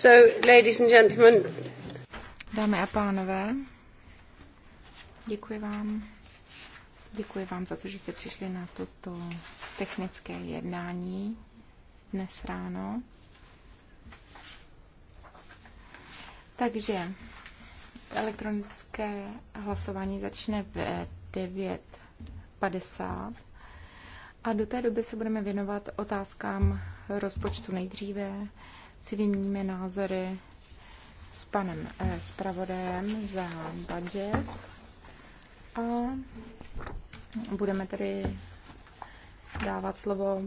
So, ladies and gentlemen. Dámy a pánové, děkuji vám. Děkuji vám za to, že jste přišli na toto technické jednání dnes ráno. Takže elektronické hlasování začne v 9.50 a do té doby se budeme věnovat otázkám rozpočtu nejdříve, si názory s panem eh, zpravodajem za budget a budeme tedy dávat slovo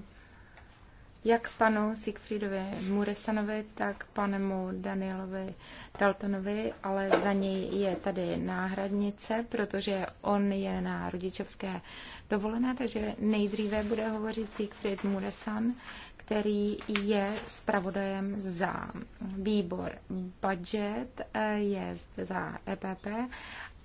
jak panu Siegfriedovi Muresanovi, tak panemu Danielovi Daltonovi, ale za něj je tady náhradnice, protože on je na rodičovské dovolené, takže nejdříve bude hovořit Siegfried Muresan, který je zpravodajem za výbor budget, eh, je za EPP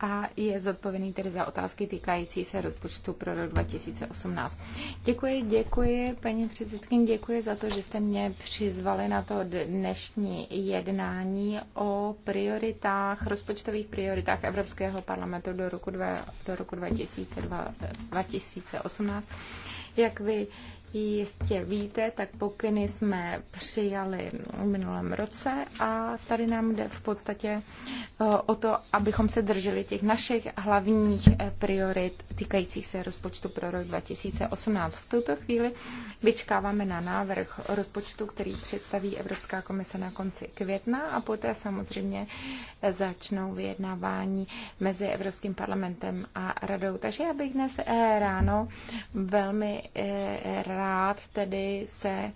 a je zodpovědný tedy za otázky týkající se rozpočtu pro rok 2018. Děkuji, děkuji, paní předsedkyně, děkuji za to, že jste mě přizvali na to dnešní jednání o prioritách, rozpočtových prioritách Evropského parlamentu do roku, dve, do roku 2018. Jak vy jistě víte, tak pokyny jsme přijali v minulém roce a tady nám jde v podstatě eh, o to, abychom se drželi těch našich hlavních eh, priorit týkajících se rozpočtu pro rok 2018. V tuto chvíli vyčkáváme na návrh rozpočtu, který představí Evropská komise na konci května a poté samozřejmě eh, začnou vyjednávání mezi Evropským parlamentem a radou. Takže já bych dnes ráno velmi rád tedy se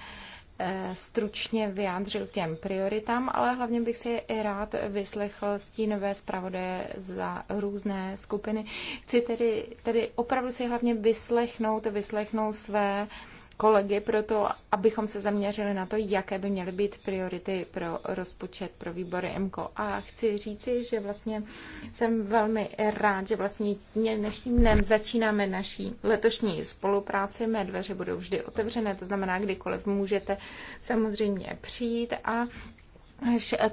eh, stručně vyjádřil těm prioritám, ale hlavně bych si i rád vyslechl stínové zpravodaje za různé skupiny. Chci tedy, tedy opravdu si hlavně vyslechnout, vyslechnout své kolegy pro to, abychom se zaměřili na to, jaké by měly být priority pro rozpočet pro výbory MKO. A chci říci, že vlastně jsem velmi rád, že vlastně dnešním dnem začínáme naší letošní spolupráci. Mé dveře budou vždy otevřené, to znamená, kdykoliv můžete samozřejmě přijít a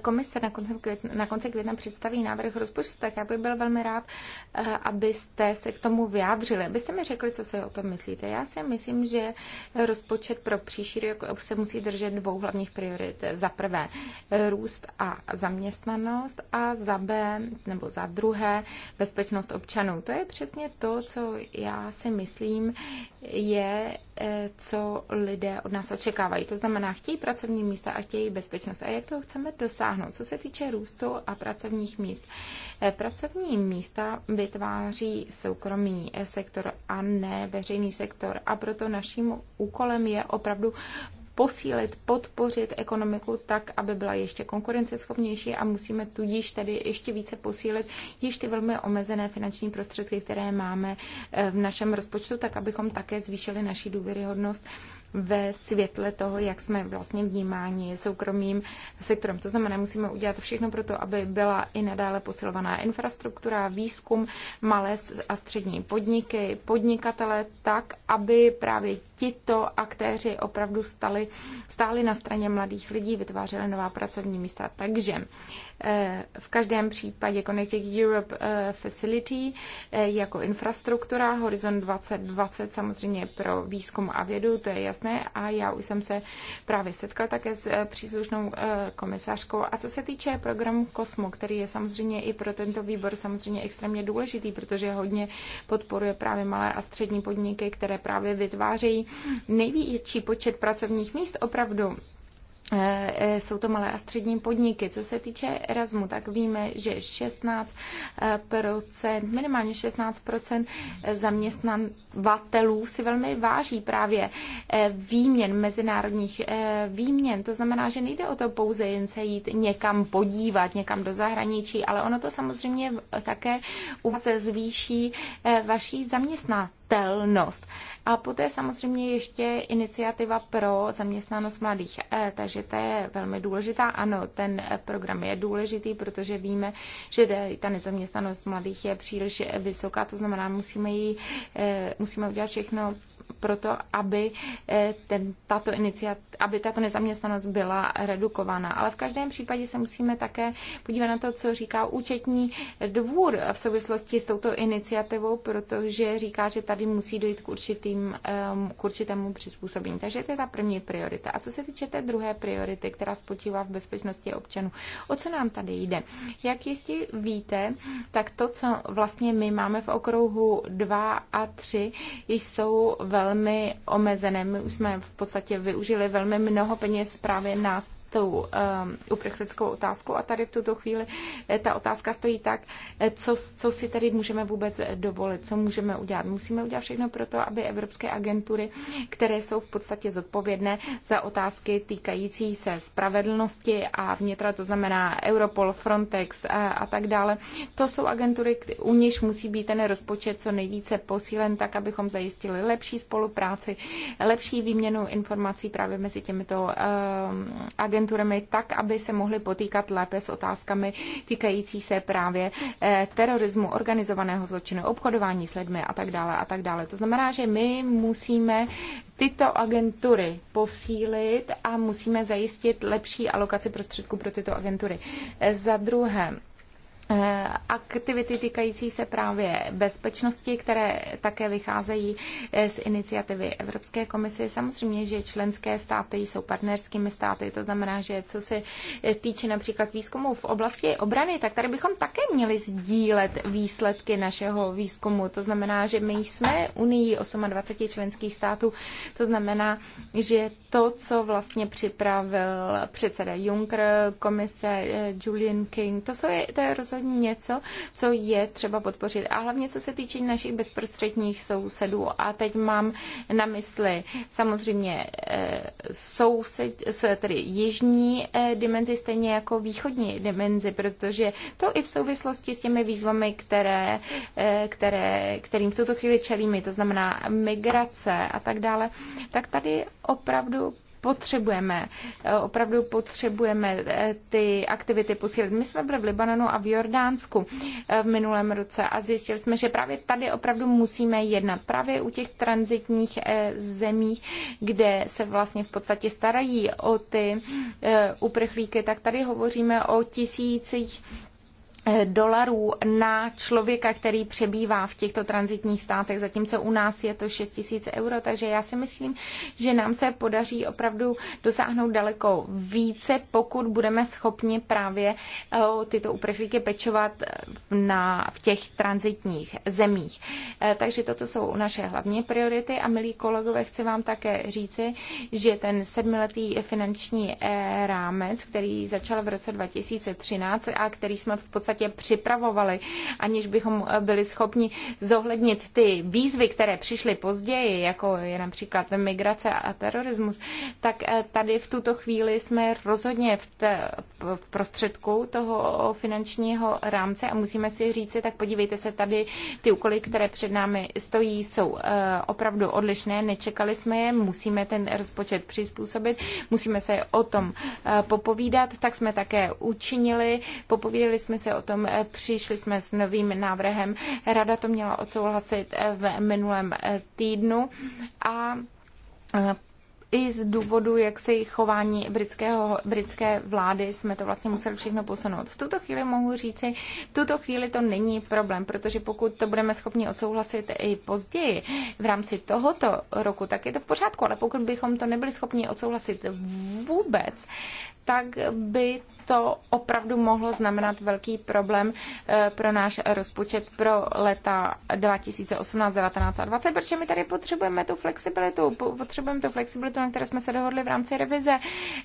komise na konci, května, na konci května představí návrh rozpočtu, tak já bych byl velmi rád, eh, abyste se k tomu vyjádřili, abyste mi řekli, co si o tom myslíte. Já si myslím, že rozpočet pro příští rok se musí držet dvou hlavních priorit. Za prvé růst a zaměstnanost a za B, nebo za druhé bezpečnost občanů. To je přesně to, co já si myslím, je, eh, co lidé od nás očekávají. To znamená, chtějí pracovní místa a chtějí bezpečnost. A jak to chceme chceme dosáhnout, co se týče růstu a pracovních míst. Eh, pracovní místa vytváří soukromý eh, sektor a ne veřejný sektor a proto naším úkolem je opravdu posílit, podpořit ekonomiku tak, aby byla ještě konkurenceschopnější a musíme tudíž tedy ještě více posílit již ty velmi omezené finanční prostředky, které máme eh, v našem rozpočtu, tak abychom také zvýšili naši důvěryhodnost ve světle toho, jak jsme vlastně vnímáni soukromým sektorem. To znamená, musíme udělat všechno pro to, aby byla i nadále posilovaná infrastruktura, výzkum, malé a střední podniky, podnikatele, tak, aby právě tito aktéři opravdu stali, stáli na straně mladých lidí, vytvářeli nová pracovní místa. Takže eh, v každém případě Connected Europe eh, Facility eh, jako infrastruktura, Horizon 2020 samozřejmě pro výzkum a vědu, to je jasný jasné a já už jsem se právě setkal také s eh, příslušnou eh, komisařkou. A co se týče programu Kosmo, který je samozřejmě i pro tento výbor samozřejmě extrémně důležitý, protože hodně podporuje právě malé a střední podniky, které právě vytvářejí největší počet pracovních míst opravdu Eh, eh, jsou to malé a střední podniky. Co se týče Erasmu, tak víme, že 16%, eh, minimálně 16% zaměstnavatelů si velmi váží právě výměn, mezinárodních výměn. To znamená, že nejde o to pouze jen se jít někam podívat, někam do zahraničí, ale ono to samozřejmě také u vás zvýší vaší zaměstnání zaměstnatelnost. A poté samozřejmě ještě iniciativa pro zaměstnanost mladých. E, takže to je velmi důležitá. Ano, ten program je důležitý, protože víme, že ta nezaměstnanost mladých je příliš vysoká. To znamená, musíme, ji, e, musíme udělat všechno proto, aby, eh, ten, tato iniciat, aby tato nezaměstnanost byla redukována. Ale v každém případě se musíme také podívat na to, co říká účetní dvůr v souvislosti s touto iniciativou, protože říká, že tady musí dojít k, určitým, ehm, k určitému přizpůsobení. Takže to je ta první priorita. A co se týče té druhé priority, která spočívá v bezpečnosti občanů, o co nám tady jde? Jak jistě víte, tak to, co vlastně my máme v okruhu 2 a 3, jsou velmi velmi omezené. My už jsme v podstatě využili velmi mnoho peněz právě na tou um, uprchlickou otázkou a tady v tuto chvíli eh, ta otázka stojí tak, eh, co, co si tady můžeme vůbec eh, dovolit, co můžeme udělat. Musíme udělat všechno pro to, aby evropské agentury, které jsou v podstatě zodpovědné za otázky týkající se spravedlnosti a vnitra, to znamená Europol, Frontex a, a tak dále, to jsou agentury, u nichž musí být ten rozpočet co nejvíce posílen, tak abychom zajistili lepší spolupráci, lepší výměnu informací právě mezi těmito um, agentury agenturami tak, aby se mohli potýkat lépe s otázkami týkající se právě eh, terorismu, organizovaného zločinu, obchodování s lidmi a tak dále a tak dále. To znamená, že my musíme tyto agentury posílit a musíme zajistit lepší alokaci prostředků pro tyto agentury. Eh, za druhé, Eh, aktivity týkající se právě bezpečnosti, které také vycházejí eh, z iniciativy Evropské komise. Samozřejmě, že členské státy jsou partnerskými státy, to znamená, že co se eh, týče například výzkumu v oblasti obrany, tak tady bychom také měli sdílet výsledky našeho výzkumu. To znamená, že my jsme Unii 28 členských států, to znamená, že to, co vlastně připravil předseda Juncker, komise Julian King, to, co je, to je rozhodně něco, co je třeba podpořit. A hlavně co se týče našich bezprostředních sousedů. A teď mám na mysli samozřejmě eh, soused, tedy jižní eh, dimenzi, stejně jako východní dimenzi, protože to i v souvislosti s těmi výzvami, které, eh, které, kterým v tuto chvíli čelíme, to znamená migrace a tak dále, tak tady opravdu potřebujeme. Eh, opravdu potřebujeme eh, ty aktivity posílit. My jsme byli v Libanonu a v Jordánsku eh, v minulém roce a zjistili jsme, že právě tady opravdu musíme jednat. Právě u těch transitních zemí, kde se vlastně v podstatě starají o ty uprchlíky, tak tady hovoříme o tisících Eh, dolarů na člověka, který přebývá v těchto transitních státech, zatímco u nás je to 6 tisíc euro, takže já si myslím, že nám se podaří opravdu dosáhnout daleko více, pokud budeme schopni právě eh, tyto uprchlíky pečovat eh, na, v těch transitních zemích. Takže toto jsou naše hlavní priority a milí kolegové, chci vám také říci, že ten sedmiletý finanční rámec, který začal v roce 2013 a který jsme v podstatě podstatě připravovali, aniž bychom byli schopni zohlednit ty výzvy, které přišly později, jako je například migrace a terorismus, tak eh, tady v tuto chvíli jsme rozhodně v, te, v prostředku toho finančního rámce a musíme si říci, tak podívejte se tady, ty úkoly, které před námi stojí, jsou eh, opravdu odlišné, nečekali jsme je, musíme ten rozpočet přizpůsobit, musíme se o tom eh, popovídat, tak jsme také učinili, popovídali jsme se o tom eh, přišli jsme s novým návrhem. Rada to měla odsouhlasit eh, v minulém eh, týdnu a i z důvodu jaksi chování britského, britské vlády jsme to vlastně museli všechno posunout. V tuto chvíli mohu říci, v tuto chvíli to není problém, protože pokud to budeme schopni odsouhlasit i později v rámci tohoto roku, tak je to v pořádku, ale pokud bychom to nebyli schopni odsouhlasit vůbec, tak by to opravdu mohlo znamenat velký problém eh, pro náš rozpočet pro leta 2018, 19 a 20, protože my tady potřebujeme tu flexibilitu, potřebujeme tu flexibilitu, na které jsme se dohodli v rámci revize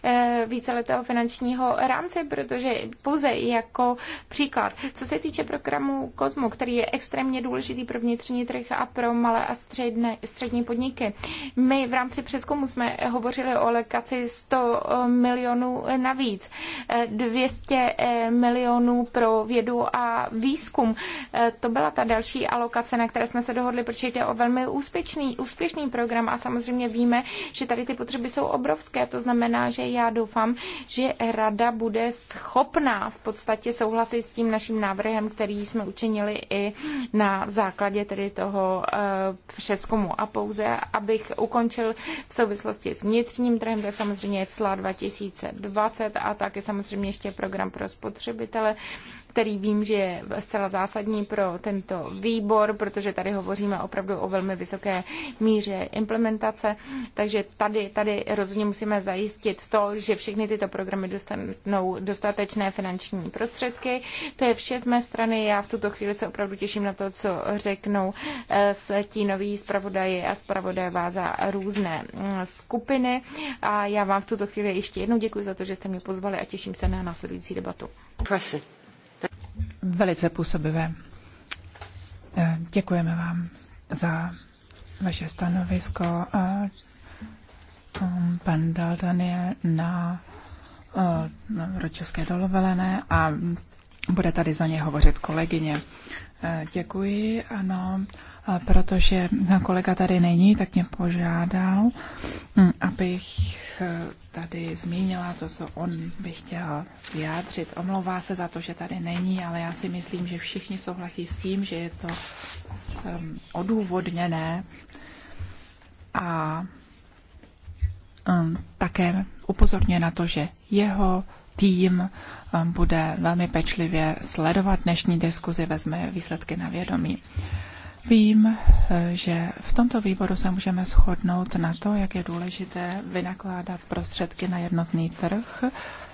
eh, víceletého finančního rámce, protože pouze jako příklad, co se týče programu Kozmu, který je extrémně důležitý pro vnitřní trh a pro malé a středne, střední podniky. My v rámci přeskumu jsme hovořili o lekaci 100 milionů navíc. Eh, 200 eh, milionů pro vědu a výzkum. Eh, to byla ta další alokace, na které jsme se dohodli, protože jde o velmi úspěšný, úspěšný program a samozřejmě víme, že tady ty potřeby jsou obrovské. To znamená, že já doufám, že rada bude schopná v podstatě souhlasit s tím naším návrhem, který jsme učinili i na základě tedy toho eh, přeskumu. A pouze, abych ukončil v souvislosti s vnitřním trhem, to je samozřejmě CLA 2020 a také samozřejmě ještě program pro spotřebitele, který vím, že je zcela zásadní pro tento výbor, protože tady hovoříme opravdu o velmi vysoké míře implementace. Takže tady, tady rozhodně musíme zajistit to, že všechny tyto programy dostanou dostatečné finanční prostředky. To je vše z mé strany. Já v tuto chvíli se opravdu těším na to, co řeknou eh, s noví zpravodaji a zpravodajová za různé mm, skupiny. A já vám v tuto chvíli ještě jednou děkuji za to, že jste mě pozvali a těším se na následující debatu. Prosím velice působivé. Eh, děkujeme vám za vaše stanovisko a um, pan Dalton je eh, na ročovské dolovelené a bude tady za ně hovořit kolegyně. Eh, děkuji, ano protože kolega tady není, tak mě požádal, hm, abych eh, tady zmínila to, co on by chtěl vyjádřit. Omlouvá se za to, že tady není, ale já si myslím, že všichni souhlasí s tím, že je to um, odůvodněné a um, také upozorňuje na to, že jeho tým bude velmi pečlivě sledovat dnešní diskuzi, vezme výsledky na vědomí. Vím, že v tomto výboru se můžeme shodnout na to, jak je důležité vynakládat prostředky na jednotný trh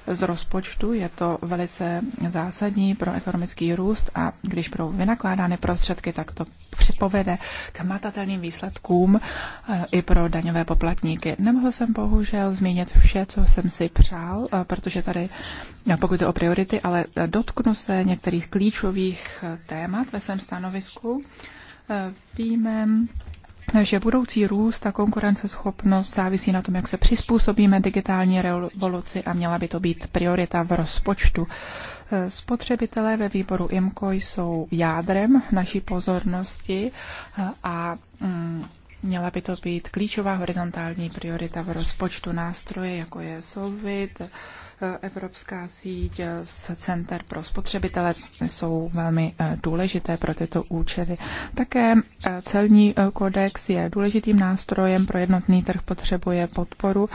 z rozpočtu. Je to velice zásadní pro ekonomický růst a když budou vynakládány prostředky, tak to připovede k matatelným výsledkům eh, i pro daňové poplatníky. Nemohl jsem bohužel zmínit vše, co jsem si přál, eh, protože tady, eh, pokud je o priority, ale dotknu se některých klíčových témat ve svém stanovisku. Víme, že budoucí růst a konkurenceschopnost závisí na tom, jak se přizpůsobíme digitální revoluci a měla by to být priorita v rozpočtu. Spotřebitelé ve výboru IMCO jsou jádrem naší pozornosti a mm, měla by to být klíčová horizontální priorita v rozpočtu nástroje, jako je Solvit, Eh, Evropská síť eh, z center pro spotřebitele jsou velmi eh, důležité pro tyto účely. Také celní kodex je důležitým nástrojem pro jednotný trh, potřebuje podporu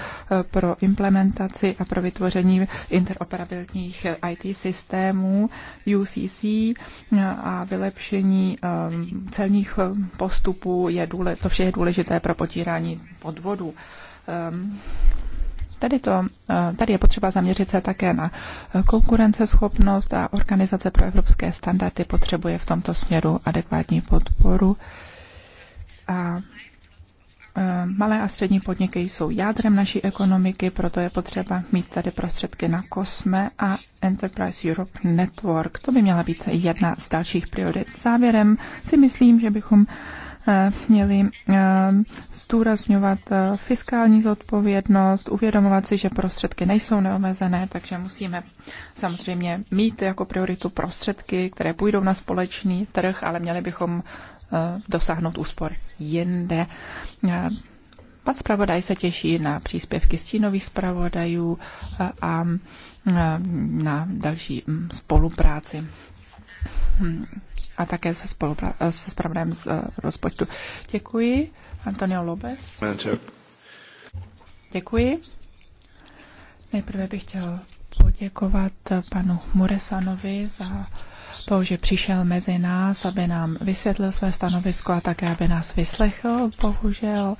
pro implementaci a pro vytvoření interoperabilních IT systémů UCC a vylepšení celních postupů. Je důle, to vše je důležité pro potírání podvodů ehm, Tady, to, eh, tady je potřeba zaměřit se také na eh, konkurenceschopnost a Organizace pro evropské standardy potřebuje v tomto směru adekvátní podporu. A eh, malé a střední podniky jsou jádrem naší ekonomiky, proto je potřeba mít tady prostředky na COSME a Enterprise Europe Network. To by měla být jedna z dalších priorit. Závěrem si myslím, že bychom Eh, měli eh, zdůrazňovat eh, fiskální zodpovědnost, uvědomovat si, že prostředky nejsou neomezené, takže musíme samozřejmě mít jako prioritu prostředky, které půjdou na společný trh, ale měli bychom dosáhnout úspor jinde. Pan zpravodaj se těší na příspěvky stínových zpravodajů a na další mm, spolupráci. Hmm a také se, spolupra- eh, se spravodajem z eh, rozpočtu. Děkuji. Antonio Lopez Děkuji. Nejprve bych chtěl poděkovat eh, panu Muresanovi za to, že přišel mezi nás, aby nám vysvětlil své stanovisko a také, aby nás vyslechl, bohužel.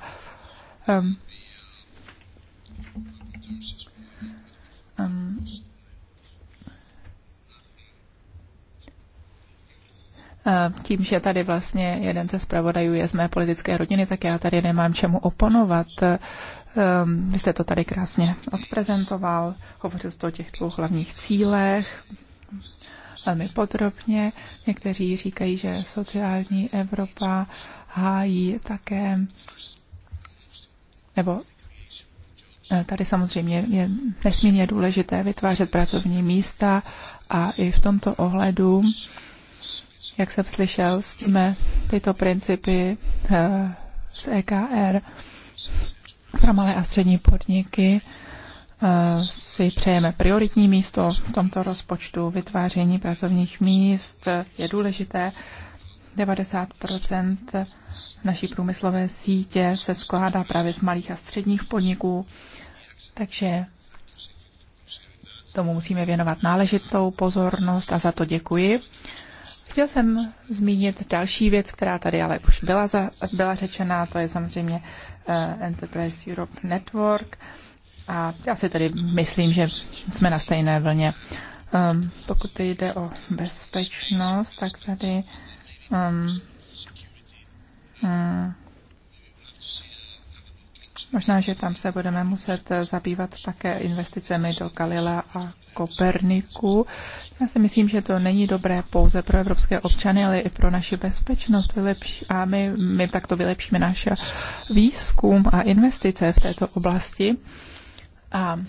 Um, um, Tím, že tady vlastně jeden ze zpravodajů je z mé politické rodiny, tak já tady nemám čemu oponovat. Ehm, vy jste to tady krásně odprezentoval, hovořil jste o těch dvou hlavních cílech velmi podrobně. Někteří říkají, že sociální Evropa hájí také, nebo e, tady samozřejmě je nesmírně důležité vytvářet pracovní místa a i v tomto ohledu jak jsem slyšel, s tím tyto principy eh, z EKR pro malé a střední podniky eh, si přejeme prioritní místo v tomto rozpočtu. Vytváření pracovních míst je důležité. 90 naší průmyslové sítě se skládá právě z malých a středních podniků, takže tomu musíme věnovat náležitou pozornost a za to děkuji. Chtěl jsem zmínit další věc, která tady ale už byla, za, byla řečená, to je samozřejmě uh, Enterprise Europe Network. A já si tady myslím, že jsme na stejné vlně. Um, pokud jde o bezpečnost, tak tady um, um, Možná, že tam se budeme muset eh, zabývat také investicemi do Galila a Koperniku. Já si myslím, že to není dobré pouze pro evropské občany, ale i pro naši bezpečnost. a my, my takto vylepšíme náš výzkum a investice v této oblasti. A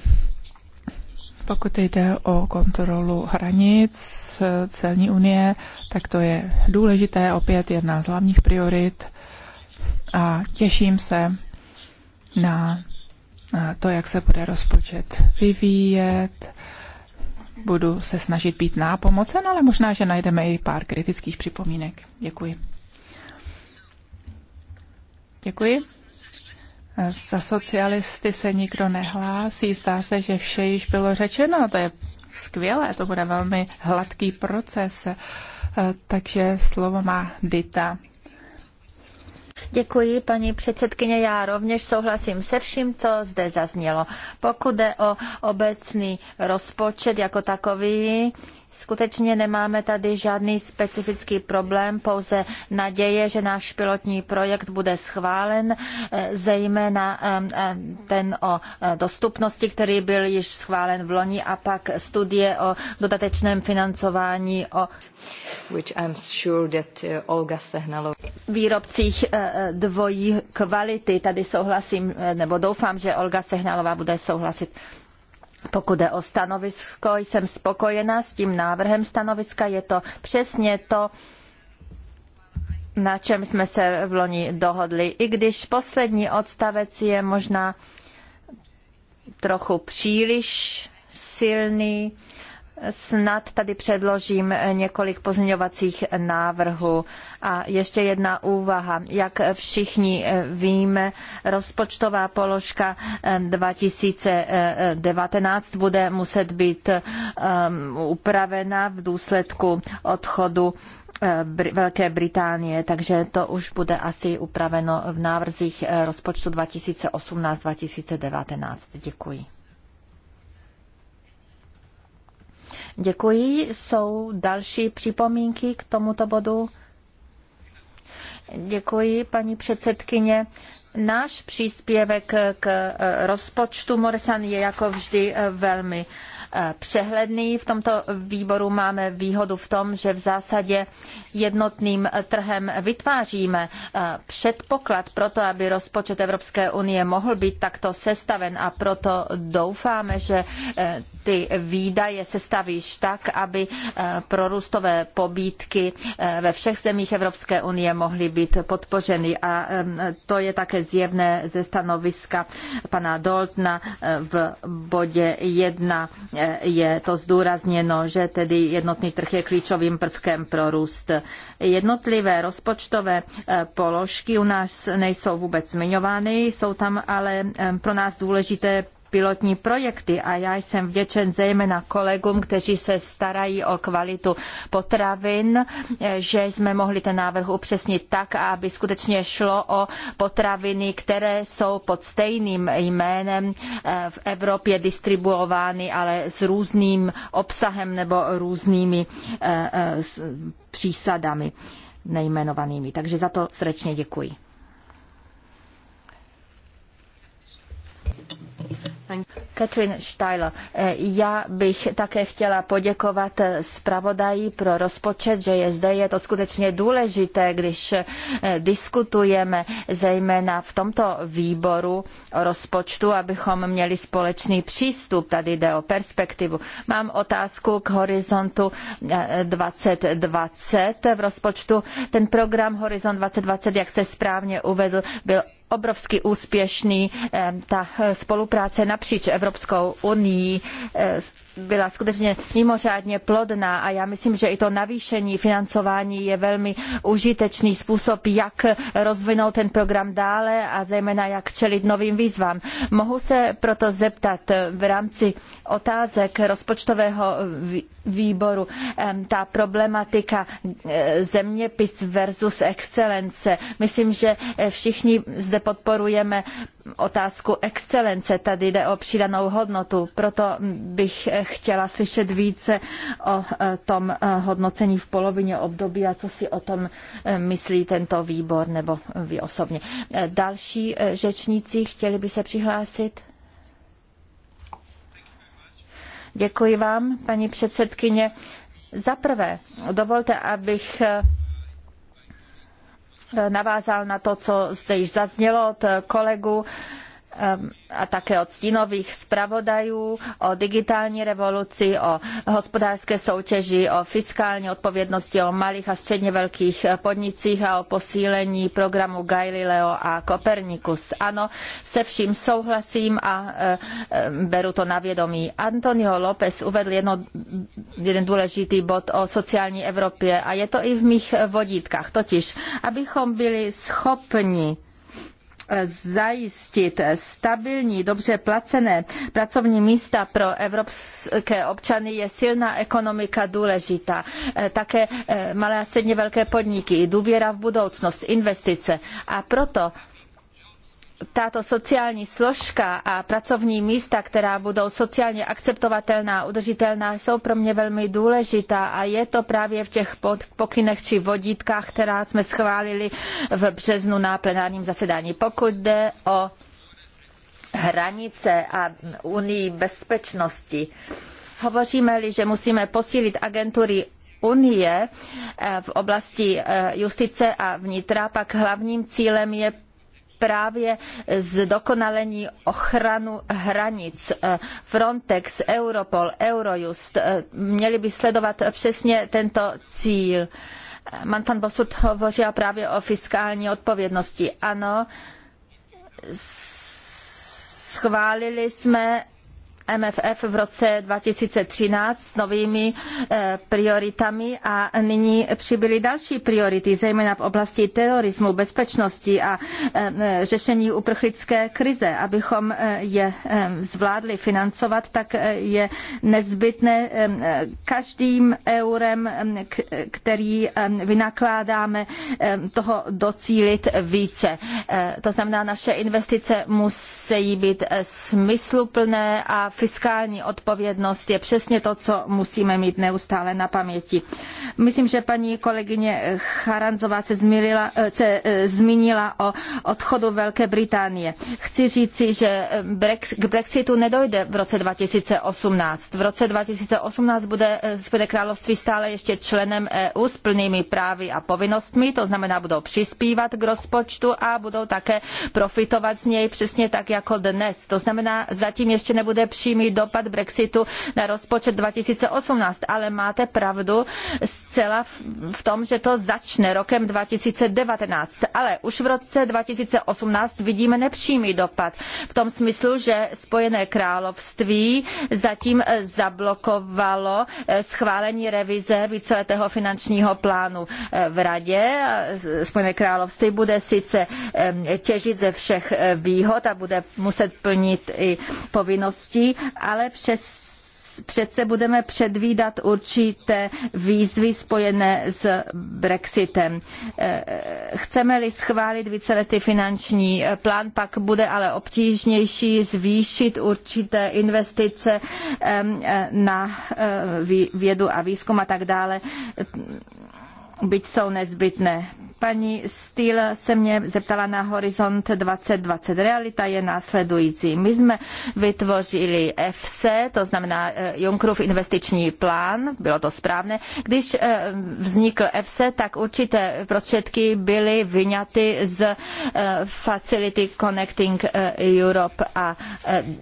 pokud jde o kontrolu hranic eh, celní unie, tak to je důležité, opět jedna z hlavních priorit. A těším se na to, jak se bude rozpočet vyvíjet. Budu se snažit být nápomocen, ale možná, že najdeme i pár kritických připomínek. Děkuji. Děkuji. Za socialisty se nikdo nehlásí. Zdá se, že vše již bylo řečeno. To je skvělé, to bude velmi hladký proces. Takže slovo má Dita. Děkuji, paní předsedkyně. Já rovněž souhlasím se vším, co zde zaznělo. Pokud jde o obecný rozpočet jako takový, Skutečně nemáme tady žádný specifický problém, pouze naděje, že náš pilotní projekt bude schválen, eh, zejména eh, eh, ten o dostupnosti, který byl již schválen v loni a pak studie o dodatečném financování o Which I'm sure that Olga Sehnalo. výrobcích dvojí kvality. Tady souhlasím, nebo doufám, že Olga Sehnalová bude souhlasit. Pokud jde o stanovisko, jsem spokojená s tím návrhem stanoviska. Je to přesně to, na čem jsme se v loni dohodli. I když poslední odstavec je možná trochu příliš silný, Snad tady předložím několik pozměňovacích návrhů. A ještě jedna úvaha. Jak všichni víme, rozpočtová položka 2019 bude muset být upravena v důsledku odchodu eh, Velké Británie, takže to už bude asi upraveno v návrzích eh, rozpočtu 2018-2019. Děkuji. Děkuji. Jsou další připomínky k tomuto bodu? Děkuji, paní předsedkyně. Náš příspěvek k rozpočtu Moresan je jako vždy eh, velmi uh, Eh, přehledný. V tomto výboru máme výhodu v tom, že v zásadě jednotným trhem vytváříme eh, předpoklad pro to, aby rozpočet Evropské unie mohl být takto sestaven a proto doufáme, že eh, ty výdaje sestavíš tak, aby prorůstové pobídky ve všech zemích Evropské unie mohly být podpořeny. A to je také zjevné ze stanoviska pana Doltna v bodě 1 je to zdůrazněno, že tedy jednotný trh je klíčovým prvkem pro růst. Jednotlivé rozpočtové eh, položky u nás nejsou vůbec zmiňovány, jsou tam ale eh, pro nás důležité pilotní projekty a já jsem vděčen zejména kolegům, kteří se starají o kvalitu potravin, eh, že jsme mohli ten návrh upřesnit tak, aby skutečně šlo o potraviny, které jsou pod stejným jménem eh, v Evropě distribuovány, ale s různým obsahem nebo různými eh, přísadami nejmenovanými. Takže za to srdečně děkuji. Katrin Steiler, eh, já bych také chtěla poděkovat eh, zpravodaji pro rozpočet, že je zde. Je to skutečně důležité, když eh, diskutujeme zejména v tomto výboru o rozpočtu, abychom měli společný přístup. Tady jde o perspektivu. Mám otázku k horizontu 2020 v rozpočtu. Ten program Horizont 2020, jak se správně uvedl, byl obrovsky úspěšný. Eh, ta eh, spolupráce napříč Evropskou unii eh, byla skutečně mimořádně plodná a já myslím, že i to navýšení financování je velmi užitečný způsob, jak rozvinout ten program dále a zejména jak čelit novým výzvám. Mohu se proto zeptat v rámci otázek rozpočtového výboru ta problematika e, zeměpis versus excelence. Myslím, že e, všichni zde podporujeme otázku excelence. Tady jde o přidanou hodnotu. Proto bych chtěla slyšet více o eh, tom eh, hodnocení v polovině období a co si o tom eh, myslí tento výbor nebo vy osobně. Další řečníci chtěli by se přihlásit? Děkuji vám, paní předsedkyně. Za prvé, dovolte, abych navázal na to, co zde již zaznělo od kolegu Ehm, a také od stínových zpravodajů o digitální revoluci, o hospodářské soutěži, o fiskální odpovědnosti, o malých a středně velkých podnicích a o posílení programu Galileo a Copernicus. Ano, se vším souhlasím a ehm, beru to na vědomí. Antonio López uvedl jedno, jeden důležitý bod o sociální Evropě a je to i v mých vodítkách, totiž abychom byli schopni Eh, zajistit stabilní, dobře placené pracovní místa pro evropské občany, je silná ekonomika důležitá. Eh, také eh, malé a středně velké podniky, důvěra v budoucnost, investice. A proto tato sociální složka a pracovní místa, která budou sociálně akceptovatelná, udržitelná, jsou pro mě velmi důležitá a je to právě v těch pokynech či vodítkách, která jsme schválili v březnu na plenárním zasedání. Pokud jde o hranice a unii bezpečnosti, hovoříme-li, že musíme posílit agentury Unie eh, v oblasti eh, justice a vnitra, pak hlavním cílem je právě zdokonalení ochranu hranic. Frontex, Europol, Eurojust eh, měli by sledovat přesně tento cíl. Manfan Bosut hovořil právě o fiskální odpovědnosti. Ano, schválili jsme MFF v roce 2013 s novými eh, prioritami a nyní přibyly další priority, zejména v oblasti terorismu, bezpečnosti a eh, řešení uprchlické krize. Abychom eh, je zvládli financovat, tak je nezbytné každým eurem, který vynakládáme, toho docílit více. To znamená, naše investice musí být smysluplné a fiskální odpovědnost je přesně to, co musíme mít neustále na paměti. Myslím, že paní kolegyně Charanzová se, zmínila, se e, zmínila o odchodu Velké Británie. Chci říci, že k Brexitu nedojde v roce 2018. V roce 2018 bude e, Spojené království stále ještě členem EU s plnými právy a povinnostmi, to znamená, budou přispívat k rozpočtu a budou také profitovat z něj přesně tak jako dnes. To znamená, zatím ještě nebude při přímý dopad Brexitu na rozpočet 2018, ale máte pravdu zcela v tom, že to začne rokem 2019. Ale už v roce 2018 vidíme nepřímý dopad v tom smyslu, že Spojené království zatím eh, zablokovalo eh, schválení revize víceletého finančního plánu eh, v radě. Spojené království bude sice těžit ze všech výhod a bude muset plnit i povinnosti ale přes přece budeme předvídat určité výzvy spojené s Brexitem. Eh, chceme-li schválit víceletý finanční eh, plán, pak bude ale obtížnější zvýšit určité investice eh, na vědu a výzkum a tak dále byť jsou nezbytné. Paní Stýl se mě zeptala na Horizont 2020. Realita je následující. My jsme vytvořili EFSE, to znamená e, Junckerův investiční plán, bylo to správné. Když e, vznikl EFSE, tak určité prostředky byly vyňaty z e, Facility Connecting Europe a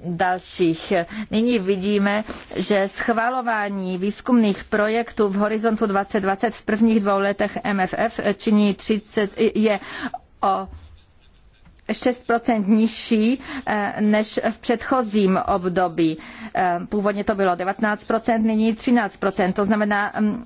dalších. Nyní vidíme, že schvalování výzkumných projektů v Horizontu 2020 v prvních dvou letech MFF činí 30, je o 6 nižší eh, než v předchozím období. Eh, původně to bylo 19 nyní 13 To znamená, mm,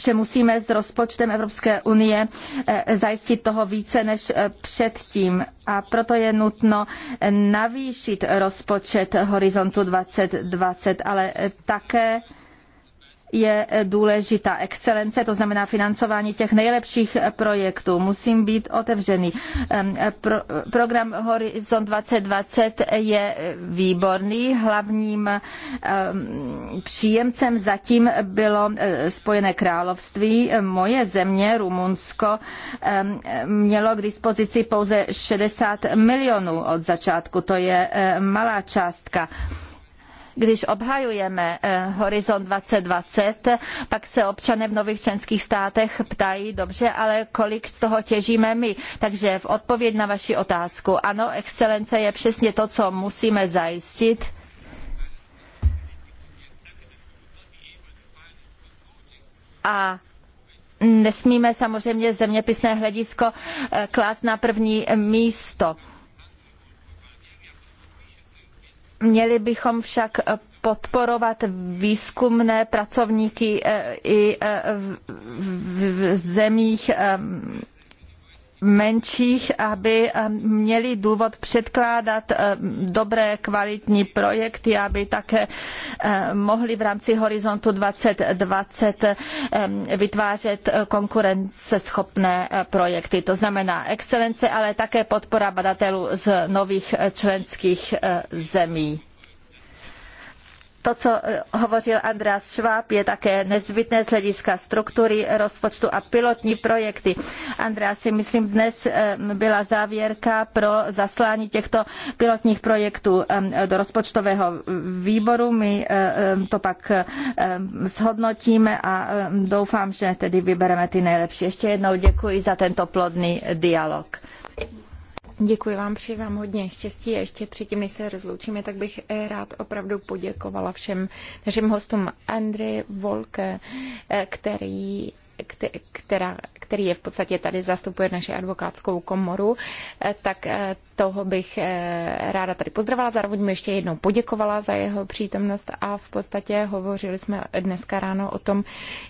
že musíme s rozpočtem Evropské unie eh, zajistit toho více než předtím. A proto je nutno navýšit rozpočet Horizontu 2020, ale také je důležitá excelence, to znamená financování těch nejlepších projektů. Musím být otevřený. Pro, program Horizon 2020 je výborný. Hlavním příjemcem zatím bylo e, Spojené království. Moje země, Rumunsko, mělo k dispozici pouze 60 milionů od začátku. To je e, malá částka. Když obhajujeme eh, Horizont 2020, pak se občané v nových členských státech ptají, dobře, ale kolik z toho těžíme my? Takže v odpověď na vaši otázku, ano, excelence je přesně to, co musíme zajistit. A nesmíme samozřejmě zeměpisné hledisko eh, klást na první místo. Měli bychom však podporovat výzkumné pracovníky eh, i eh, v zemích eh, menších, aby eh, měli důvod předkládat eh, dobré, kvalitní projekty, aby také eh, mohli v rámci Horizontu 2020 vytvářet konkurenceschopné projekty. To znamená excelence, ale také podpora badatelů z nových členských zemí to, co eh, hovořil Andreas Schwab, je také nezbytné z hlediska struktury rozpočtu a pilotní projekty. Andreas, si myslím, dnes eh, byla závěrka pro zaslání těchto pilotních projektů eh, do rozpočtového výboru. My to pak zhodnotíme a doufám, že tedy vybereme ty nejlepší. Ještě jednou děkuji za tento plodný dialog. Děkuji vám, přeji vám hodně štěstí a ještě předtím, než se rozloučíme, tak bych rád opravdu poděkovala všem našim hostům Andry Volke, eh, který, která, který je v podstatě tady zastupuje naše advokátskou komoru, eh, tak eh, toho bych eh, ráda tady pozdravila. Zároveň mu ještě jednou poděkovala za jeho přítomnost a v podstatě hovořili jsme dneska ráno o tom,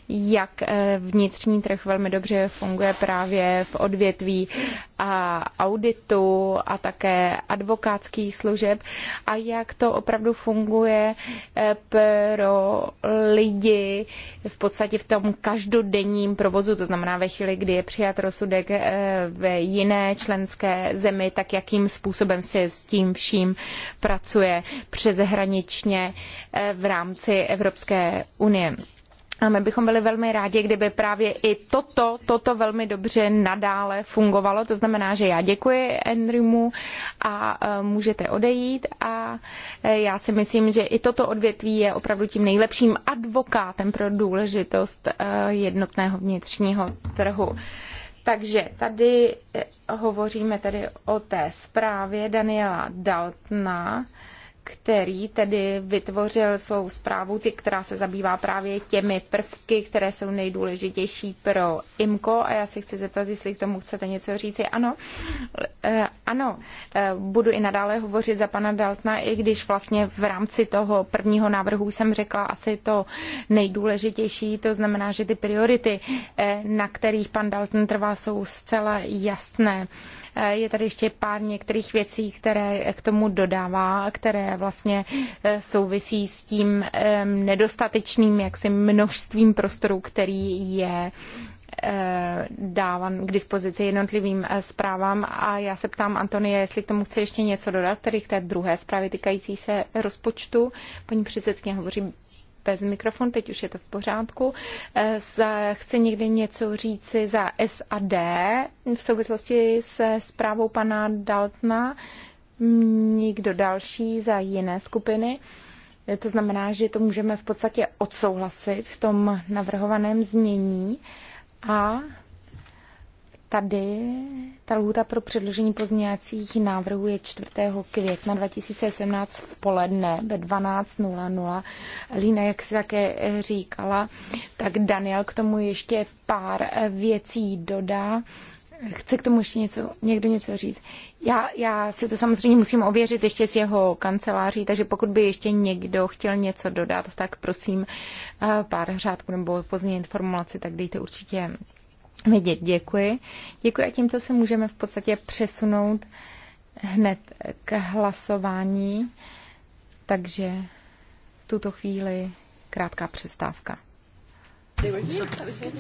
jak vnitřní trh velmi dobře funguje právě v odvětví a auditu a také advokátských služeb a jak to opravdu funguje pro lidi v podstatě v tom každodenním provozu, to znamená ve chvíli, chvíli, kdy je přijat rozsudek eh, v jiné členské zemi, tak jakým způsobem se s tím vším pracuje přeshraničně eh, v rámci Evropské unie. A my bychom byli velmi rádi, kdyby právě i toto, toto velmi dobře nadále fungovalo. To znamená, že já děkuji Andrewmu a e, můžete odejít a e, já si myslím, že i toto odvětví je opravdu tím nejlepším advokátem pro důležitost e, jednotného vnitřního trhu. Takže tady hovoříme tedy o té zprávě Daniela Daltna který tedy vytvořil svou zprávu, ty, která se zabývá právě těmi prvky, které jsou nejdůležitější pro IMCO. A já se chci zeptat, jestli k tomu chcete něco říci. Ano, eh, ano, eh, budu i nadále hovořit za pana Daltna, i když vlastně v rámci toho prvního návrhu jsem řekla asi to nejdůležitější, to znamená, že ty priority, eh, na kterých pan Dalton trvá, jsou zcela jasné. Je tady ještě pár některých věcí, které k tomu dodává, které vlastně eh, souvisí s tím ehm, nedostatečným jaksi množstvím prostoru, který je eh, dávan k dispozici jednotlivým eh, zprávám. A já se ptám Antonie, jestli k tomu chce ještě něco dodat, tedy k té druhé zprávě týkající se rozpočtu. Paní předsedkyně hovoří bez mikrofonu, teď už je to v pořádku. Eh, chce někdy něco říci za SAD v souvislosti se zprávou pana Daltna, nikdo další za jiné skupiny. Eh, to znamená, že to můžeme v podstatě odsouhlasit v tom navrhovaném znění a Tady ta lhůta pro předložení pozměňovacích návrhů je 4. května 2018 v poledne ve 12.00. Lína, jak si také eh, říkala, tak Daniel k tomu ještě pár eh, věcí dodá. Chce k tomu ještě něco, někdo něco říct? Já, já si to samozřejmě musím ověřit ještě s jeho kanceláří, takže pokud by ještě někdo chtěl něco dodat, tak prosím eh, pár řádků nebo pozdější informaci, tak dejte určitě vidět. Děkuji. Děkuji a tímto se můžeme v podstatě přesunout hned k hlasování. Takže v tuto chvíli krátká přestávka. They were here.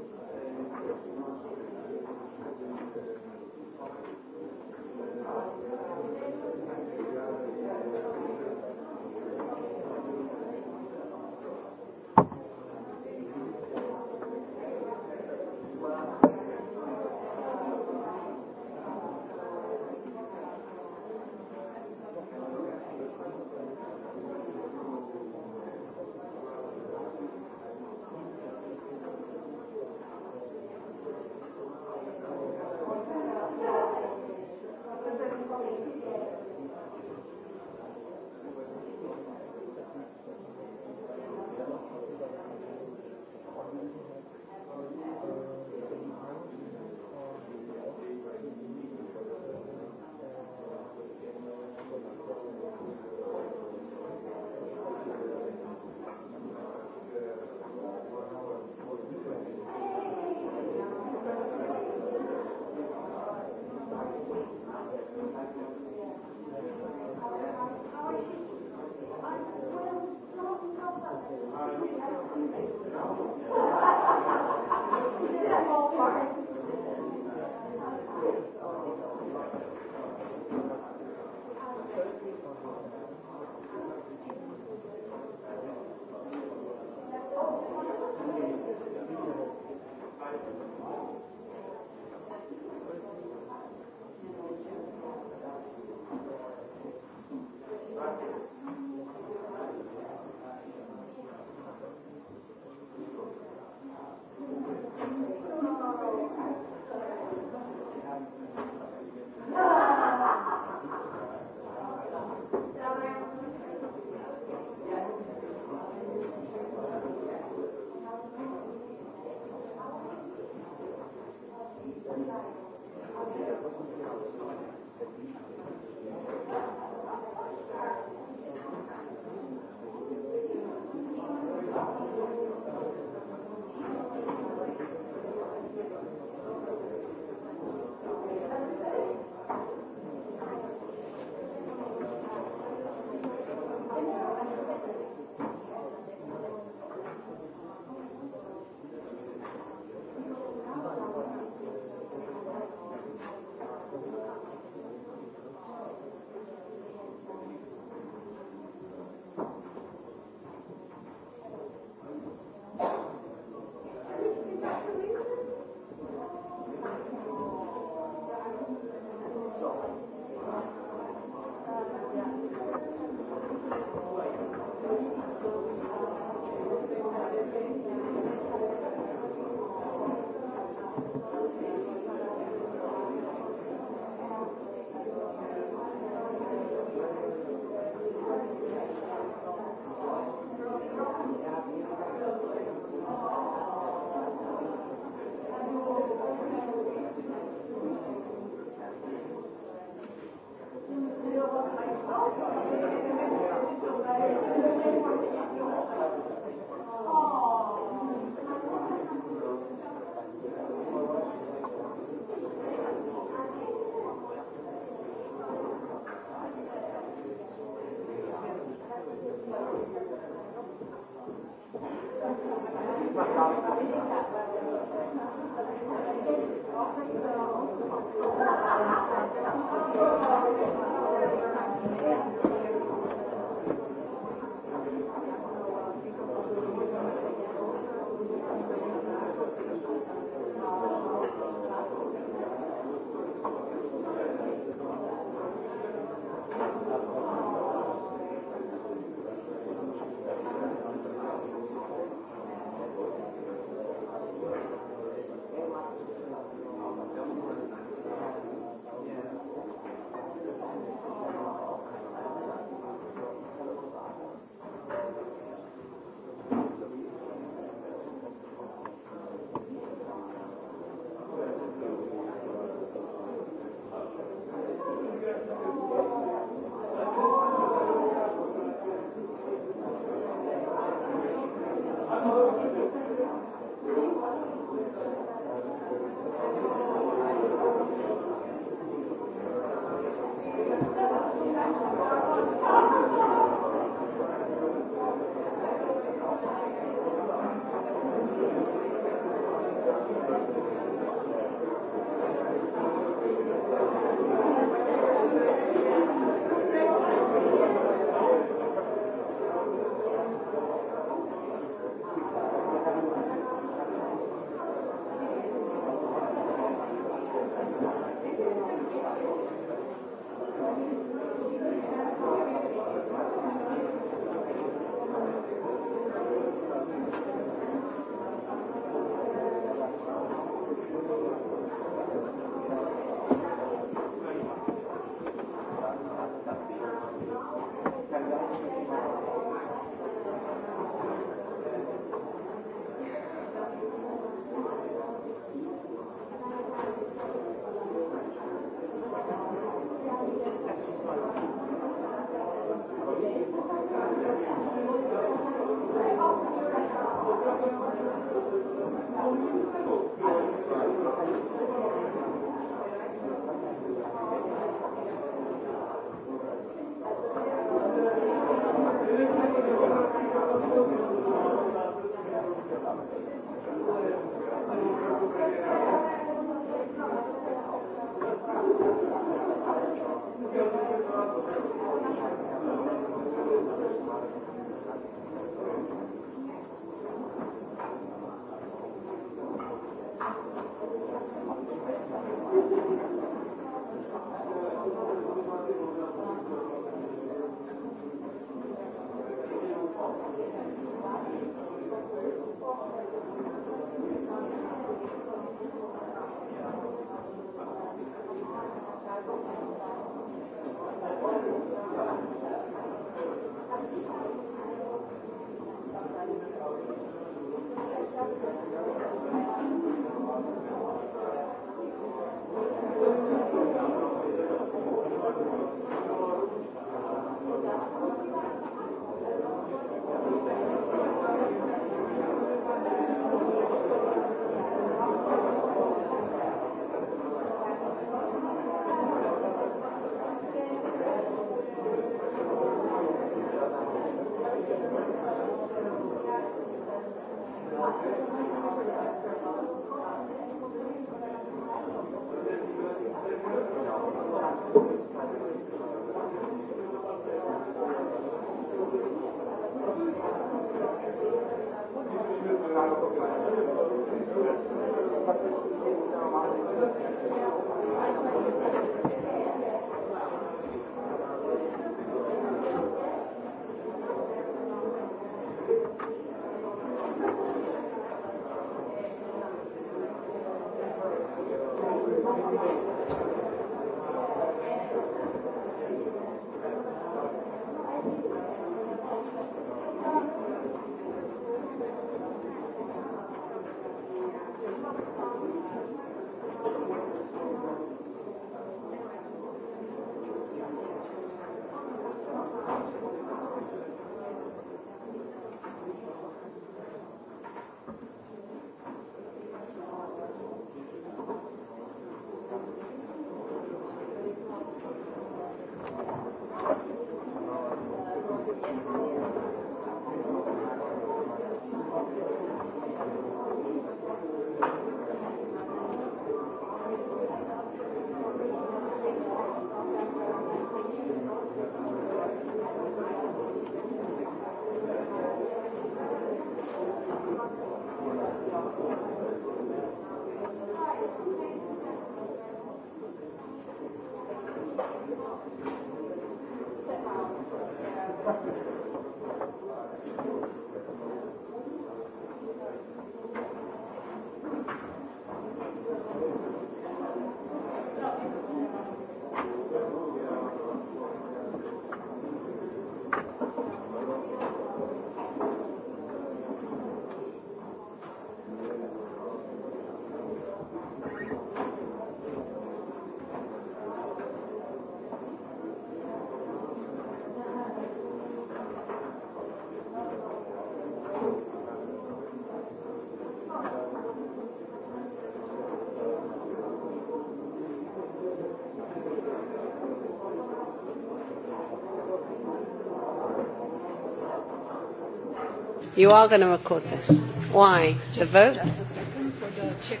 You are going to record this. Why? The vote? Just a second for the check.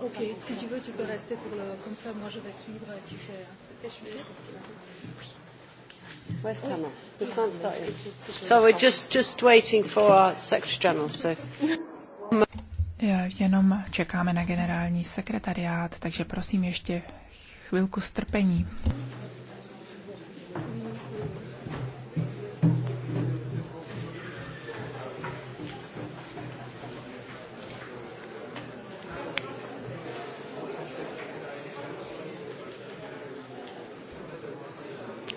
Ok, si tu veux, tu peux rester pour le. Comme ça, moi, je vais suivre et tu fais. So we're just just waiting for our Secretary General. So. Jenom čekáme na generální sekretariát, takže prosím ještě chvilku strpení.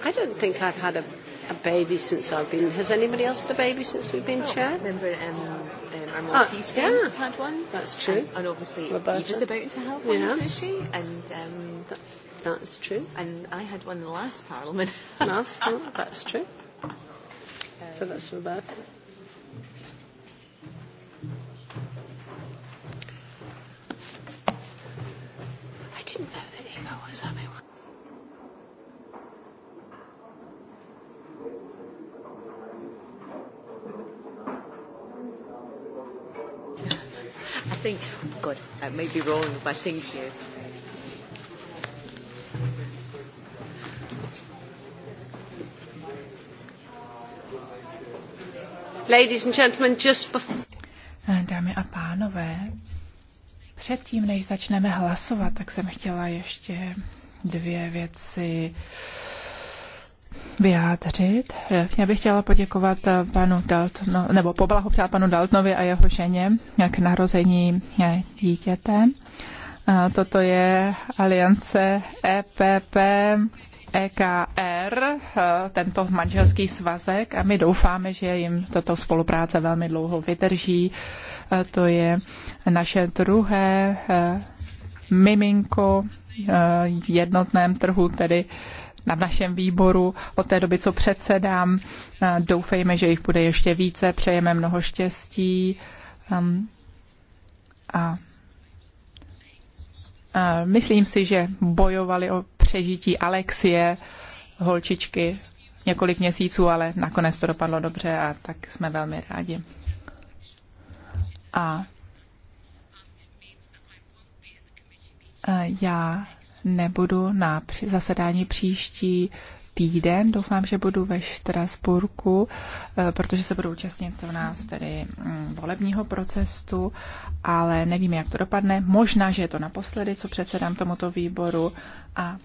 I don't think I've had a a baby since I've been. Has anybody else had a baby since we've been oh, chair? Remember, um, um, our ah, Maltese oh, friend yeah. has had one. That's um, true. And, and obviously, Roberta. Eva's about to have one, yeah. isn't she? And um, that, that's true. And I had one in the last Parliament. last Parliament. That's true. Um, so that's Roberta. think, God, that may be wrong, but I think she is. Ladies and gentlemen, just before... Dámy a pánové, předtím, než začneme hlasovat, tak jsem chtěla ještě dvě věci vyjádřit. Já bych chtěla poděkovat eh, panu Daltno, nebo poblahopřát panu Daltnovi a jeho ženě k narození eh, dítěte. Eh, toto je aliance EPP EKR, tento manželský svazek a my doufáme, že jim tato spolupráce velmi dlouho vydrží. To je naše druhé miminko v jednotném trhu, tedy na našem výboru od té doby, co předsedám. Eh, doufejme, že jich bude ještě více, přejeme mnoho štěstí. Ehm, a myslím si, že bojovali o přežití Alexie, holčičky, několik měsíců, ale nakonec to dopadlo dobře a tak jsme velmi rádi. A já nebudu na zasedání příští týden. Doufám, že budu ve Štrasburku, eh, protože se budu účastnit u nás tedy mm, volebního procesu, ale nevím, jak to dopadne. Možná, že je to naposledy, co předsedám tomuto výboru a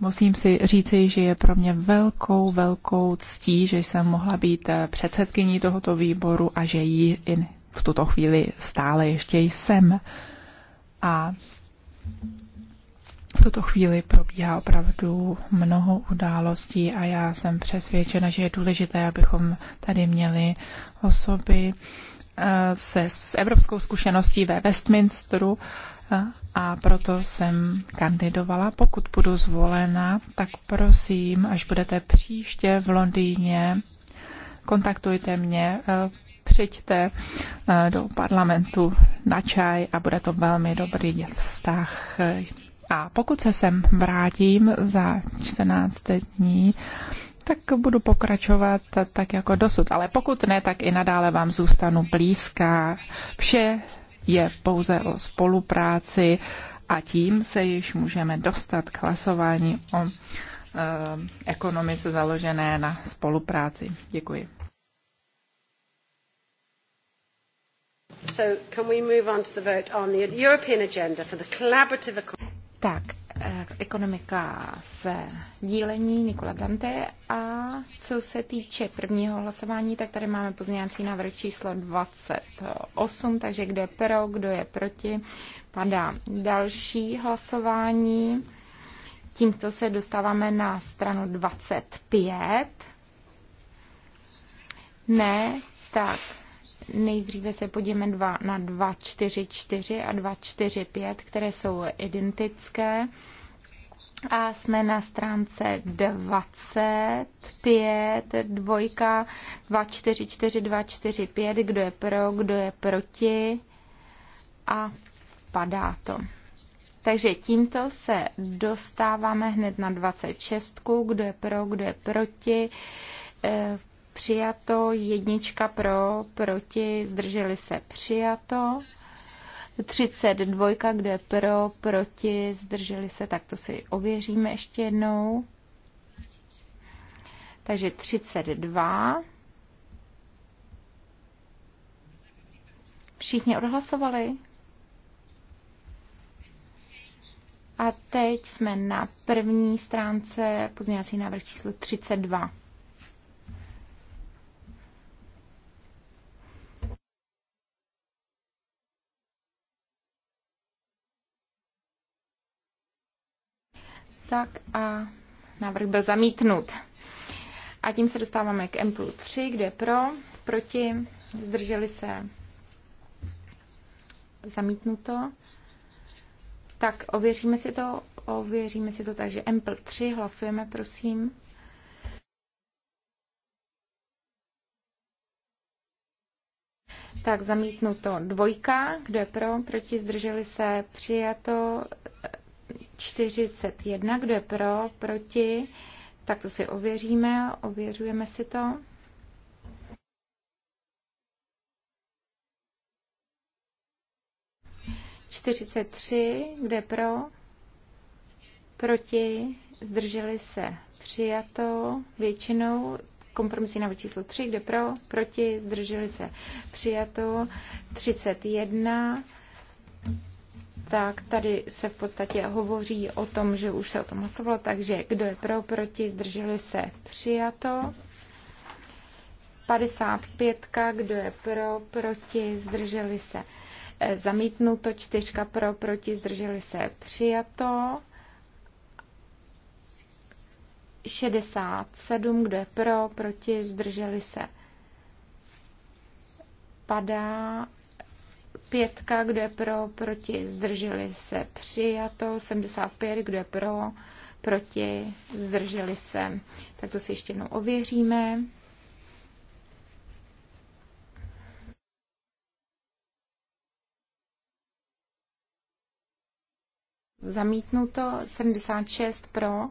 Musím si říci, že je pro mě velkou, velkou ctí, že jsem mohla být eh, předsedkyní tohoto výboru a že ji v tuto chvíli stále ještě jsem. A v tuto chvíli probíhá opravdu mnoho událostí a já jsem přesvědčena, že je důležité, abychom tady měli osoby eh, se s evropskou zkušeností ve Westminsteru eh, a proto jsem kandidovala. Pokud budu zvolena, tak prosím, až budete příště v Londýně, kontaktujte mě, eh, přijďte do parlamentu na čaj a bude to velmi dobrý vztah. A pokud se sem vrátím za 14 dní, tak budu pokračovat tak jako dosud. Ale pokud ne, tak i nadále vám zůstanu blízká. Vše je pouze o spolupráci a tím se již můžeme dostat k hlasování o e, ekonomice založené na spolupráci. Děkuji. So can we move on to the vote on the European agenda for the collaborative tak, eh, ekonomika v dílení Nikola Dante a co se týče prvního hlasování, tak tady máme pozměňovací návrh číslo 28, takže kdo je pro, kdo je proti, padá další hlasování. Tímto se dostáváme na stranu 25. Ne, tak Nejdříve se podíme dva, na 244 a 245, které jsou identické. A jsme na stránce 25, dvojka, 244, 245, kdo je pro, kdo je proti a padá to. Takže tímto se dostáváme hned na 26, kdo je pro, kdo je proti, eh, přijato, jednička pro, proti, zdrželi se, přijato. 32, kde je pro, proti, zdrželi se, tak to si ověříme ještě jednou. Takže 32. Všichni odhlasovali? A teď jsme na první stránce pozměňovací návrh číslo 32. Tak a návrh byl zamítnut. A tím se dostáváme k plus 3, kde pro, proti, zdrželi se zamítnuto. Tak ověříme si to, ověříme si to tak, že Empl 3, hlasujeme prosím. Tak zamítnuto dvojka, kdo je pro, proti, zdrželi se, přijato 41, kdo je pro, proti, tak to si ověříme, ověřujeme si to. Čtyřicet tři, kde pro, proti, zdrželi se přijato většinou kompromisní návrh číslo tři kde pro, proti, zdrželi se přijato třicet jedna tak tady se v podstatě hovoří o tom, že už se o tom hlasovalo, takže kdo je pro, proti, zdrželi se, přijato. 55, kdo je pro, proti, zdrželi se, e, zamítnuto, 4 pro, proti, zdrželi se, přijato. 67, kdo je pro, proti, zdrželi se, padá Pětka, kdo je pro, proti, zdrželi se, přijato. 75, kdo je pro, proti, zdrželi se. Tak to si ještě jednou ověříme. Zamítnuto 76 pro,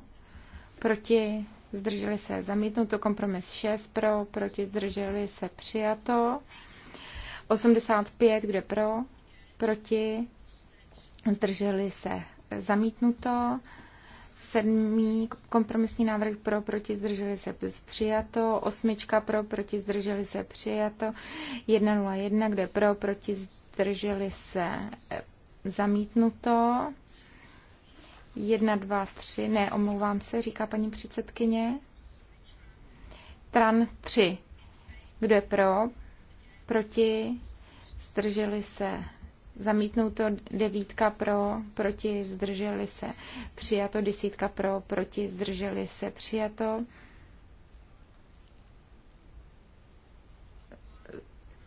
proti zdrželi se zamítnuto, kompromis 6 pro, proti zdrželi se přijato. 85, kde pro, proti, zdrželi se zamítnuto. Sedmý kompromisní návrh pro, proti, zdrželi se přijato. Osmička pro, proti, zdrželi se přijato. 101, kde pro, proti, zdrželi se zamítnuto. 1, 2, 3, ne, omlouvám se, říká paní předsedkyně. Tran 3. Kdo je pro? proti, zdrželi se zamítnuto devítka pro, proti, zdrželi se přijato, desítka pro, proti, zdrželi se přijato.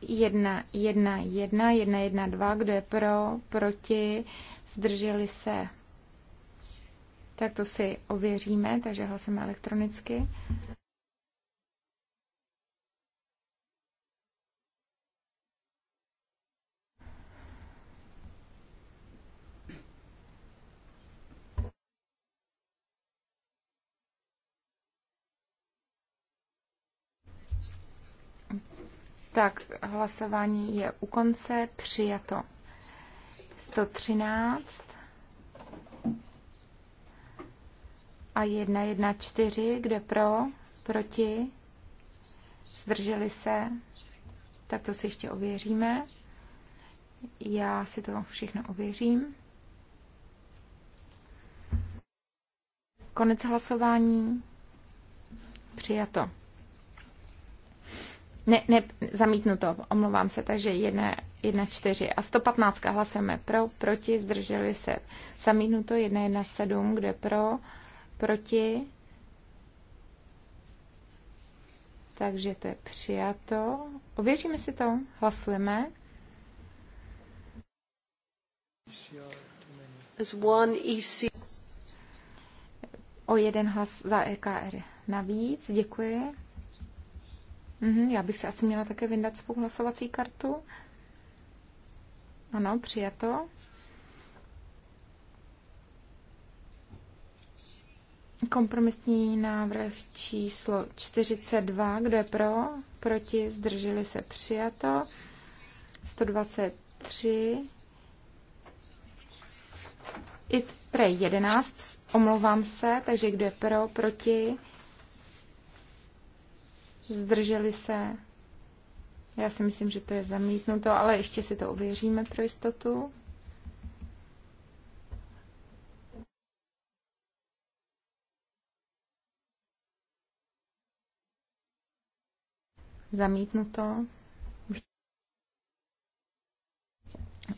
Jedna, jedna, jedna, jedna, jedna, dva, kdo je pro, proti, zdrželi se. Tak to si ověříme, takže hlasujeme elektronicky. Tak hlasování je u konce, přijato 113 a 114, kde pro, proti, zdrželi se, tak to si ještě ověříme. Já si to všechno ověřím. Konec hlasování. Přijato. Ne, ne, to, omlouvám se, takže 1, 1, 4 a 115 hlasujeme pro, proti, zdrželi se. to 1, 1, 7, kde pro, proti. Takže to je přijato. Ověříme si to, hlasujeme. E o jeden hlas za EKR navíc, děkuji. Mm-hmm, já bych si asi měla také vyndat svou hlasovací kartu. Ano, přijato. Kompromisní návrh číslo 42. Kdo je pro? Proti? Zdrželi se? Přijato. 123. ITRE 11. Omlouvám se. Takže kdo je pro? Proti? zdrželi se. Já si myslím, že to je zamítnuto, ale ještě si to ověříme pro jistotu. Zamítnuto.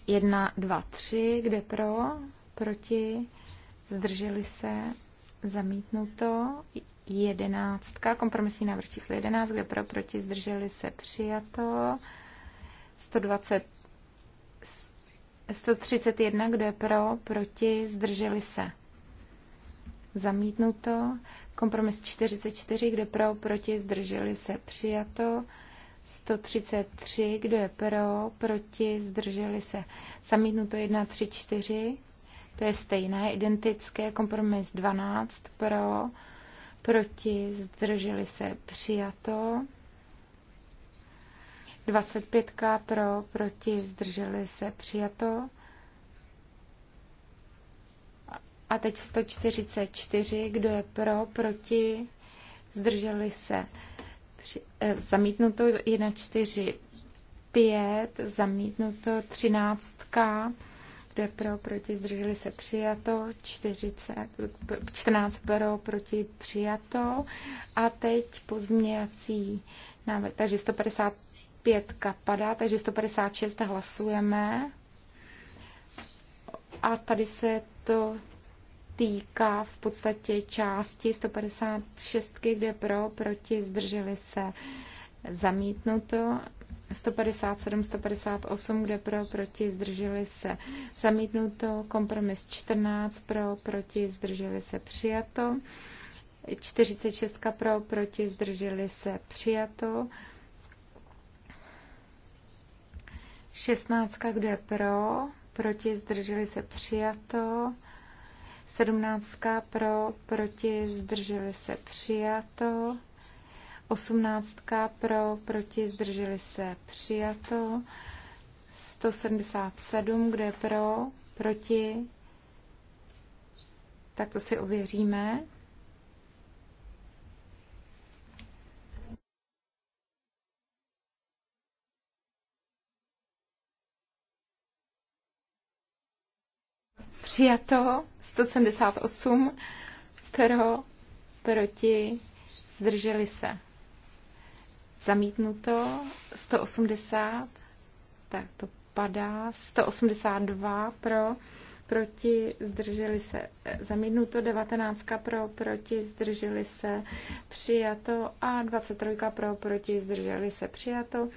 Jedna, dva, tři, kde pro, proti, zdrželi se, zamítnuto jedenáctka, kompromisní návrh číslo 11, kde pro, proti, zdrželi se přijato. 120, 131, kdo je pro, proti, zdrželi se. Zamítnuto. Kompromis 44, kdo je pro, proti, zdrželi se. Přijato. 133, kdo je pro, proti, zdrželi se. Zamítnuto 1, 3, 4. To je stejné, identické. Kompromis 12, pro, proti, zdrželi se, přijato. 25 pro, proti, zdrželi se, přijato. A teď 144, kdo je pro, proti, zdrželi se, při, eh, zamítnuto 1, 4, 5, zamítnuto 13 kde pro, proti, zdrželi se přijato, 40, 14 pro, proti, přijato. A teď pozměňací návrh, takže 155 padá, takže 156 hlasujeme. A tady se to týká v podstatě části 156, kde pro, proti, zdrželi se zamítnuto 157, 158, kde pro, proti, zdrželi se. Zamítnuto kompromis 14, pro, proti, zdrželi se. Přijato. 46 pro, proti, zdrželi se. Přijato. 16, kde pro, proti, zdrželi se. Přijato. 17 pro, proti, zdrželi se. Přijato. Osmnáctka pro, proti, zdrželi se, přijato. 177, kde pro, proti, tak to si ověříme. Přijato 178 pro, proti, zdrželi se. Zamítnuto 180, tak to padá. 182 pro, proti, zdrželi se. Eh, zamítnuto 19 pro, proti, zdrželi se. Přijato a 23 pro, proti, zdrželi se. Přijato.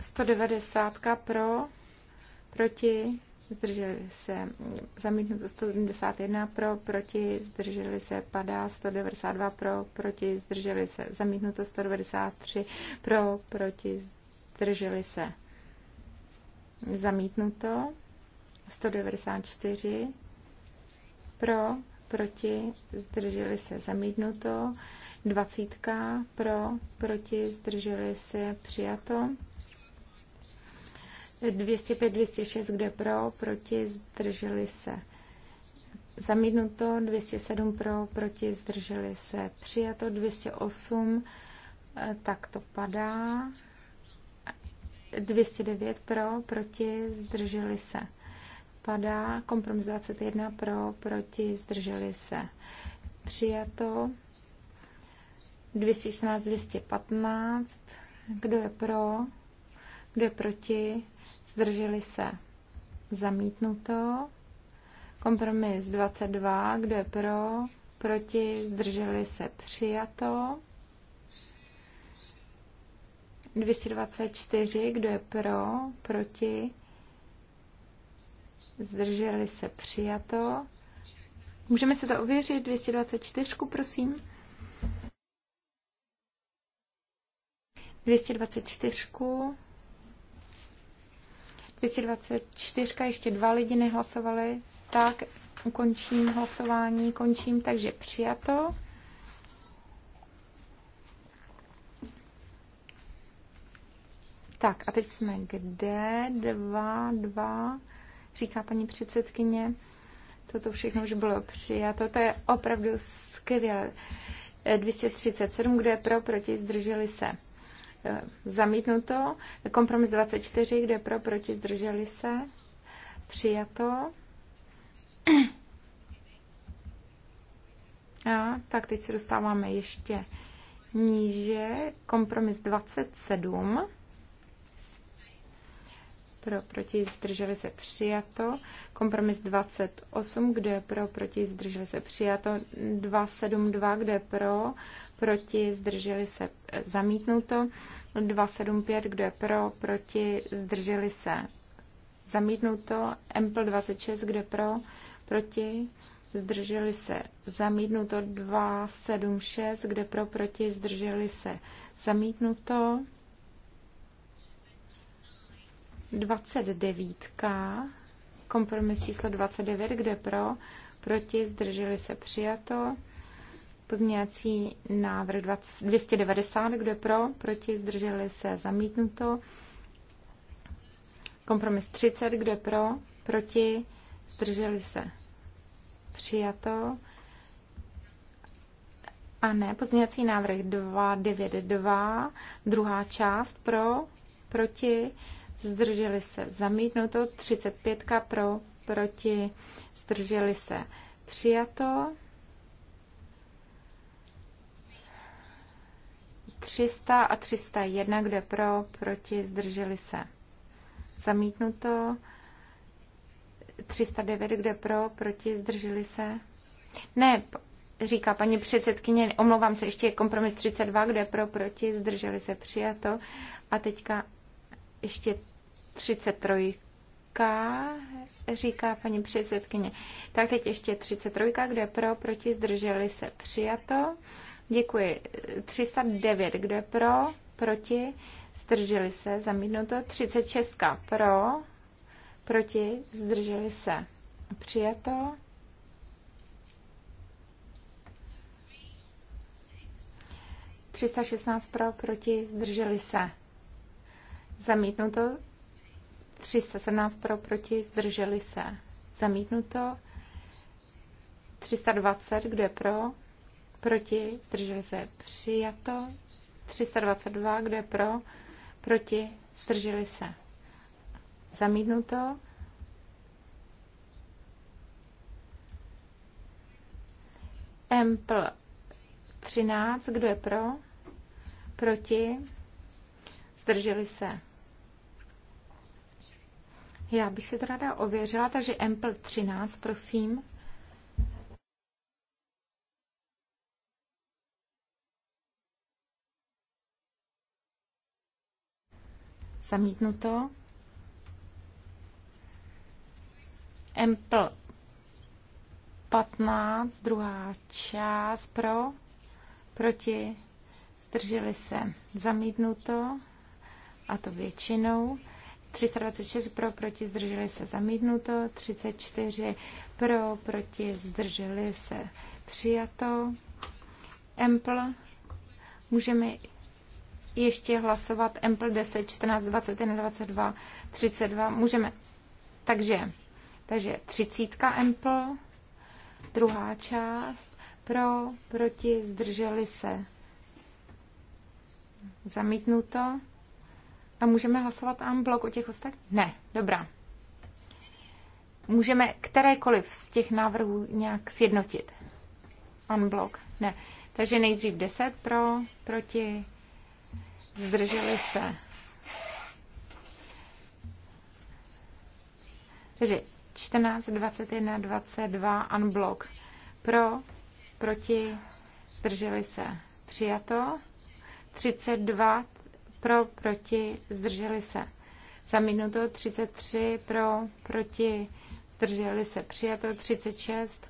190 pro, proti, zdrželi se, zamítnuto 171 pro, proti, zdrželi se, padá 192 pro, proti, zdrželi se, zamítnuto 193 pro, proti, zdrželi se, zamítnuto 194 pro, proti, zdrželi se, zamítnuto 20 pro, proti, zdrželi se, přijato 205, 206, kde pro, proti, zdrželi se. Zamítnuto 207 pro, proti, zdrželi se. Přijato 208, eh, tak to padá. 209 pro, proti, zdrželi se. Padá kompromis 21 pro, proti, zdrželi se. Přijato 216, 215. Kdo je pro? Kdo je proti? zdrželi se, zamítnuto. Kompromis 22, kdo je pro, proti, zdrželi se, přijato. 224, kdo je pro, proti, zdrželi se, přijato. Můžeme se to ověřit, 224, prosím. 224. 224, ještě dva lidi nehlasovali, tak ukončím hlasování, končím, takže přijato. Tak a teď jsme kde? Dva, dva, říká paní předsedkyně. Toto všechno už bylo přijato, to je opravdu skvělé. 237, kde je pro, proti, zdrželi se. Zamítnuto. Kompromis 24, kde pro, proti, zdrželi se. Přijato. A, tak teď se dostáváme ještě níže. Kompromis 27 pro, proti, zdrželi se přijato. Kompromis 28, kdo je pro, proti, zdrželi se přijato. 272, kdo je pro, proti, zdrželi se eh, zamítnuto. 275, kdo je pro, proti, zdrželi se zamítnuto. Empl 26, kdo je pro, proti, zdrželi se zamítnuto. 276, kde pro, proti, zdrželi se zamítnuto. 29. Kompromis číslo 29, kde pro, proti, zdrželi se přijato. Pozměňovací návrh 20, 290, kde pro, proti, zdrželi se zamítnuto. Kompromis 30, kde pro, proti, zdrželi se přijato. A ne, pozměňovací návrh 292, druhá část pro, proti, zdrželi se zamítnuto, 35 pro, proti, zdrželi se přijato, 300 a 301, kde pro, proti, zdrželi se zamítnuto, 309, kde pro, proti, zdrželi se. Ne, říká paní předsedkyně, omlouvám se, ještě je kompromis 32, kde pro, proti, zdrželi se, přijato. A teďka ještě 33, říká paní předsedkyně. Tak teď ještě 33, kdo je pro, proti, zdrželi se, přijato. Děkuji. 309, kdo je pro, proti, zdrželi se, zamítnuto. 36 pro, proti, zdrželi se, přijato. 316 pro, proti, zdrželi se. Zamítnuto 317 pro, proti, zdrželi se. Zamítnuto. 320, kdo je pro, proti, zdrželi se. Přijato. 322, kdo je pro, proti, zdrželi se. Zamítnuto. 13, kdo je pro, proti, zdrželi se. Já bych si to ráda ověřila, takže Ampl 13, prosím. Zamítnuto. Ampl 15, druhá část pro, proti, zdrželi se. Zamítnuto a to většinou. 326 pro, proti, zdrželi se zamítnuto, 34 pro, proti, zdrželi se přijato. Empl, můžeme ještě hlasovat Empl 10, 14, 21, 22, 32, můžeme. Takže, takže třicítka Empl, druhá část, pro, proti, zdrželi se. Zamítnuto. A můžeme hlasovat en blok o těch ostatních? Ne, dobrá. Můžeme kterékoliv z těch návrhů nějak sjednotit. Unblock? ne. Takže nejdřív 10 pro, proti, zdrželi se. Takže 14, 21, 22, unblock. Pro, proti, zdrželi se. Přijato. 32, pro, proti, zdrželi se. Za minutu 33 pro, proti, zdrželi se. Přijato 36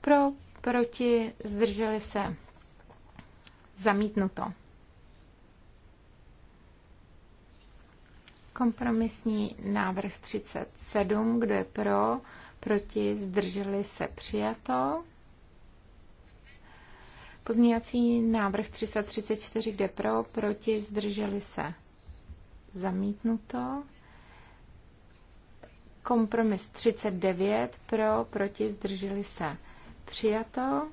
pro, proti, zdrželi se. Zamítnuto. Kompromisní návrh 37, kdo je pro, proti, zdrželi se přijato. Pozměňovací návrh 334, kde pro, proti, zdrželi se. Zamítnuto. Kompromis 39, pro, proti, zdrželi se. Přijato.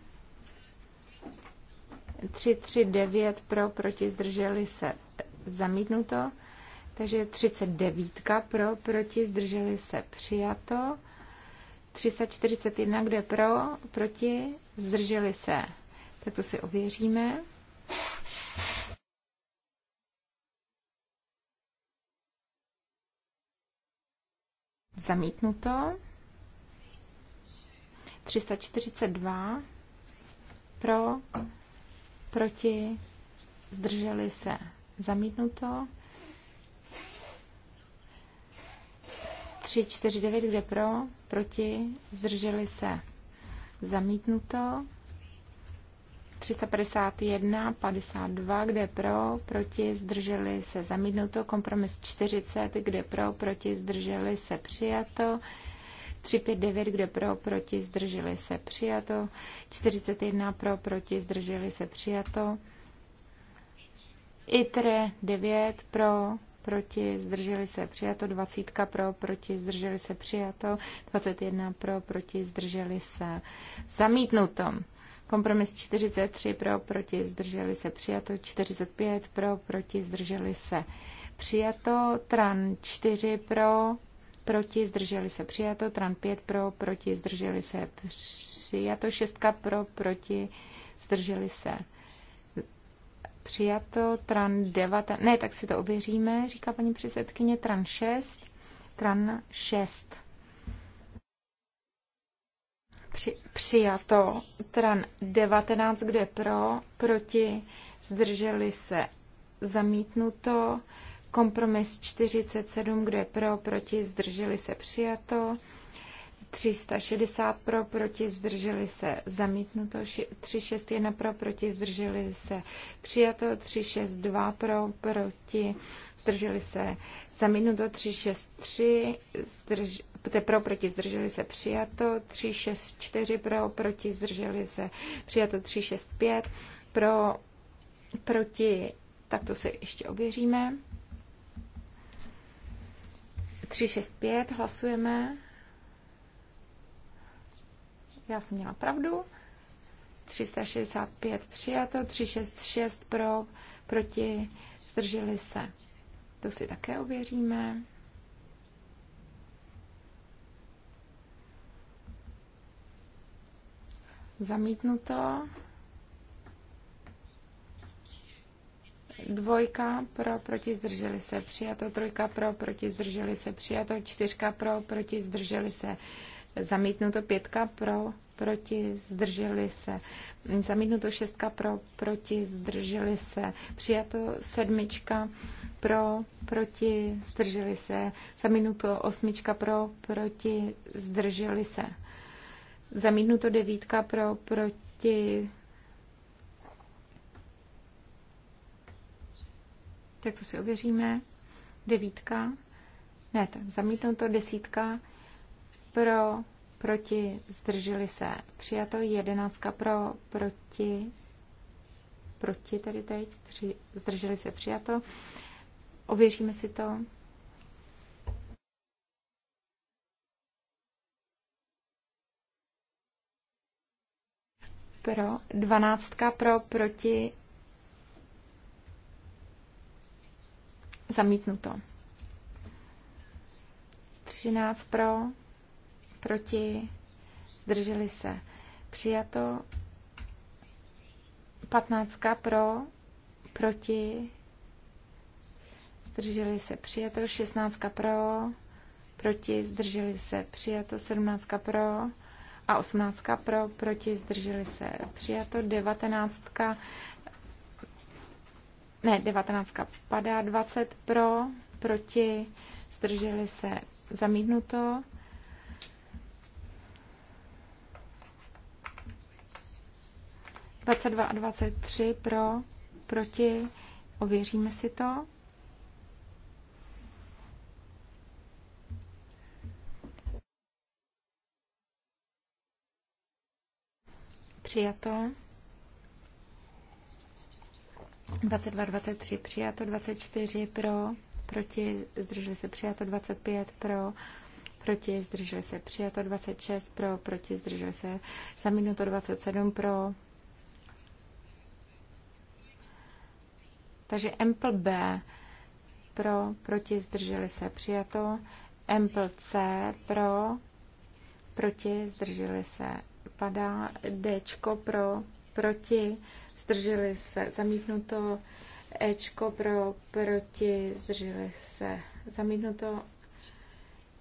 339, pro, proti, zdrželi se. Zamítnuto. Takže 39 pro, proti, zdrželi se. Přijato. 341, kde pro, proti, zdrželi se tak to si ověříme. Zamítnuto. 342 pro, proti, zdrželi se. Zamítnuto. 3, 4, 9, kde pro, proti, zdrželi se. Zamítnuto. 351, 52, kde pro, proti, zdrželi se zamítnuto, kompromis 40, kde pro, proti, zdrželi se přijato, 359, kde pro, proti, zdrželi se přijato, 41 pro, proti, zdrželi se přijato, ITRE 9 pro, proti, zdrželi se přijato, 20 pro, proti, zdrželi se přijato, 21 pro, proti, zdrželi se zamítnuto. Kompromis 43 pro, proti, zdrželi se přijato. 45 pro, proti, zdrželi se přijato. Tran 4 pro, proti, zdrželi se přijato. Tran 5 pro, proti, zdrželi se přijato. 6 pro, proti, zdrželi se přijato. Tran 9, ne, tak si to ověříme, říká paní předsedkyně. Tran 6, Tran 6. Při, přijato. Tran 19, kdo je pro, proti, zdrželi se, zamítnuto. Kompromis 47, kdo je pro, proti, zdrželi se, přijato. 360 pro, proti, zdrželi se, zamítnuto. 361 pro, proti, zdrželi se, přijato. 362 pro, proti, zdrželi se, zamítnuto. 363, zdrž, Poté pro, proti, zdrželi se, přijato. 3, 6, 4 pro, proti, zdrželi se, přijato. 3, 6, 5 pro, proti, tak to se ještě ověříme. 3, 6, 5 hlasujeme. Já jsem měla pravdu. 365 přijato, 366 pro, proti, zdrželi se. To si také ověříme. Zamítnuto. Dvojka pro, proti, zdrželi se, přijato. Trojka pro, proti, zdrželi se, přijato. Čtyřka pro, proti, zdrželi se, zamítnuto. Pětka pro, proti, zdrželi se. Zamítnuto šestka pro, proti, zdrželi se. Přijato sedmička pro, proti, zdrželi se. Zamítnuto osmička pro, proti, zdrželi se. Zamítnuto devítka pro, proti. Tak to si ověříme. Devítka. Ne, tak zamítnuto desítka pro, proti, zdrželi se. Přijato jedenáctka pro, proti, proti tady teď, při, zdrželi se přijato. Ověříme si to. pro, dvanáctka pro, proti, zamítnuto. Třináct pro, proti, zdrželi se. Přijato patnáctka pro, proti, zdrželi se. Přijato šestnáctka pro, proti, zdrželi se. Přijato sedmnáctka pro, a 18 pro, proti, zdrželi se přijato, 19 ne, 19 padá, 20 pro, proti, zdrželi se zamítnuto. Dvacet dva a dvacet tři pro, proti, ověříme si to. přijato. 22, 23 přijato, 24 pro, proti, zdrželi se přijato, 25 pro, proti, zdrželi se přijato, 26 pro, proti, zdrželi se za minuto 27 pro. Takže Ample B pro, proti, zdrželi se přijato, Ample C pro, proti, zdrželi se padá D pro, proti, zdrželi se, zamítnuto, E pro, proti, zdrželi se, zamítnuto,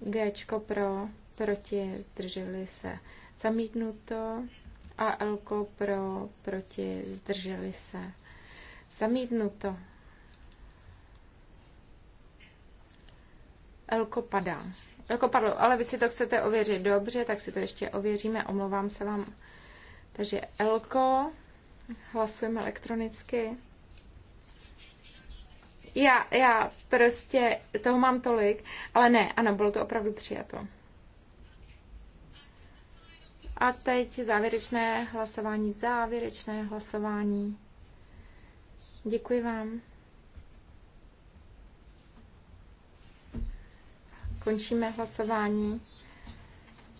G pro, proti, zdrželi se, zamítnuto, a L pro, proti, zdrželi se, zamítnuto. L padá jako padlo, ale vy si to chcete ověřit dobře, tak si to ještě ověříme, omlouvám se vám. Takže Elko, hlasujeme elektronicky. Já, já prostě toho mám tolik, ale ne, ano, bylo to opravdu přijato. A teď závěrečné hlasování, závěrečné hlasování. Děkuji vám. Končíme hlasování.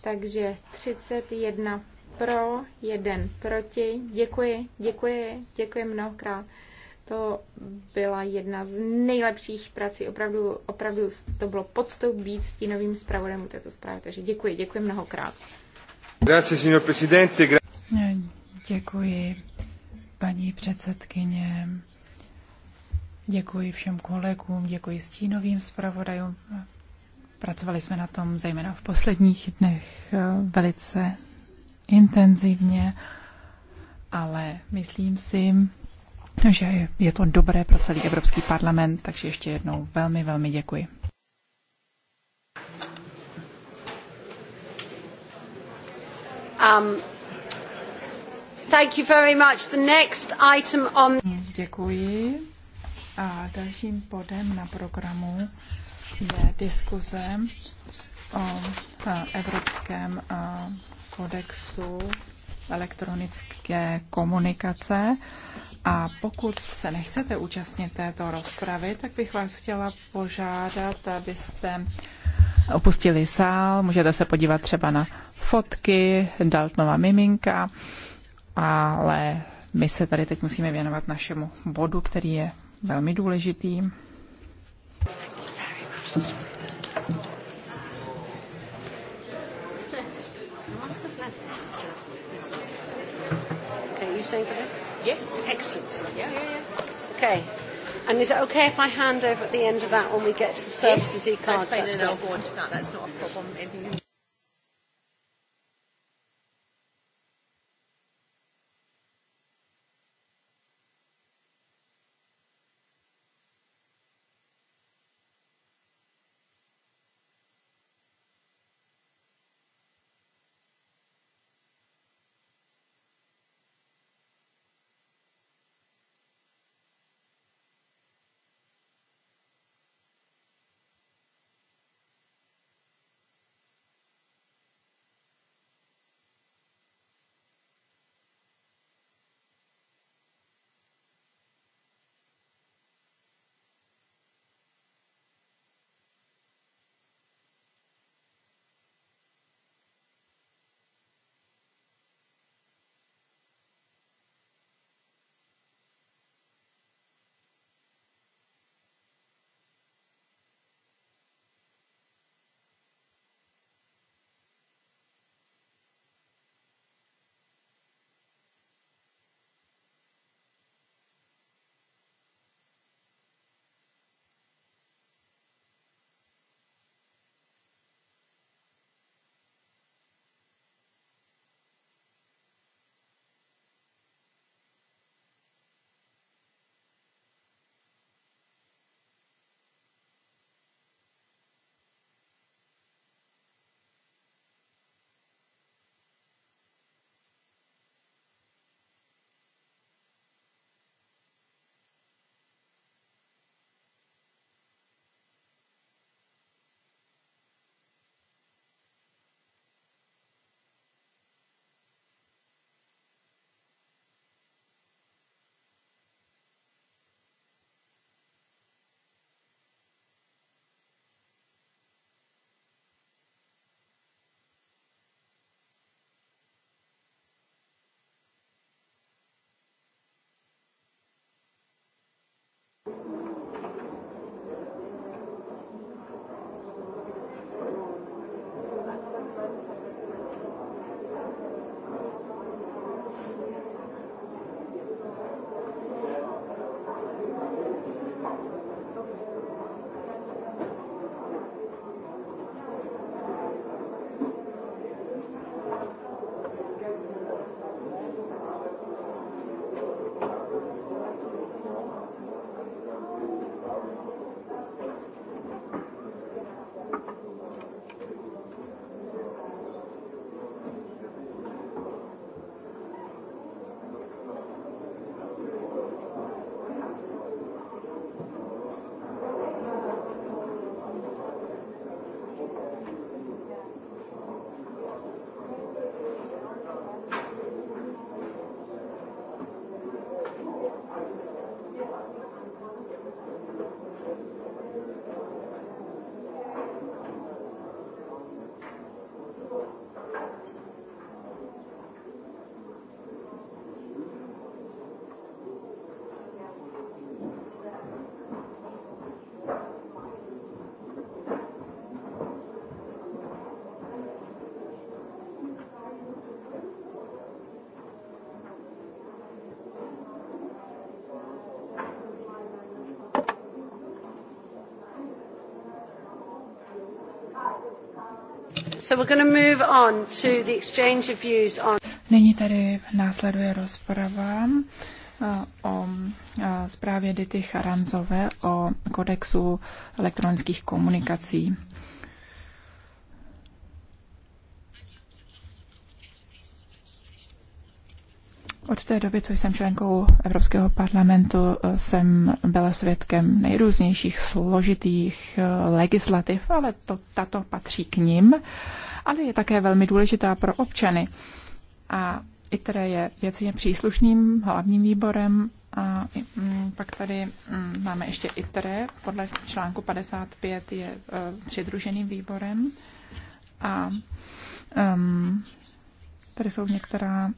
Takže 31 pro, 1 proti. Děkuji, děkuji, děkuji mnohokrát. To byla jedna z nejlepších prací. Opravdu, opravdu to bylo podstou být stínovým zpravodem této zprávy. Takže děkuji, děkuji mnohokrát. Grazie, signor presidente. Děkuji, paní předsedkyně. Děkuji všem kolegům, děkuji stínovým zpravodajům. Pracovali jsme na tom zejména v posledních dnech eh, velice intenzivně, ale myslím si, že je to dobré pro celý Evropský parlament, takže ještě jednou velmi, velmi děkuji. Um, thank you very much. The next item on... Děkuji. A dalším bodem na programu je diskuze o Evropském kodexu elektronické komunikace. A pokud se nechcete účastnit této rozpravy, tak bych vás chtěla požádat, abyste opustili sál. Můžete se podívat třeba na fotky Daltnova miminka, ale my se tady teď musíme věnovat našemu bodu, který je velmi důležitý absence. Okay, you staying for this? Yes. Excellent. Yeah, yeah, yeah. Okay. And is it okay if I hand over at the end of that when we get to the services yes, e-card? That's fine, That's not a problem. Anything So on... Nyní tady následuje rozprava eh, o eh, zprávě Dity Charanzové o kodexu elektronických komunikací. té doby, co jsem členkou Evropského parlamentu, jsem byla svědkem nejrůznějších složitých eh, legislativ, ale to, tato patří k nim, ale je také velmi důležitá pro občany. A které je věcně příslušným hlavním výborem a mm, pak tady mm, máme ještě které, podle článku 55 je eh, přidruženým výborem a um, tady jsou některá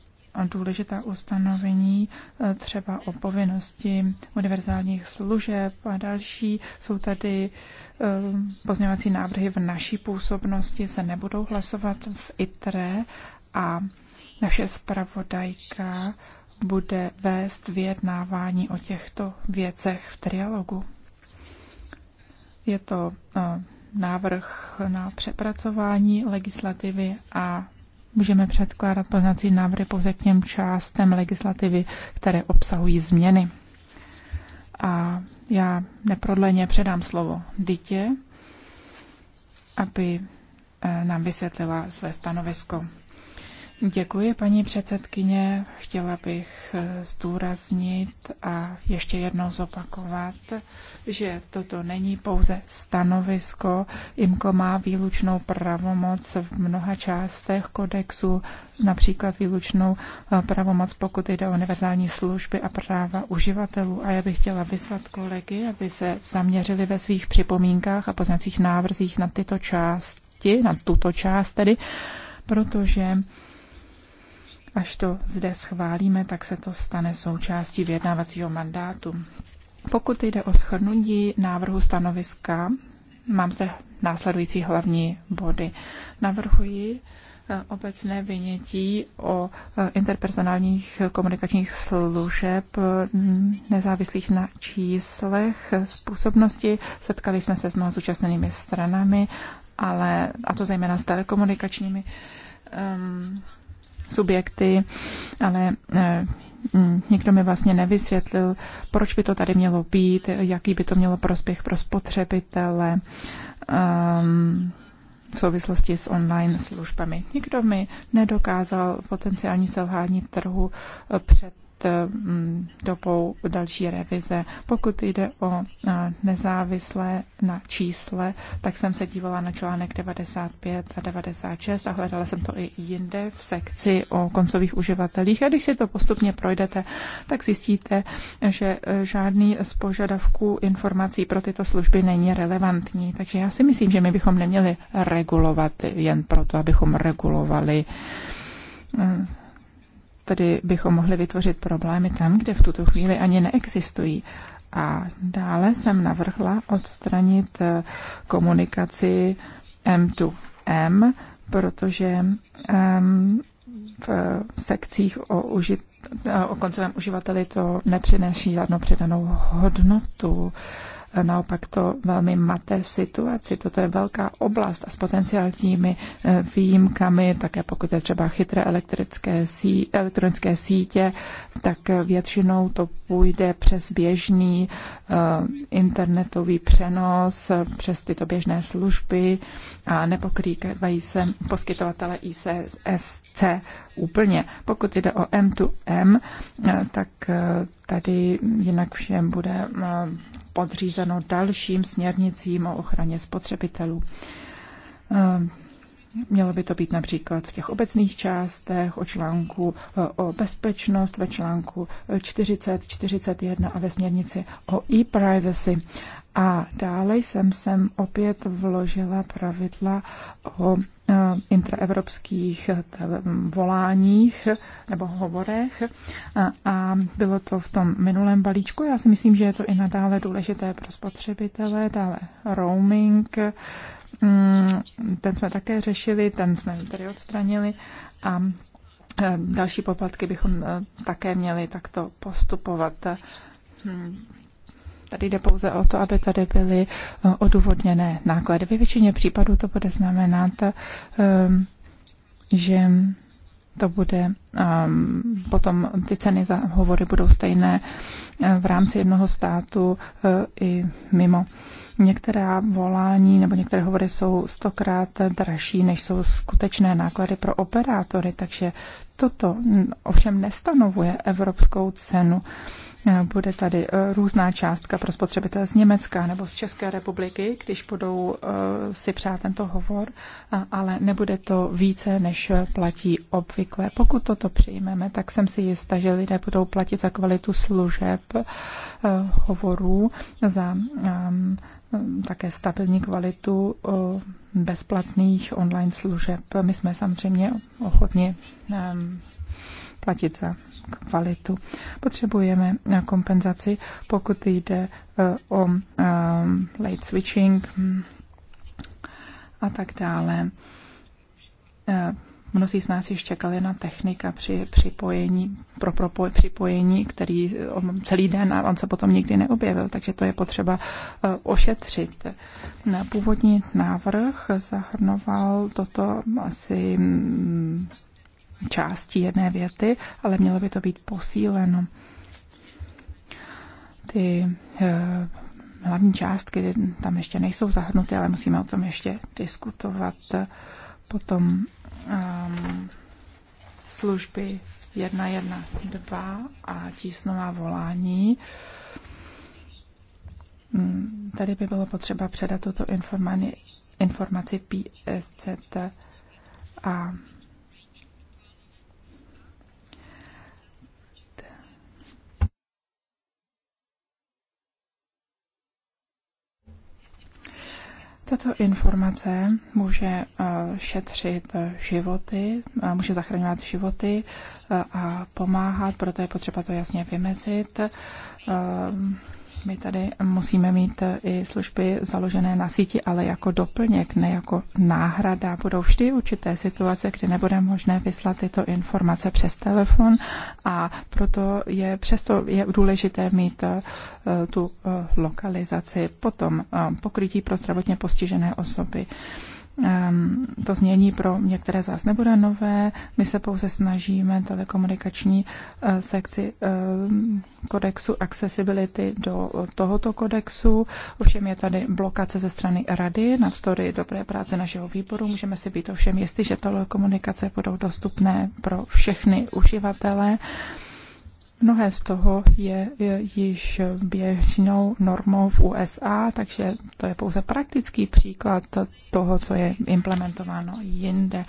důležitá ustanovení eh, třeba o povinnosti univerzálních služeb a další. Jsou tady eh, pozměňovací návrhy v naší působnosti, se nebudou hlasovat v ITRE a naše zpravodajka bude vést vyjednávání o těchto věcech v trialogu. Je to eh, návrh na přepracování legislativy a můžeme předkládat poznací návrhy pouze k těm částem legislativy, které obsahují změny. A já neprodleně předám slovo Dytě, aby eh, nám vysvětlila své stanovisko. Děkuji, paní předsedkyně. Chtěla bych eh, zdůraznit a ještě jednou zopakovat, že toto není pouze stanovisko. IMCO má výlučnou pravomoc v mnoha částech kodexu, například výlučnou eh, pravomoc, pokud jde o univerzální služby a práva uživatelů. A já bych chtěla vyslat kolegy, aby se zaměřili ve svých připomínkách a poznacích návrzích na tyto části, na tuto část tedy, protože Až to zde schválíme, tak se to stane součástí vyjednávacího mandátu. Pokud jde o shrnutí návrhu stanoviska, mám zde následující hlavní body. Navrhuji eh, obecné vynětí o eh, interpersonálních komunikačních služeb mm, nezávislých na číslech způsobnosti. Setkali jsme se s mnoha zúčastněnými stranami, ale, a to zejména s telekomunikačními um, subjekty, ale eh, mm, nikdo mi vlastně nevysvětlil, proč by to tady mělo být, jaký by to mělo prospěch pro spotřebitele um, v souvislosti s online službami. Nikdo mi nedokázal potenciální selhání trhu eh, před Mm, dobou další revize. Pokud jde o nezávislé na čísle, tak jsem se dívala na článek 95 a 96 a hledala jsem to i jinde v sekci o koncových uživatelích. A když si to postupně projdete, tak zjistíte, že e, žádný z požadavků informací pro tyto služby není relevantní. Takže já si myslím, že my bychom neměli regulovat jen proto, abychom regulovali e, tedy bychom mohli vytvořit problémy tam, kde v tuto chvíli ani neexistují. A dále jsem navrhla odstranit eh, komunikaci M2M, protože um, v sekcích o, užit, eh, o koncovém uživateli to nepřináší žádnou přidanou hodnotu naopak to velmi maté situaci. Toto je velká oblast a s potenciálními eh, výjimkami, také pokud je třeba chytré elektrické sí, elektronické sítě, tak většinou to půjde přes běžný eh, internetový přenos, přes tyto běžné služby a nepokrývají se poskytovatele ICSC úplně. Pokud jde o M2M, eh, tak tady jinak všem bude podřízeno dalším směrnicím o ochraně spotřebitelů. Eh, mělo by to být například v těch obecných částech, o článku eh, o bezpečnost, ve článku 40, 41 a ve směrnici o e-privacy. A dále jsem sem opět vložila pravidla o Eh, intraevropských eh, voláních nebo hovorech a, a bylo to v tom minulém balíčku. Já si myslím, že je to i nadále důležité pro spotřebitele, dále roaming, mm, ten jsme také řešili, ten jsme tedy odstranili a eh, další poplatky bychom také měli takto postupovat. Hmm. Tady jde pouze o to, aby tady byly eh, odůvodněné náklady. Ve většině případů to bude znamenat, ehm, že to bude, ehm, potom ty ceny za hovory budou stejné eh, v rámci jednoho státu eh, i mimo. Některá volání nebo některé hovory jsou stokrát dražší, než jsou skutečné náklady pro operátory, takže toto mm, ovšem nestanovuje evropskou cenu. Bude tady eh, různá částka pro spotřebitele z Německa nebo z České republiky, když budou eh, si přát tento hovor, ale nebude to více, než platí obvykle. Pokud toto přijmeme, tak jsem si jistá, že lidé budou platit za kvalitu služeb eh, hovorů, za ehm, ehm, také stabilní kvalitu bezplatných online služeb. My jsme samozřejmě ochotni ehm, platit za kvalitu. Potřebujeme kompenzaci, pokud jde eh, o eh, late switching hm, a tak dále. Eh, mnozí z nás již čekali na technika při připojení, pro propoj, připojení, který celý den a on se potom nikdy neobjevil, takže to je potřeba ošetřit. Původní návrh zahrnoval toto asi hm, části jedné věty, ale mělo by to být posíleno. Ty eh, hlavní částky tam ještě nejsou zahrnuty, ale musíme o tom ještě diskutovat. Potom um, služby 112 a tísnová volání. Mm, tady by bylo potřeba předat tuto informaci PSCT a Tato informace může eh, šetřit životy, eh, může zachraňovat životy eh, a pomáhat, proto je potřeba to jasně vymezit. My tady musíme mít eh, i služby založené na síti, ale jako doplněk, ne jako náhrada. Budou vždy určité situace, kdy nebude možné vyslat tyto informace přes telefon a proto je přesto je důležité mít eh, tu eh, lokalizaci, potom pokrytí pro zdravotně postižené osoby. Ehm, to znění pro některé z vás nebude nové. My se pouze snažíme telekomunikační eh, sekci ehm, kodexu accessibility do tohoto kodexu. Ovšem je tady blokace ze strany rady. vstory dobré práce našeho výboru můžeme si být ovšem jistí, že telekomunikace budou dostupné pro všechny uživatele. Mnohé z toho je již běžnou normou v USA, takže to je pouze praktický příklad toho, co je implementováno jinde.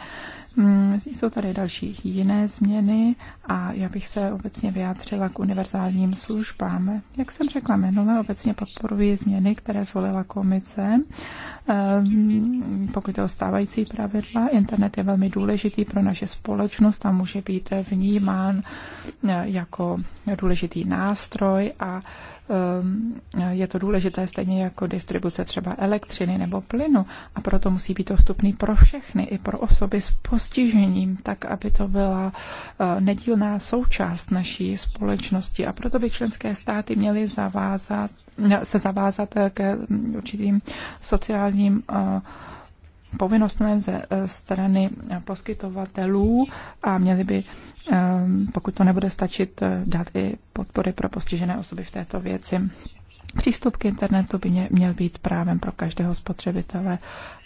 Hmm, jsou tady další jiné změny a já bych se obecně vyjádřila k univerzálním službám. Jak jsem řekla minule, obecně podporuji změny, které zvolila komice. Ehm, pokud je o stávající pravidla, internet je velmi důležitý pro naše společnost a může být vnímán eh, jako důležitý nástroj a Ehm, je to důležité stejně jako distribuce třeba elektřiny nebo plynu a proto musí být dostupný pro všechny, i pro osoby s postižením, tak aby to byla eh, nedílná součást naší společnosti a proto by členské státy měly zavázat, se zavázat ke určitým sociálním uh, povinnostmi ze eh, strany poskytovatelů a měli by, ehm, pokud to nebude stačit, eh, dát i podpory pro postižené osoby v této věci. Přístup k internetu by měl být právem pro každého spotřebitele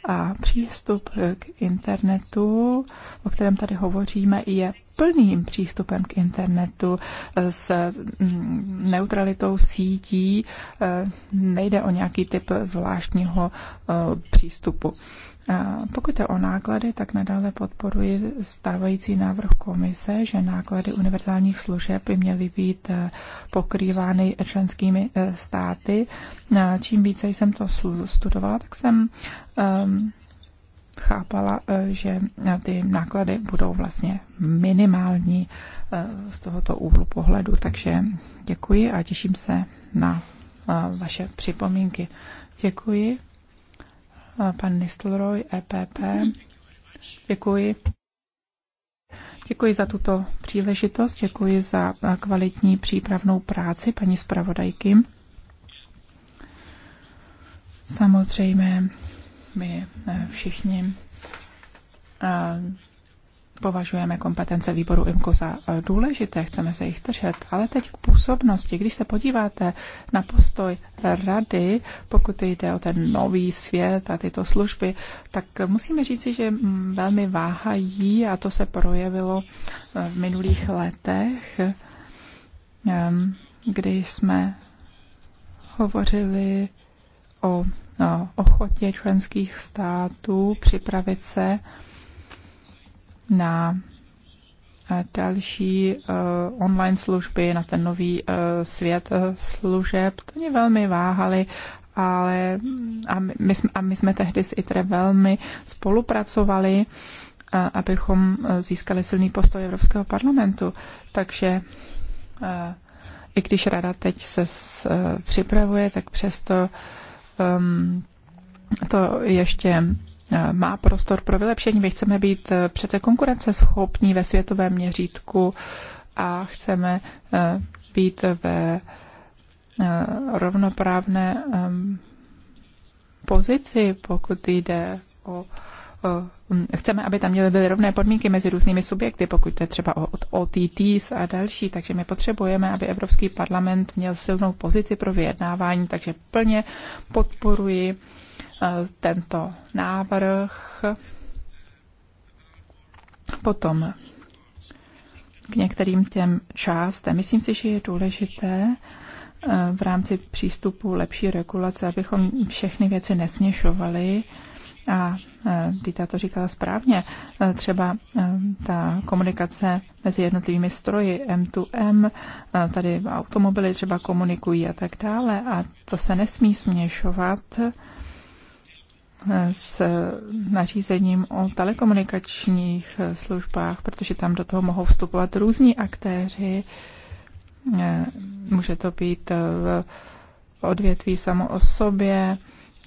a přístup k internetu, o kterém tady hovoříme, je plným přístupem k internetu eh, s mm, neutralitou sítí. Nejde o nějaký typ zvláštního přístupu. Pokud je o náklady, tak nadále podporuji stávající návrh komise, že náklady univerzálních služeb by měly být eh, pokrývány členskými eh, státy. Čím více jsem to studovala, tak jsem ehm, chápala, eh, že ty náklady budou vlastně minimální z tohoto úhlu pohledu. Takže děkuji a těším se na vaše připomínky. Děkuji pan Nistelrooy, EPP. Děkuji. Děkuji za tuto příležitost, děkuji za kvalitní přípravnou práci paní zpravodajky. Samozřejmě my eh, všichni eh, Považujeme kompetence výboru IMCO za eh, důležité, chceme se jich držet, ale teď k působnosti. Když se podíváte na postoj rady, pokud jde o ten nový svět a tyto služby, tak musíme říci, že mm, velmi váhají a to se projevilo eh, v minulých letech, ehm, kdy jsme hovořili o no, ochotě členských států připravit se na eh, další eh, online služby, na ten nový eh, svět služeb. To mě velmi váhali ale a my, jsme, a my jsme tehdy s ITRE velmi spolupracovali, uh, abychom získali silný postoj Evropského parlamentu. Takže uh, i když rada teď se s, uh, připravuje, tak přesto um, to ještě má prostor pro vylepšení. My chceme být eh, přece konkurenceschopní ve světovém měřítku a chceme eh, být ve eh, rovnoprávné ehm, pozici, pokud jde o chceme, aby tam měly byly rovné podmínky mezi různými subjekty, pokud je třeba o OTTs a další, takže my potřebujeme, aby Evropský parlament měl silnou pozici pro vyjednávání, takže plně podporuji tento návrh. Potom k některým těm částem. Myslím si, že je důležité eh, v rámci přístupu lepší regulace, abychom všechny věci nesměšovali. A eh, Dita to říkala správně. Eh, třeba ta komunikace mezi jednotlivými stroji M2M, tady automobily třeba komunikují a tak dále. A to se nesmí směšovat s nařízením o telekomunikačních službách, protože tam do toho mohou vstupovat různí aktéři. Eh, může to být eh, v odvětví samo o sobě,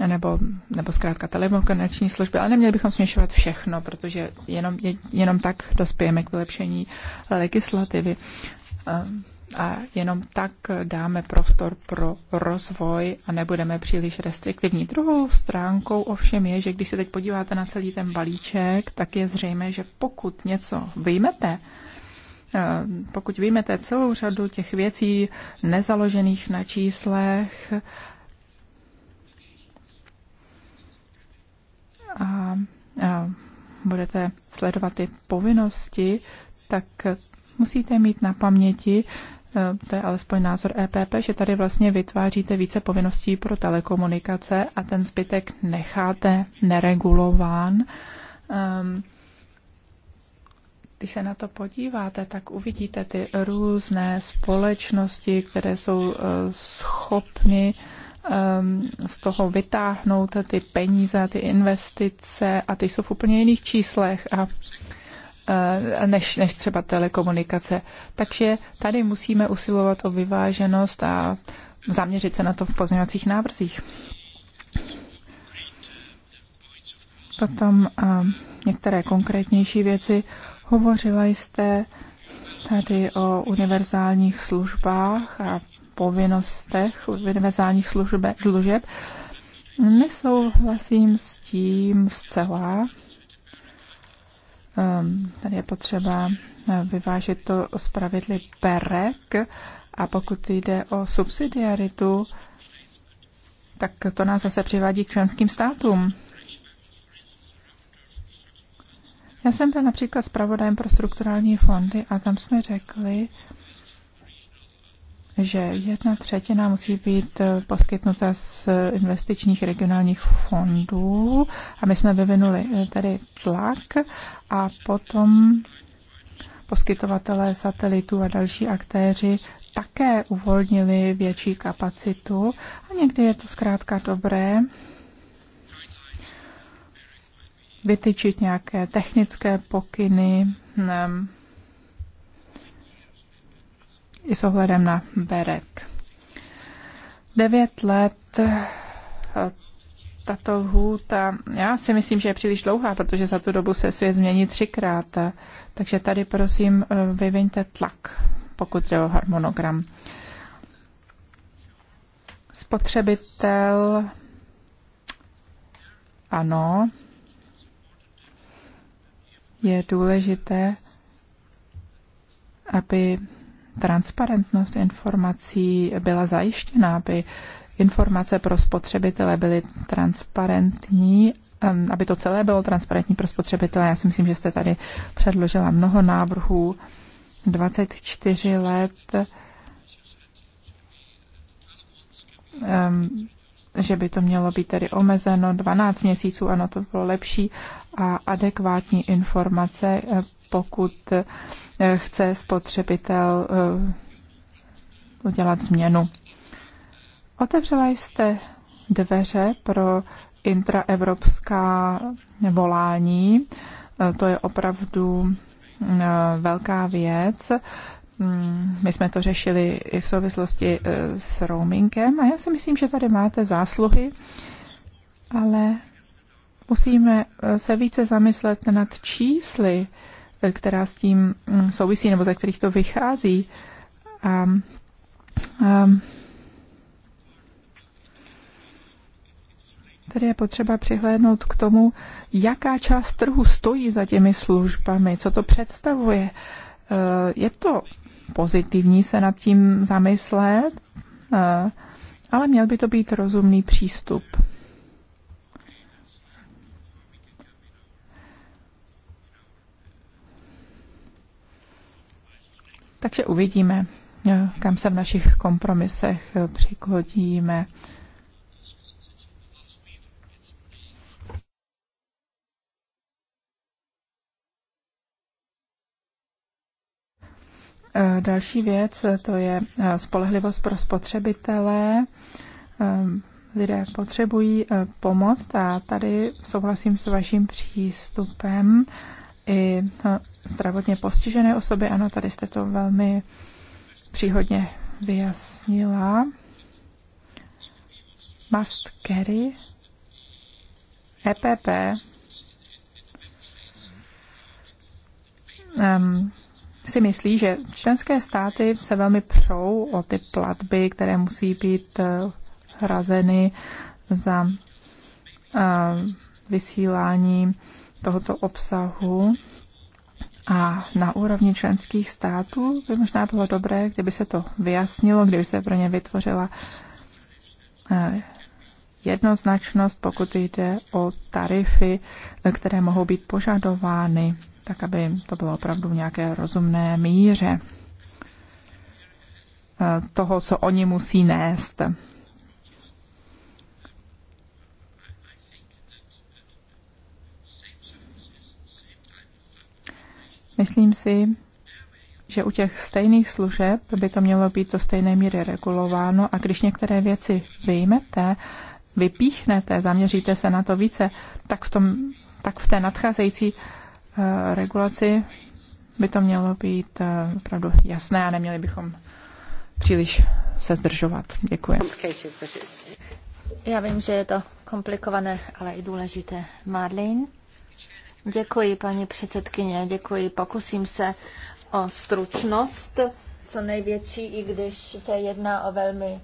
nebo, nebo zkrátka telekomunikační služby, ale neměli bychom směšovat všechno, protože jenom, jenom tak dospějeme k vylepšení legislativy. Eh, a jenom tak dáme prostor pro rozvoj a nebudeme příliš restriktivní. Druhou stránkou ovšem je, že když se teď podíváte na celý ten balíček, tak je zřejmé, že pokud něco vyjmete, eh, pokud vyjmete celou řadu těch věcí nezaložených na číslech, a, a budete sledovat ty povinnosti, tak musíte mít na paměti, Eh, to je alespoň názor EPP, že tady vlastně vytváříte více povinností pro telekomunikace a ten zbytek necháte neregulován. Ehm, když se na to podíváte, tak uvidíte ty různé společnosti, které jsou eh, schopny ehm, z toho vytáhnout ty peníze, ty investice a ty jsou v úplně jiných číslech a Eh, než, než třeba telekomunikace. Takže tady musíme usilovat o vyváženost a zaměřit se na to v pozměňovacích návrzích. Potom eh, některé konkrétnější věci. Hovořila jste tady o univerzálních službách a povinnostech univerzálních službe, služeb. Nesouhlasím s tím zcela. Ehm, tady je potřeba eh, vyvážit to s PEREK a pokud jde o subsidiaritu, tak to nás zase přivádí k členským státům. Já jsem byl například zpravodajem pro strukturální fondy a tam jsme řekli, že jedna třetina musí být eh, poskytnuta z eh, investičních regionálních fondů a my jsme vyvinuli eh, tady tlak a potom poskytovatelé satelitů a další aktéři také uvolnili větší kapacitu a někdy je to zkrátka dobré vytyčit nějaké technické pokyny, ehm, i s ohledem na Berek. Devět let eh, tato lhůta, já si myslím, že je příliš dlouhá, protože za tu dobu se svět změní třikrát. Eh, takže tady prosím eh, vyviňte tlak, pokud jde o harmonogram. Spotřebitel, ano, je důležité, aby transparentnost informací byla zajištěna, aby informace pro spotřebitele byly transparentní, aby to celé bylo transparentní pro spotřebitele. Já si myslím, že jste tady předložila mnoho návrhů, 24 let, že by to mělo být tedy omezeno 12 měsíců, ano, to bylo lepší, a adekvátní informace pokud eh, chce spotřebitel eh, udělat změnu. Otevřela jste dveře pro intraevropská volání. Eh, to je opravdu velká věc. Mm, my jsme to řešili i v souvislosti s roamingem a já si myslím, že tady máte zásluhy, ale musíme se více zamyslet nad čísly, která s tím mm, souvisí nebo ze kterých to vychází. A, a um, Tady je potřeba přihlédnout k tomu, jaká část trhu stojí za těmi službami, co to představuje. Eh, je to pozitivní se nad tím zamyslet, eh, ale měl by to být rozumný přístup. Takže uvidíme, eh, kam se v našich kompromisech eh, přiklodíme. Eh, další věc, to je spolehlivost pro spotřebitele. Lidé potřebují pomoc a tady souhlasím s vaším přístupem. I zdravotně postižené osoby. Ano, tady jste to velmi příhodně vyjasnila. Must carry. EPP. Um, si myslí, že členské státy se velmi přou o ty platby, které musí být eh, hrazeny za eh, vysílání tohoto obsahu. A na úrovni členských států by možná bylo dobré, kdyby se to vyjasnilo, kdyby se pro ně vytvořila eh, jednoznačnost, pokud jde o tarify, které mohou být požadovány, tak aby to bylo opravdu v nějaké rozumné míře eh, toho, co oni musí nést. Myslím si, že u těch stejných služeb by to mělo být do stejné míry regulováno a když některé věci vyjmete, vypíchnete, zaměříte se na to více, tak v, tom, tak v té nadcházející uh, regulaci by to mělo být uh, opravdu jasné a neměli bychom příliš se zdržovat. Děkuji. Já vím, že je to komplikované, ale i důležité. Madeleine? Děkuji, paní předsedkyně, děkuji. Pokusím se o stručnost, co největší, i když se jedná o velmi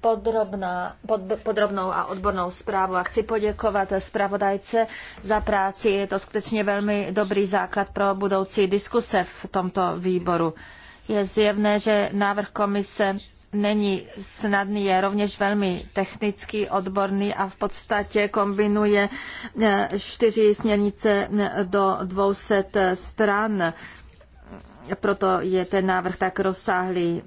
podrobná, pod, podrobnou a odbornou zprávu a chci poděkovat zpravodajce za práci. Je to skutečně velmi dobrý základ pro budoucí diskuse v tomto výboru. Je zjevné, že návrh komise není snadný, je rovněž velmi technický, odborný a v podstatě kombinuje e, čtyři směrnice e, do 200 e, stran. Proto je ten návrh tak rozsáhlý.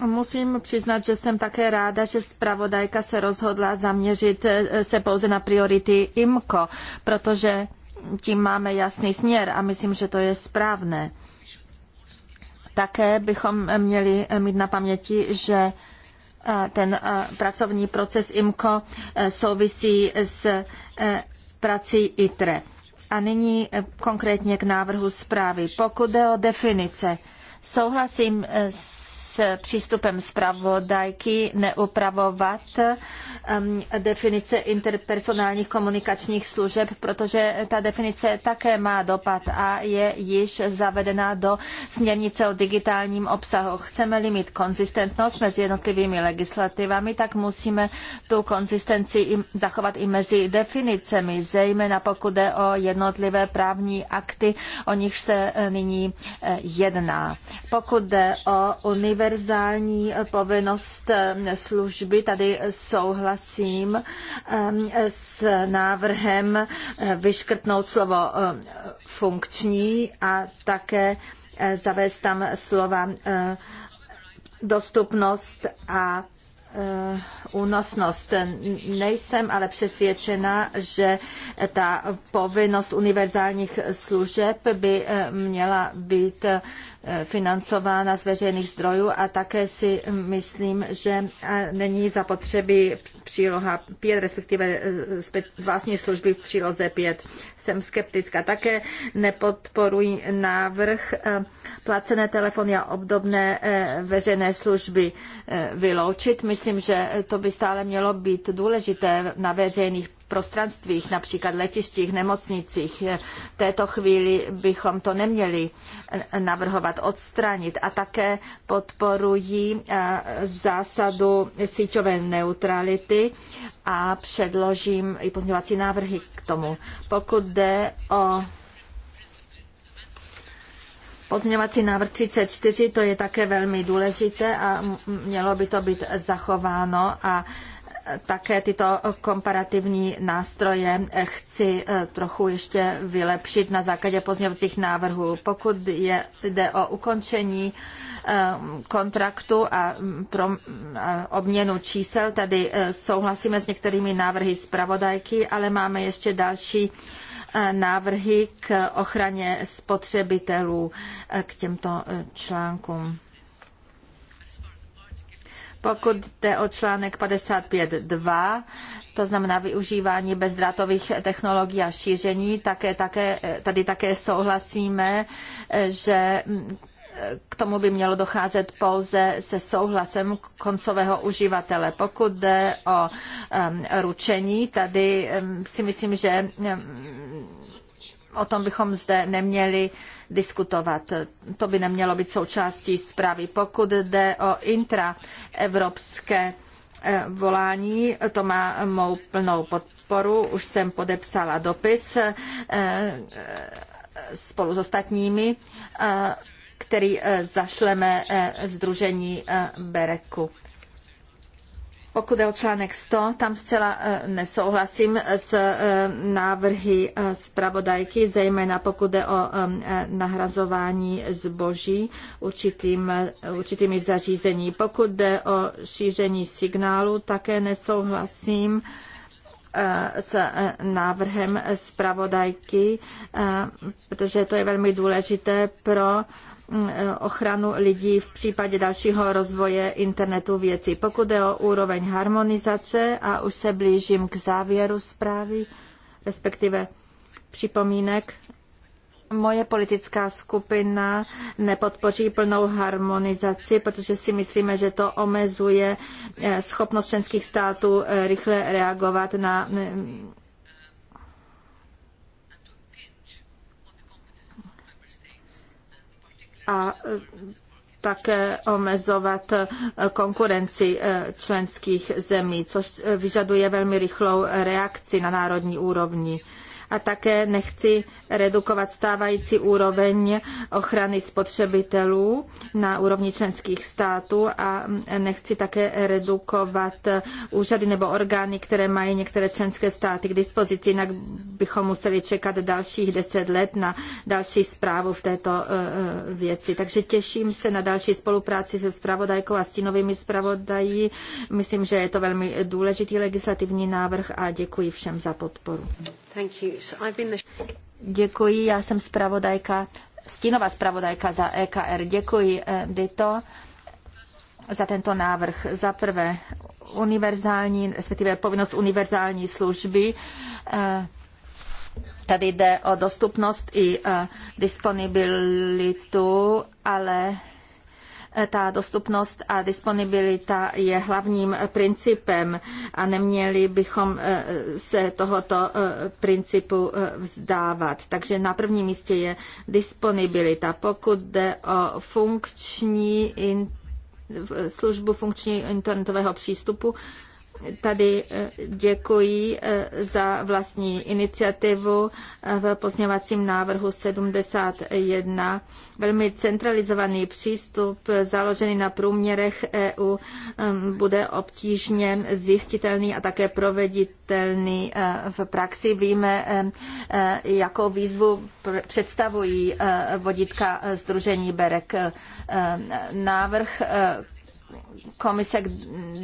Musím přiznat, že jsem také ráda, že zpravodajka se rozhodla zaměřit se pouze na priority IMCO, protože tím máme jasný směr a myslím, že to je správné. Také bychom měli mít na paměti, že eh, ten eh, pracovní proces IMCO eh, souvisí s prací ITRE. A nyní konkrétně k návrhu zprávy. Pokud jde o definice, souhlasím s s přístupem zpravodajky neupravovat um, definice interpersonálních komunikačních služeb, protože ta definice také má dopad a je již zavedena do směrnice o digitálním obsahu. Chceme-li mít konzistentnost mezi jednotlivými legislativami, tak musíme tu konzistenci zachovat i mezi definicemi, zejména pokud jde o jednotlivé právní akty, o nichž se eh, nyní eh, jedná. Pokud jde o univerzální univerzální eh, povinnost eh, služby. Tady souhlasím ehm, s návrhem eh, vyškrtnout slovo funkční a také zavést tam slova dostupnost a únosnost. Nejsem ale přesvědčena, že ta povinnost univerzálních služeb by měla být financována z veřejných zdrojů a také si myslím, že není zapotřebí příloha 5, respektive e, z vlastní služby v příloze 5. Jsem skeptická. Také nepodporuji návrh e, placené telefony a obdobné e, veřejné služby vyloučit. Myslím, že to by stále mělo být důležité na veřejných prostranstvích, například letištích, nemocnicích. V této chvíli bychom to neměli navrhovat, odstranit. A také podporují e, zásadu síťové neutrality a předložím i pozměňovací návrhy k tomu. Pokud jde o Pozměňovací návrh 34, to je také velmi důležité a mělo by to být zachováno a také tyto komparativní nástroje chci eh, trochu ještě vylepšit na základě pozměňovacích návrhů. Pokud je, jde o ukončení eh, kontraktu a, mm, pro, mm, a obměnu čísel, tady eh, souhlasíme s některými návrhy zpravodajky, ale máme ještě další návrhy k ochraně spotřebitelů k těmto článkům. Pokud jde o článek 55.2, to znamená využívání bezdrátových technologií a šíření, také, také, tady také souhlasíme, že k tomu by mělo docházet pouze se souhlasem koncového uživatele. Pokud jde o um, ručení, tady um, si myslím, že um, o tom bychom zde neměli diskutovat. To by nemělo být součástí zprávy. Pokud jde o intraevropské eh, volání, to má mou plnou podporu. Už jsem podepsala dopis eh, eh, spolu s ostatními, který zašleme Združení Bereku. Pokud je o článek 100, tam zcela e, nesouhlasím s e, návrhy e, zpravodajky, zejména pokud je o nahrazování zboží určitým, určitými zařízení. Pokud jde o šíření signálu, také nesouhlasím s návrhem zpravodajky, protože to je velmi důležité pro Mm, eh, ochranu lidí v případě dalšího rozvoje internetu věcí. Pokud je o úroveň harmonizace, a už se blížím k závěru zprávy, respektive připomínek, moje politická skupina nepodpoří plnou harmonizaci, protože si myslíme, že to omezuje eh, schopnost členských států eh, rychle reagovat na mm, a e, také omezovat e, konkurenci e, členských zemí, což vyžaduje velmi rychlou reakci na národní úrovni a také nechci redukovat stávající úroveň ochrany spotřebitelů na úrovni členských států a nechci také redukovat úřady nebo orgány, které mají některé členské státy k dispozici, jinak bychom museli čekat dalších deset let na další zprávu v této e, e, věci. Takže těším se na další spolupráci se zpravodajkou a stínovými zpravodají. Myslím, že je to velmi důležitý legislativní návrh a děkuji všem za podporu. Thank you Děkuji, já jsem zpravodajka, stínová zpravodajka za EKR. Děkuji, eh, Dito, za tento návrh. Za prvé, univerzální, respektive povinnost univerzální služby. Eh, tady jde o dostupnost i eh, disponibilitu, ale Eh, ta dostupnost a disponibilita je hlavním principem a neměli bychom eh, se tohoto eh, principu vzdávat. Takže na prvním místě je disponibilita. Pokud jde o funkční službu funkční internetového přístupu, tady eh, děkuji eh, za vlastní iniciativu eh, v pozněvacím návrhu 71. Velmi centralizovaný přístup založený na průměrech EU bude obtížně zjistitelný a také proveditelný v praxi. Víme, jakou výzvu představují vodítka Združení Berek. Návrh komise k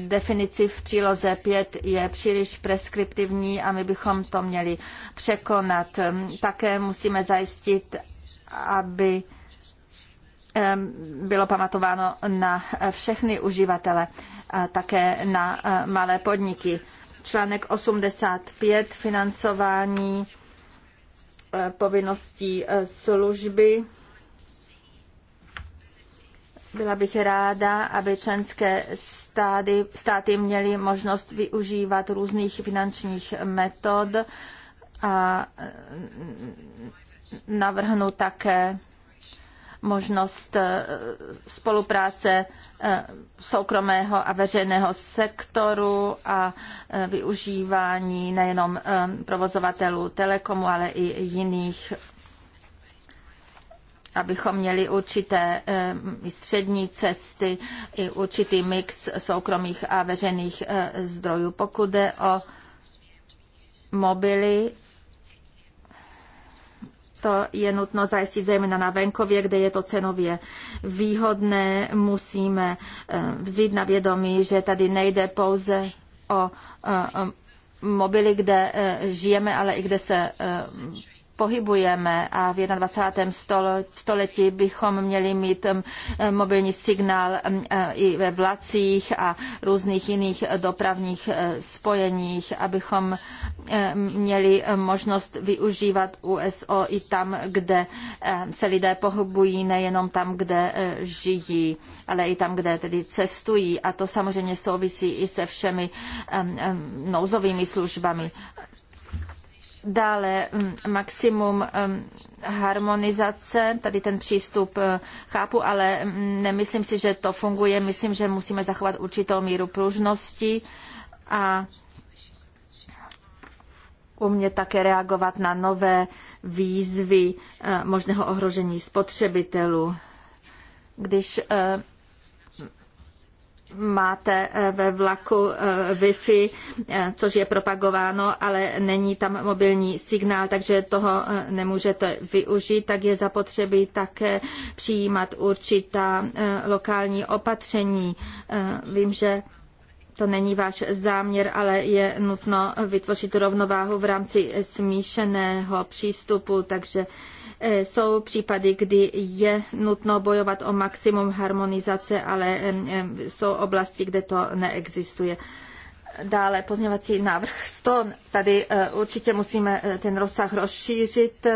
definici v příloze 5 je příliš preskriptivní a my bychom to měli překonat. Také musíme zajistit, aby bylo pamatováno na všechny uživatele, a také na eh, malé podniky. Článek 85 financování eh, povinností eh, služby byla bych ráda, aby členské stády, státy měly možnost využívat různých finančních metod a navrhnu také možnost eh, spolupráce eh, soukromého a veřejného sektoru a eh, využívání nejenom provozovatelů telekomu, ale i jiných abychom měli určité eh, střední cesty i určitý mix soukromých a veřejných eh, zdrojů. Pokud jde o mobily, to je nutno zajistit zejména na venkově, kde je to cenově výhodné. Musíme eh, vzít na vědomí, že tady nejde pouze o mobily, kde žijeme, ale i kde se pohybujeme a v 21. století bychom měli mít mobilní signál e, i ve vlacích a různých jiných dopravních e, spojeních, abychom e, měli možnost využívat USO i tam, kde se lidé pohybují, nejenom tam, kde žijí, ale i tam, kde tedy cestují. A to samozřejmě souvisí i se všemi nouzovými službami. Dále mm, maximum mm, harmonizace, tady ten přístup eh, chápu, ale mm, nemyslím si, že to funguje. Myslím, že musíme zachovat určitou míru pružnosti a umět také reagovat na nové výzvy eh, možného ohrožení spotřebitelů. Když eh, máte eh, ve vlaku eh, Wi-Fi, eh, což je propagováno, ale není tam mobilní signál, takže toho nemůžete využít, tak je zapotřebí také přijímat určitá lokální opatření. Vím, že to není váš záměr, ale je nutno vytvořit rovnováhu v rámci smíšeného přístupu, takže Eh, jsou případy, kdy je nutno bojovat o maximum harmonizace, ale jsou oblasti, kde to neexistuje. Dále pozměňovací návrh 100. Tady eh, určitě musíme eh, ten rozsah rozšířit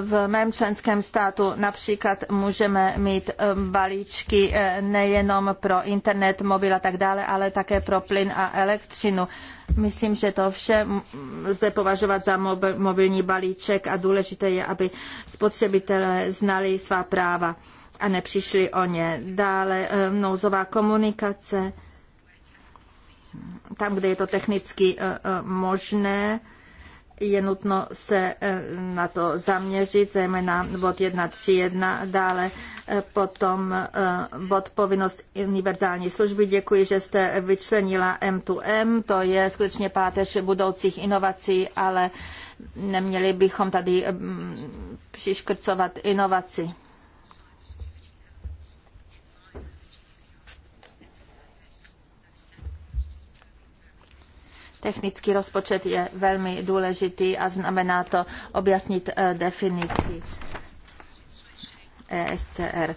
v mém členském státu například můžeme mít um, balíčky uh, nejenom pro internet, mobil a tak dále, ale také pro plyn a elektřinu. Myslím, že to vše lze považovat za mobilní balíček a důležité je, aby spotřebitelé znali svá práva a nepřišli o ně. Dále um, nouzová komunikace, tam, kde je to technicky uh, uh, možné, je nutno se eh, na to zaměřit, zejména bod 1.3.1, dále eh, potom eh, bod povinnost univerzální služby. Děkuji, že jste vyčlenila M2M, to je skutečně páteř budoucích inovací, ale neměli bychom tady mm, přiškrcovat inovaci. Technický rozpočet je velmi důležitý a znamená to objasnit eh, definici ESCR. Eh,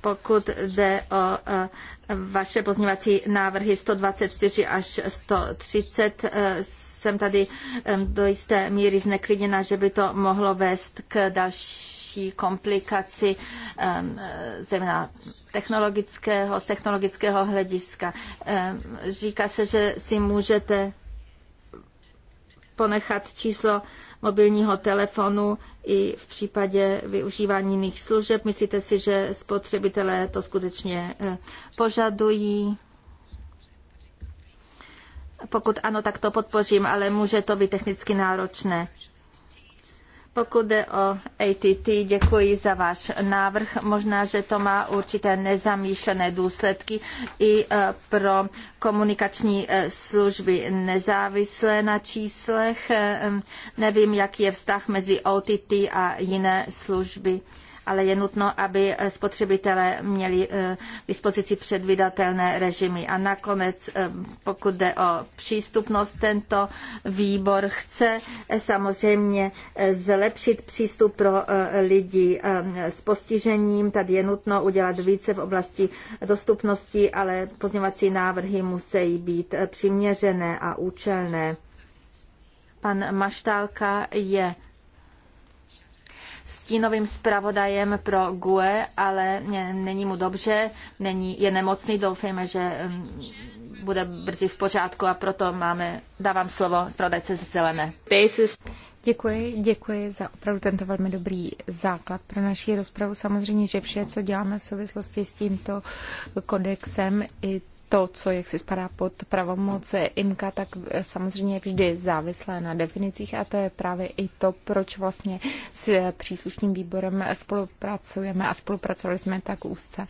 Pokud jde o eh, vaše pozměňovací návrhy 124 až 130, jsem tady do jisté míry zneklidněna, že by to mohlo vést k další další komplikaci zejména technologického, z technologického hlediska. Říká se, že si můžete ponechat číslo mobilního telefonu i v případě využívání jiných služeb. Myslíte si, že spotřebitelé to skutečně eh, požadují? Pokud ano, tak to podpořím, ale může to být technicky náročné. Pokud jde o ATT, děkuji za váš návrh. Možná, že to má určité nezamýšlené důsledky i e, pro komunikační e, služby nezávislé na číslech. E, nevím, jaký je vztah mezi OTT a jiné služby ale je nutno, aby eh, spotřebitelé měli eh, k dispozici předvydatelné režimy. A nakonec, eh, pokud jde o přístupnost, tento výbor chce samozřejmě zlepšit přístup pro lidi s postižením. Tady je nutno udělat více v oblasti dostupnosti, ale pozněvací návrhy musí být přiměřené a účelné. Pan Maštálka je stínovým zpravodajem pro GUE, ale není mu dobře, není, je nemocný, doufejme, že mm, bude brzy v pořádku a proto máme, dávám slovo zpravodajce ze Zelené. Děkuji, děkuji za opravdu tento velmi dobrý základ pro naši rozpravu. Samozřejmě, že vše, co děláme v souvislosti s tímto kodexem, i to, co jak si spadá pod pravomoce IMKA, tak samozřejmě vždy závislé na definicích a to je právě i to, proč vlastně s příslušným výborem spolupracujeme a spolupracovali jsme tak úzce.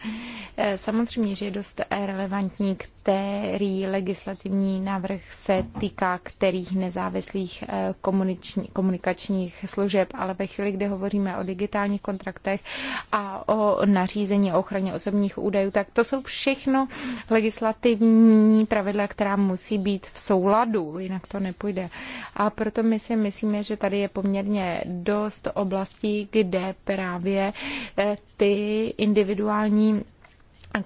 Eh, samozřejmě, že je dost relevantní, který legislativní návrh se týká kterých nezávislých eh, komunikačních služeb, ale ve chvíli, kdy hovoříme o digitálních kontraktech a o nařízení o ochraně osobních údajů, tak to jsou všechno legislativní legislativní pravidla, která musí být v souladu, jinak to nepůjde. A proto my si myslíme, že tady je poměrně dost oblastí, kde právě eh, ty individuální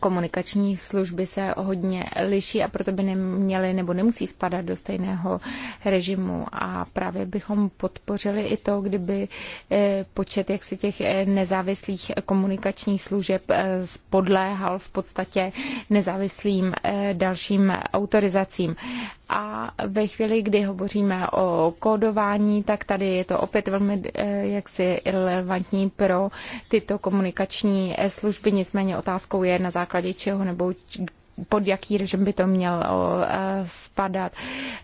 komunikační služby se hodně liší a proto by neměly nebo nemusí spadat do stejného režimu. A právě bychom podpořili i to, kdyby eh, počet jaksi těch eh, nezávislých komunikačních služeb eh, podléhal v podstatě nezávislým dalším autorizacím. A ve chvíli, kdy hovoříme o kódování, tak tady je to opět velmi eh, jaksi relevantní pro tyto komunikační eh, služby. Nicméně otázkou je, na základě čeho nebo pod jaký režim by to mělo eh, spadat.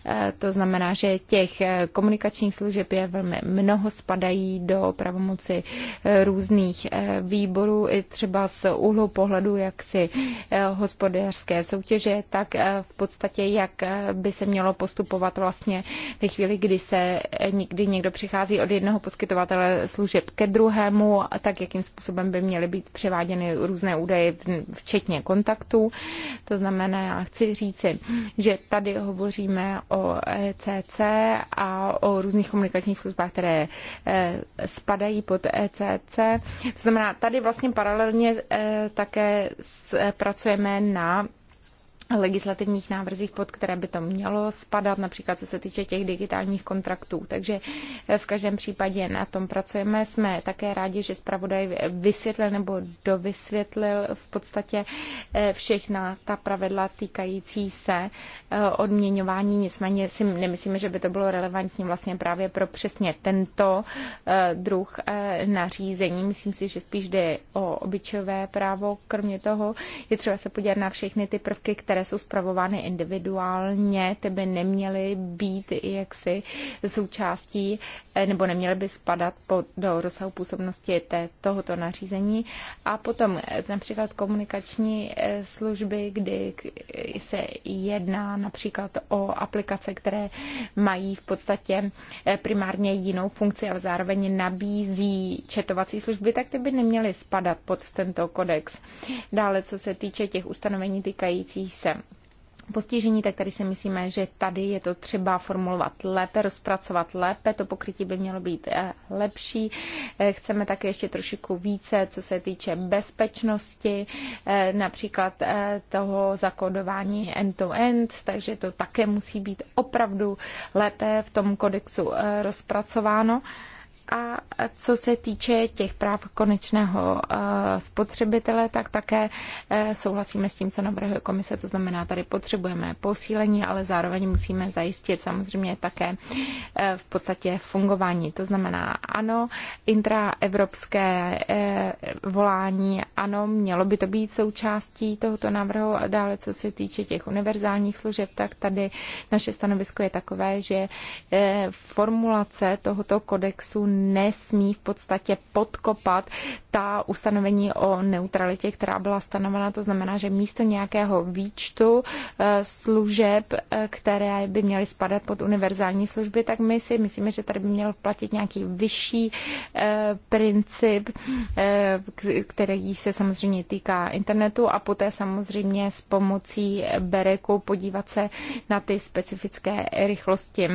Eh, to znamená, že těch eh, komunikačních služeb je velmi mnoho, spadají do pravomoci různých výborů, i třeba z úhlu pohledu jaksi hospodářské soutěže, tak v podstatě jak by se mělo postupovat vlastně ve chvíli, kdy se někdy někdo přichází od jednoho poskytovatele služeb ke druhému, tak jakým způsobem by měly být převáděny různé údaje, včetně kontaktů. To znamená, já chci říci, že tady hovoříme o ECC a o různých komunikačních službách, které e, spadají pod ECC. To znamená, tady vlastně paralelně e, také e, pracujeme na legislativních návrzích, pod které by to mělo spadat, například co se týče těch digitálních kontraktů. Takže eh, v každém případě na tom pracujeme. Jsme také rádi, že zpravodaj vysvětlil nebo dovysvětlil v podstatě eh, všechna ta pravidla týkající se eh, odměňování. Nicméně si nemyslíme, že by to bylo relevantní vlastně právě pro přesně tento druh nařízení. Myslím si, že spíš jde o obyčové právo. Kromě toho je třeba se podívat na všechny ty prvky, které které jsou zpravovány individuálně, ty by neměly být jaksi součástí eh, nebo neměly by spadat pod, do rozsahu působnosti té, tohoto nařízení. A potom eh, například komunikační eh, služby, kdy se jedná například o aplikace, které mají v podstatě primárně jinou funkci, ale zároveň nabízí četovací služby, tak ty by neměly spadat pod tento kodex. Dále, co se týče těch ustanovení týkajících více postižení, tak tady si myslíme, že tady je to třeba formulovat lépe, rozpracovat lépe, to pokrytí by mělo být eh, lepší. Eh, chceme také ještě trošičku více, co se týče bezpečnosti, eh, například toho zakodování end-to-end, -to -end, takže to také musí být opravdu lépe v tom kodexu rozpracováno. A co se týče těch práv konečného eh, spotřebitele, tak také eh, souhlasíme s tím, co navrhuje komise. To znamená, tady potřebujeme posílení, ale zároveň musíme zajistit samozřejmě také eh, v podstatě fungování. To znamená, ano, intraevropské volání, ano, mělo by to být součástí tohoto návrhu. A dále, co se týče těch univerzálních služeb, tak tady naše stanovisko je takové, že formulace tohoto kodexu nesmí v podstatě podkopat ta ustanovení o neutralitě, která byla stanovena. To znamená, že místo nějakého výčtu eh, služeb, eh, které by měly spadat pod univerzální služby, tak my si myslíme, že tady by měl platit nějaký vyšší eh, princip, který se samozřejmě týká internetu a poté samozřejmě s pomocí Bereku podívat se na ty specifické rychlosti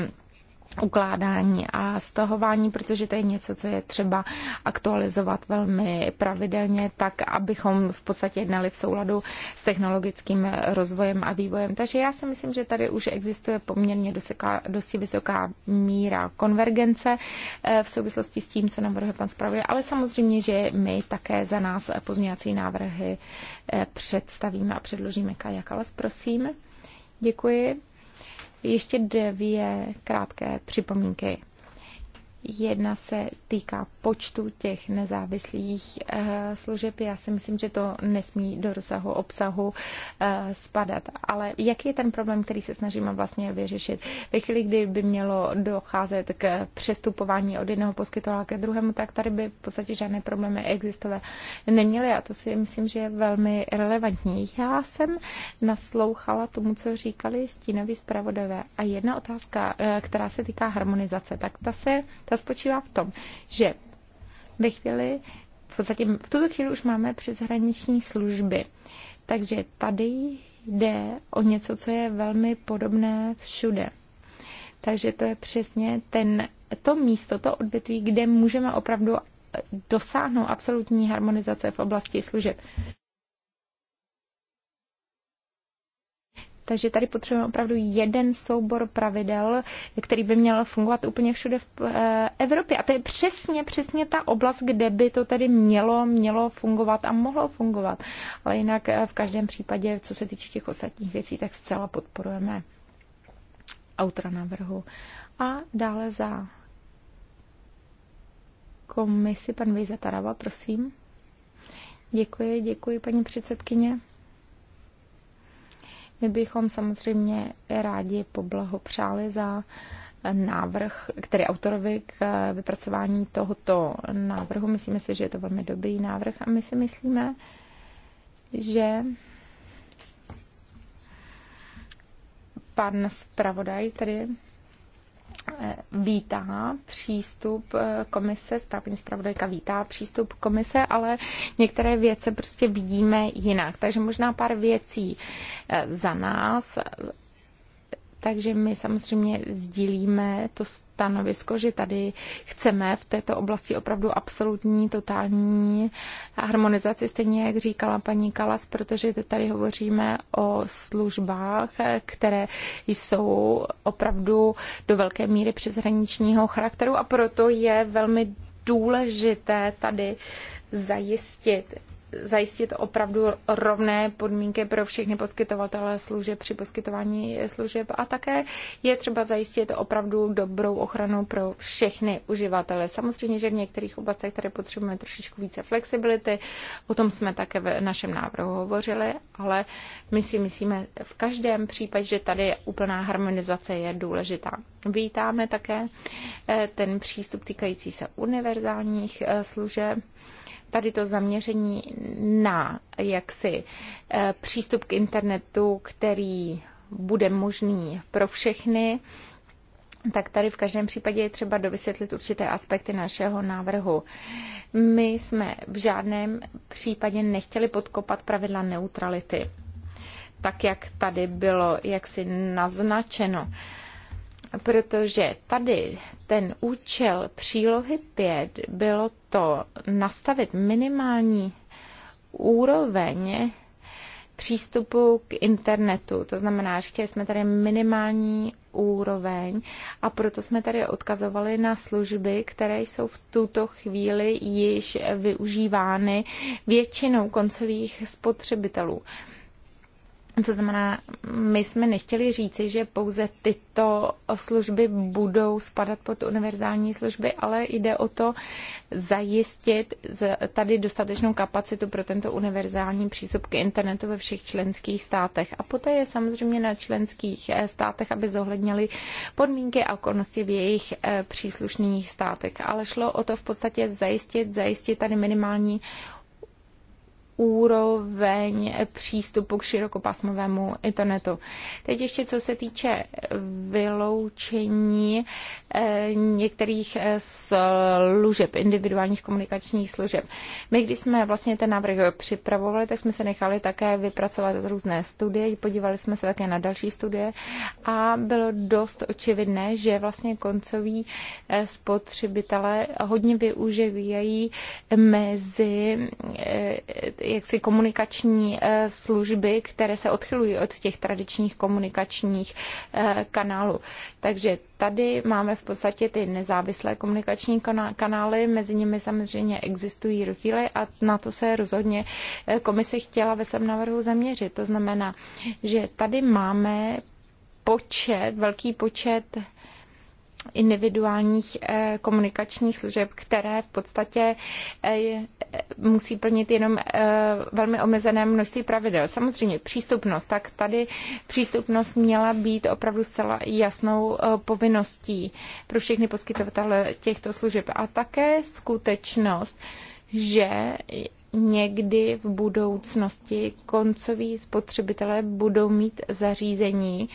ukládání a stahování, protože to je něco, co je třeba aktualizovat velmi pravidelně, tak abychom v podstatě jednali v souladu s technologickým rozvojem a vývojem. Takže já si myslím, že tady už existuje poměrně dosyka, dosti vysoká míra konvergence eh, v souvislosti s tím, co navrhuje pan zpravuje, ale samozřejmě, že my také za nás pozměňovací návrhy eh, představíme a předložíme. Kajakalas, prosím. Děkuji ještě dvě krátké připomínky. Jedna se týká počtu těch nezávislých eh, služeb. Já si myslím, že to nesmí do rozsahu obsahu eh, spadat. Ale jaký je ten problém, který se snažíme vlastně vyřešit? Ve chvíli, kdy by mělo docházet k přestupování od jednoho poskytovatele ke druhému, tak tady by v podstatě žádné problémy existovaly. Neměly a to si myslím, že je velmi relevantní. Já jsem naslouchala tomu, co říkali stínoví zpravodové. A jedna otázka, eh, která se týká harmonizace, tak ta se ta spočívá v tom, že ve chvíli, v podstatě v tuto chvíli už máme přeshraniční služby. Takže tady jde o něco, co je velmi podobné všude. Takže to je přesně ten, to místo, to odvětví, kde můžeme opravdu dosáhnout absolutní harmonizace v oblasti služeb. Takže tady potřebujeme opravdu jeden soubor pravidel, který by měl fungovat úplně všude v eh, Evropě. A to je přesně, přesně ta oblast, kde by to tedy mělo, mělo fungovat a mohlo fungovat. Ale jinak eh, v každém případě, co se týče těch ostatních věcí, tak zcela podporujeme autora návrhu. A dále za komisi pan Vejza Tarava, prosím. Děkuji, děkuji paní předsedkyně. My bychom samozřejmě rádi poblahopřáli za návrh, který autorovi k vypracování tohoto návrhu. Myslíme si, že je to velmi dobrý návrh a my si myslíme, že pan zpravodaj tedy vítá přístup eh, komise, státní zpravodajka vítá přístup komise, ale některé věce prostě vidíme jinak. Takže možná pár věcí eh, za nás. Takže my samozřejmě sdílíme to stanovisko, že tady chceme v této oblasti opravdu absolutní, totální harmonizaci, stejně jak říkala paní Kalas, protože tady hovoříme o službách, které jsou opravdu do velké míry přeshraničního charakteru a proto je velmi důležité tady zajistit zajistit opravdu rovné podmínky pro všechny poskytovatele služeb při poskytování služeb a také je třeba zajistit opravdu dobrou ochranu pro všechny uživatele. Samozřejmě, že v některých oblastech tady potřebujeme trošičku více flexibility, o tom jsme také v našem návrhu hovořili, ale my si myslíme v každém případě, že tady úplná harmonizace je důležitá. Vítáme také eh, ten přístup týkající se univerzálních eh, služeb, tady to zaměření na jaksi eh, přístup k internetu, který bude možný pro všechny, tak tady v každém případě je třeba dovysvětlit určité aspekty našeho návrhu. My jsme v žádném případě nechtěli podkopat pravidla neutrality, tak jak tady bylo jaksi naznačeno. Uh, protože tady ten účel přílohy 5 bylo to nastavit minimální úroveň přístupu k internetu. To znamená, že chtěli jsme tady minimální úroveň a proto jsme tady odkazovali na služby, které jsou v tuto chvíli již využívány většinou koncových spotřebitelů. To znamená, my jsme nechtěli říci, že pouze tyto služby budou spadat pod univerzální služby, ale jde o to zajistit tady dostatečnou kapacitu pro tento univerzální přístup k internetu ve všech členských státech. A poté je samozřejmě na členských eh, státech, aby zohlednili podmínky a okolnosti v jejich eh, příslušných státech. Ale šlo o to v podstatě zajistit, zajistit tady minimální úroveň přístupu k širokopasmovému internetu. Teď ještě co se týče vyloučení eh, některých eh, služeb, individuálních komunikačních služeb. My, když jsme vlastně ten návrh připravovali, tak jsme se nechali také vypracovat různé studie, podívali jsme se také na další studie a bylo dost očividné, že vlastně koncoví eh, spotřebitelé hodně využívají mezi jaksi komunikační eh, služby, které se odchylují od těch tradičních komunikačních eh, kanálů. Takže tady máme v podstatě ty nezávislé komunikační kanály, mezi nimi samozřejmě existují rozdíly a na to se rozhodně eh, komise chtěla ve svém návrhu zaměřit. To znamená, že tady máme počet, velký počet individuálních eh, komunikačních služeb, které v podstatě eh, eh, musí plnit jenom velmi omezené množství pravidel. Samozřejmě přístupnost, tak tady přístupnost měla být opravdu zcela jasnou povinností pro všechny poskytovatele těchto služeb. A také skutečnost, že někdy v budoucnosti koncoví spotřebitelé budou mít zařízení,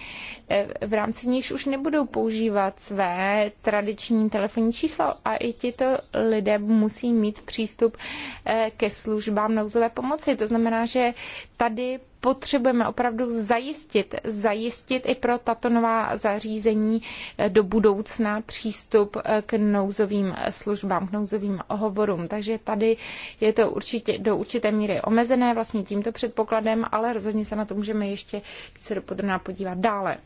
eh, v rámci nichž už nebudou používat své tradiční telefonní číslo a i tito lidé musí mít přístup eh, ke službám nouzové pomoci. To znamená, že tady potřebujeme opravdu zajistit, zajistit i pro tato nová zařízení eh, do budoucna přístup eh, k nouzovým službám, k nouzovým hovorům. Takže tady je to určitě do určité míry omezené vlastně tímto předpokladem, ale rozhodně se na to můžeme ještě více dopodrobná podívat dále.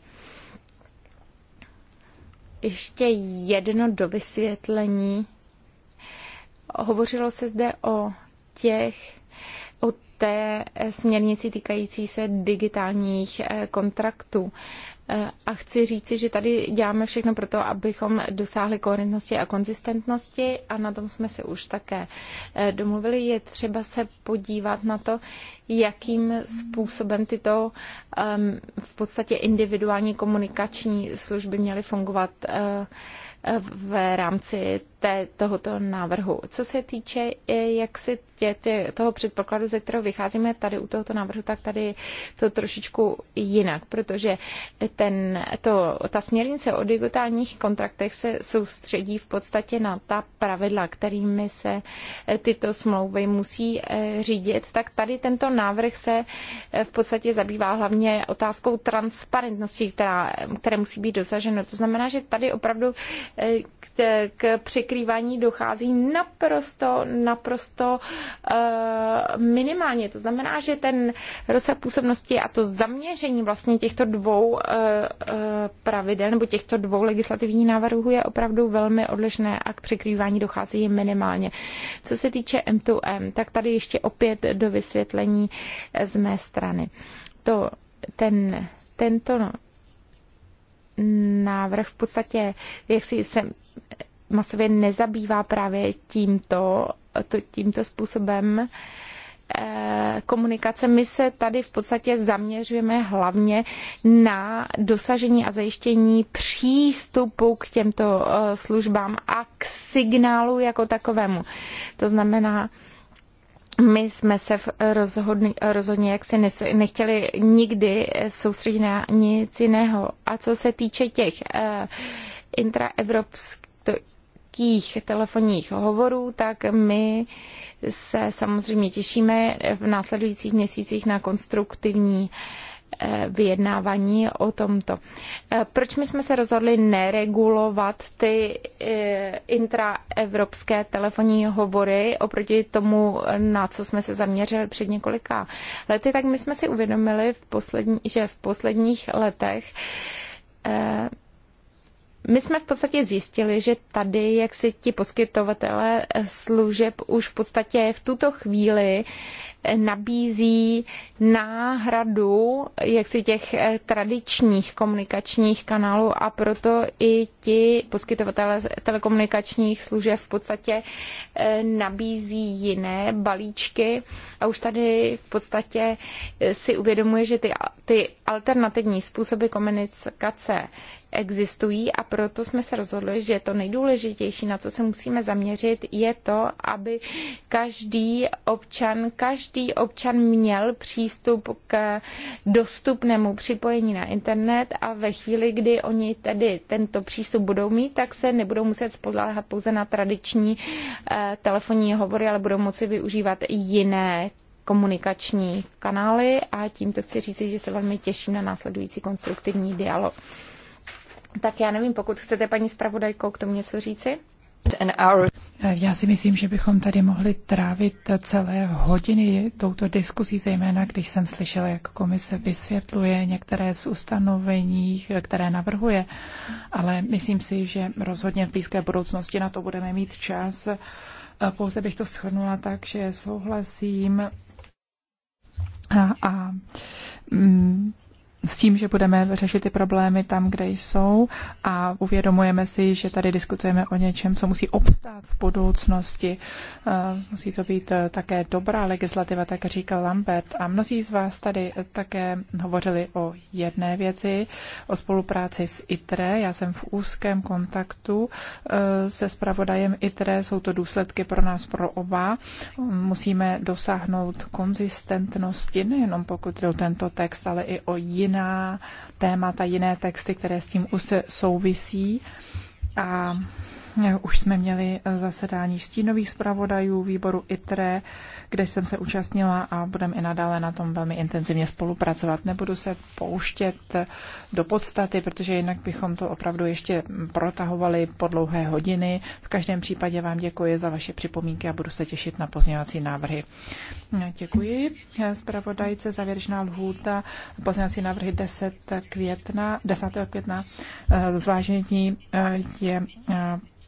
Ještě jedno do vysvětlení. Hovořilo se zde o těch té směrnici týkající se digitálních eh, kontraktů. Eh, a chci říci, že tady děláme všechno pro to, abychom dosáhli koherentnosti a konzistentnosti a na tom jsme se už také eh, domluvili. Je třeba se podívat na to, jakým způsobem tyto ehm, v podstatě individuální komunikační služby měly fungovat v rámci té, tohoto návrhu. Co se týče eh, jak si tě, tě, toho předpokladu, ze kterého vycházíme tady u tohoto návrhu, tak tady to trošičku jinak, protože ten, to, ta směrnice o digitálních kontraktech se soustředí v podstatě na ta pravidla, kterými se eh, tyto smlouvy musí eh, řídit, tak tady tento návrh se v podstatě zabývá hlavně otázkou transparentnosti, která, které musí být dosaženo. To znamená, že tady opravdu k, k při překrývání dochází naprosto, naprosto uh, minimálně. To znamená, že ten rozsah působnosti a to zaměření vlastně těchto dvou uh, pravidel nebo těchto dvou legislativních návrhů je opravdu velmi odlišné a k překrývání dochází minimálně. Co se týče M2M, tak tady ještě opět do vysvětlení z mé strany. To, ten, tento návrh v podstatě, jak si jsem masově nezabývá právě tímto, tímto způsobem eh, komunikace. My se tady v podstatě zaměřujeme hlavně na dosažení a zajištění přístupu k těmto eh, službám a k signálu jako takovému. To znamená, my jsme se rozhodni, rozhodně jaksi ne, nechtěli nikdy soustředit na nic jiného. A co se týče těch eh, intraevropských krátkých telefonních hovorů, tak my se samozřejmě těšíme v následujících měsících na konstruktivní eh, vyjednávání o tomto. Eh, proč my jsme se rozhodli neregulovat ty eh, intraevropské telefonní hovory oproti tomu, na co jsme se zaměřili před několika lety, tak my jsme si uvědomili, v poslední, že v posledních letech my jsme v podstatě zjistili, že tady, jak si ti poskytovatele služeb už v podstatě v tuto chvíli nabízí náhradu jak si těch eh, tradičních komunikačních kanálů a proto i ti poskytovatele telekomunikačních služeb v podstatě eh, nabízí jiné balíčky a už tady v podstatě eh, si uvědomuje, že ty, ty alternativní způsoby komunikace existují a proto jsme se rozhodli, že to nejdůležitější, na co se musíme zaměřit, je to, aby každý občan, každý občan měl přístup k dostupnému připojení na internet a ve chvíli, kdy oni tedy tento přístup budou mít, tak se nebudou muset spodláhat pouze na tradiční eh, telefonní hovory, ale budou moci využívat jiné komunikační kanály a tímto chci říci, že se velmi těším na následující konstruktivní dialog. Tak já nevím, pokud chcete paní zpravodajko k tomu něco říci? Eh, já si myslím, že bychom tady mohli trávit celé hodiny touto diskusí, zejména když jsem slyšela, jak komise vysvětluje některé z ustanovení, které navrhuje. Ale myslím si, že rozhodně v blízké budoucnosti na to budeme mít čas. Eh, pouze bych to shrnula tak, že souhlasím a, a mm, s tím, že budeme řešit ty problémy tam, kde jsou a uvědomujeme si, že tady diskutujeme o něčem, co musí obstát v budoucnosti. Eh, musí to být eh, také dobrá legislativa, tak říkal Lambert. A mnozí z vás tady také hovořili o jedné věci, o spolupráci s ITRE. Já jsem v úzkém kontaktu eh, se spravodajem ITRE. Jsou to důsledky pro nás, pro oba. Musíme dosáhnout konzistentnosti, nejenom pokud jde o tento text, ale i o jiné jiná témata, jiné texty, které s tím už souvisí. A už jsme měli eh, zasedání stínových zpravodajů výboru ITRE, kde jsem se účastnila a budeme i nadále na tom velmi intenzivně spolupracovat. Nebudu se pouštět eh, do podstaty, protože jinak bychom to opravdu ještě protahovali po dlouhé hodiny. V každém případě vám děkuji za vaše připomínky a budu se těšit na pozměňovací návrhy. No, děkuji. Eh, zpravodajce závěrečná lhůta pozměňovací návrhy 10. května, 10. května zvážení je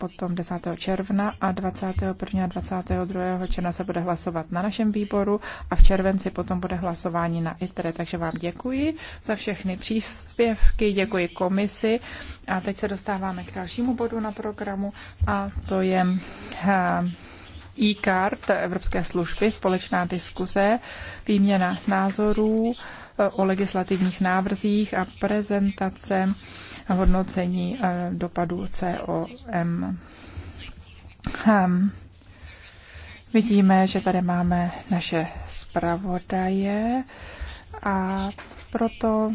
potom 10. června a 21. a 22. června se bude hlasovat na našem výboru a v červenci potom bude hlasování na ITRE. Takže vám děkuji za všechny příspěvky, děkuji komisi a teď se dostáváme k dalšímu bodu na programu a to je eh, e-card Evropské služby, společná diskuze, výměna názorů eh, o legislativních návrzích a prezentace hodnocení eh, dopadu COM. Ehm, vidíme, že tady máme naše zpravodaje a proto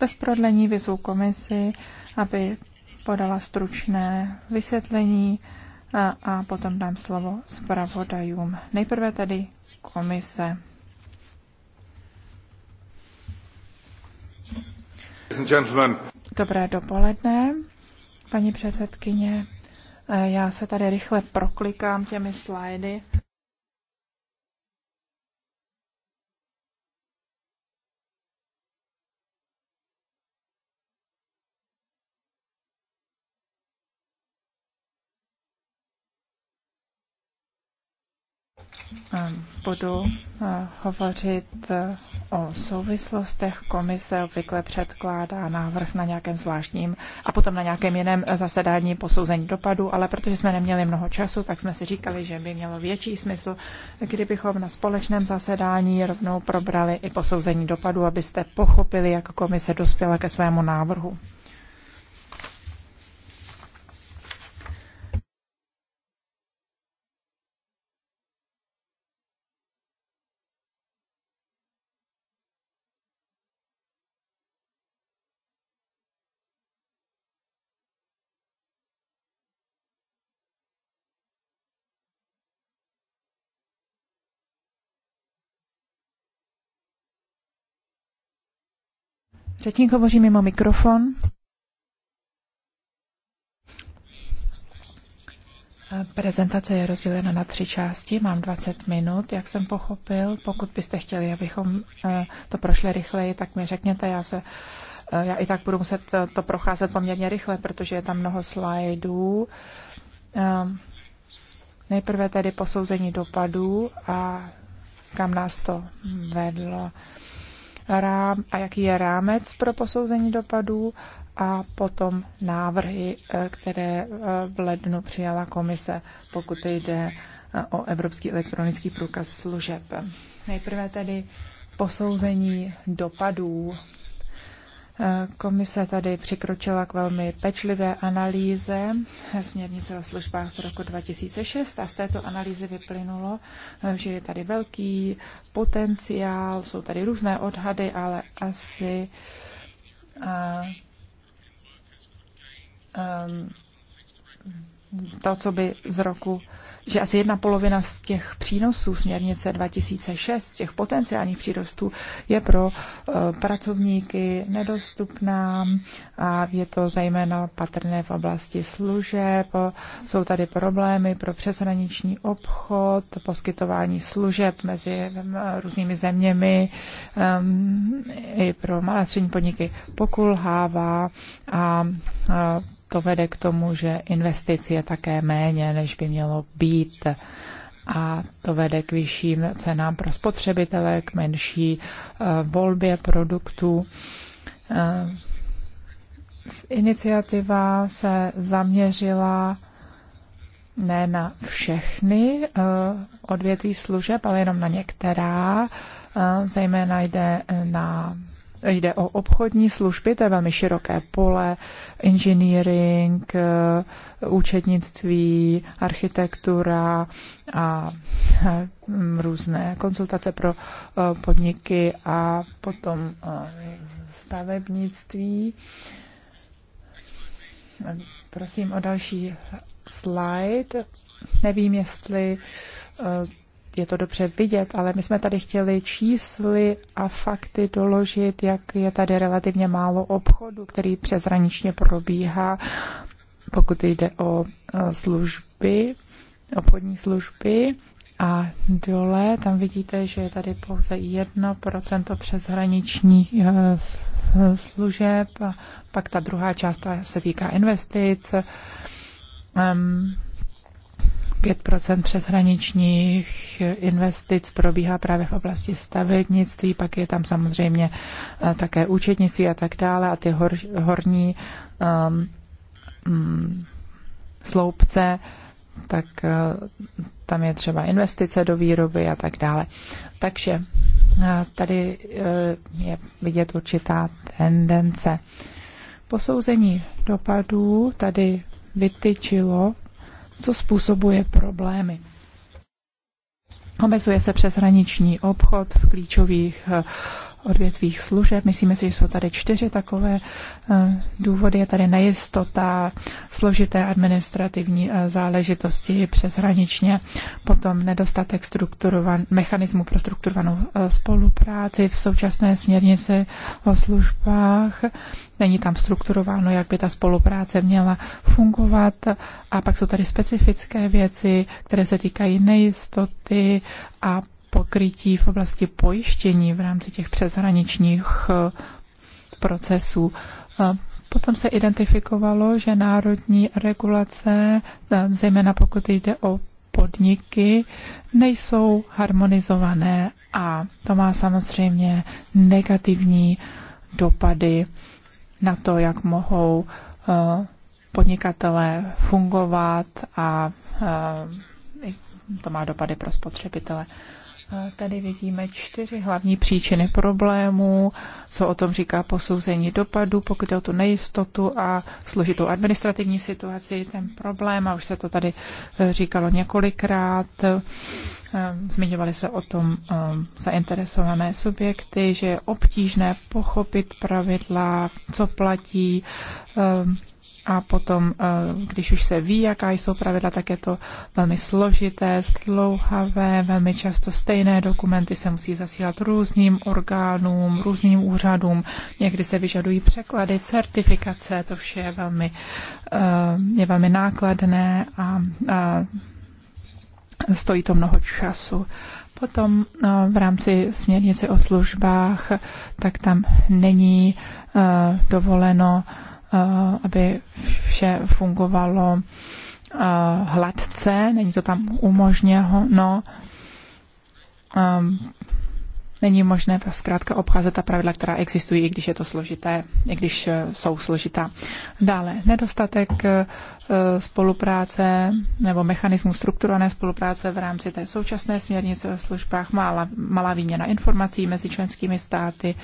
bez prodlení vyzvu komisi, aby podala stručné vysvětlení a, a potom dám slovo zpravodajům. Nejprve tedy komise. Dobré dopoledne, paní předsedkyně. Eh, já se tady rychle proklikám těmi slajdy. Ehm, budu eh, hovořit eh, o souvislostech. Komise obvykle předkládá návrh na nějakém zvláštním a potom na nějakém jiném eh, zasedání posouzení dopadu, ale protože jsme neměli mnoho času, tak jsme si říkali, že by mělo větší smysl, kdybychom na společném zasedání rovnou probrali i posouzení dopadu, abyste pochopili, jak komise dospěla ke svému návrhu. Řečník hovoří mimo mikrofon. Prezentace je rozdělena na tři části, mám 20 minut, jak jsem pochopil. Pokud byste chtěli, abychom eh, to prošli rychleji, tak mi řekněte, já se eh, já i tak budu muset to procházet poměrně rychle, protože je tam mnoho slajdů. Ehm, nejprve tedy posouzení dopadů a kam nás to vedlo rám, a jaký je rámec pro posouzení dopadů a potom návrhy, eh, které eh, v lednu přijala komise, pokud jde eh, o Evropský elektronický průkaz služeb. Nejprve tedy posouzení dopadů Komise tady přikročila k velmi pečlivé analýze směrnice o službách z roku 2006 a z této analýzy vyplynulo, že je tady velký potenciál, jsou tady různé odhady, ale asi a, a, to, co by z roku že asi jedna polovina z těch přínosů směrnice 2006, těch potenciálních přírostů, je pro eh, pracovníky nedostupná a je to zejména patrné v oblasti služeb. Jsou tady problémy pro přeshraniční obchod, poskytování služeb mezi eh, různými zeměmi ehm, i pro malé střední podniky pokulhává a eh, to vede k tomu, že investic je také méně, než by mělo být a to vede k vyšším cenám pro spotřebitele, k menší eh, volbě produktů. Eh, iniciativa se zaměřila ne na všechny eh, odvětví služeb, ale jenom na některá. Zejména jde na Jde o obchodní služby, to je velmi široké pole, engineering, eh, účetnictví, architektura a eh, mm, různé konzultace pro eh, podniky a potom stavebnictví. Prosím o další slide. Nevím, jestli je to dobře vidět, ale my jsme tady chtěli čísly a fakty doložit, jak je tady relativně málo obchodu, který přezraničně probíhá, pokud jde o e, služby, obchodní služby. A dole tam vidíte, že je tady pouze 1% přezhraničních e, služeb, pak ta druhá část se týká investic. Um, 5 přeshraničních investic probíhá právě v oblasti stavebnictví, pak je tam samozřejmě eh, také účetnictví a tak dále a ty hor, horní um, um, sloupce, tak uh, tam je třeba investice do výroby a tak dále. Takže uh, tady uh, je vidět určitá tendence. Posouzení dopadů tady vytyčilo co způsobuje problémy. Omezuje se přeshraniční obchod v klíčových eh, odvětvích služeb. Myslíme si, že jsou tady čtyři takové eh, důvody. Je tady nejistota, složité administrativní eh, záležitosti přeshraničně, potom nedostatek strukturovan, mechanismu pro strukturovanou eh, spolupráci v současné směrnici o službách. Není tam strukturováno, jak by ta spolupráce měla fungovat. A pak jsou tady specifické věci, které se týkají nejistoty a pokrytí v oblasti pojištění v rámci těch přeshraničních eh, procesů. Potom se identifikovalo, že národní regulace, eh, zejména pokud jde o podniky, nejsou harmonizované a to má samozřejmě negativní dopady na to, jak mohou eh, podnikatelé fungovat a to má dopady pro spotřebitele. Tady vidíme čtyři hlavní příčiny problémů, co o tom říká posouzení dopadu, pokud je o tu nejistotu a složitou administrativní situaci, ten problém, a už se to tady eh, říkalo několikrát, eh, zmiňovaly se o tom eh, zainteresované subjekty, že je obtížné pochopit pravidla, co platí, a potom, eh, když už se ví, jaká jsou pravidla, tak je to velmi složité, slouhavé, velmi často stejné dokumenty se musí zasílat různým orgánům, různým úřadům, někdy se vyžadují překlady, certifikace, to vše je velmi, eh, je velmi nákladné a, a stojí to mnoho času. Potom eh, v rámci směrnice o službách, tak tam není dovoleno Eh, aby vše fungovalo eh, hladce, není to tam umožněno. No, eh, Není možné zkrátka obcházet ta pravidla, která existují, i když je to složité, i když e, jsou složitá. Dále, nedostatek e, spolupráce nebo mechanismu strukturované spolupráce v rámci té současné směrnice o službách, malá, malá výměna informací mezi členskými státy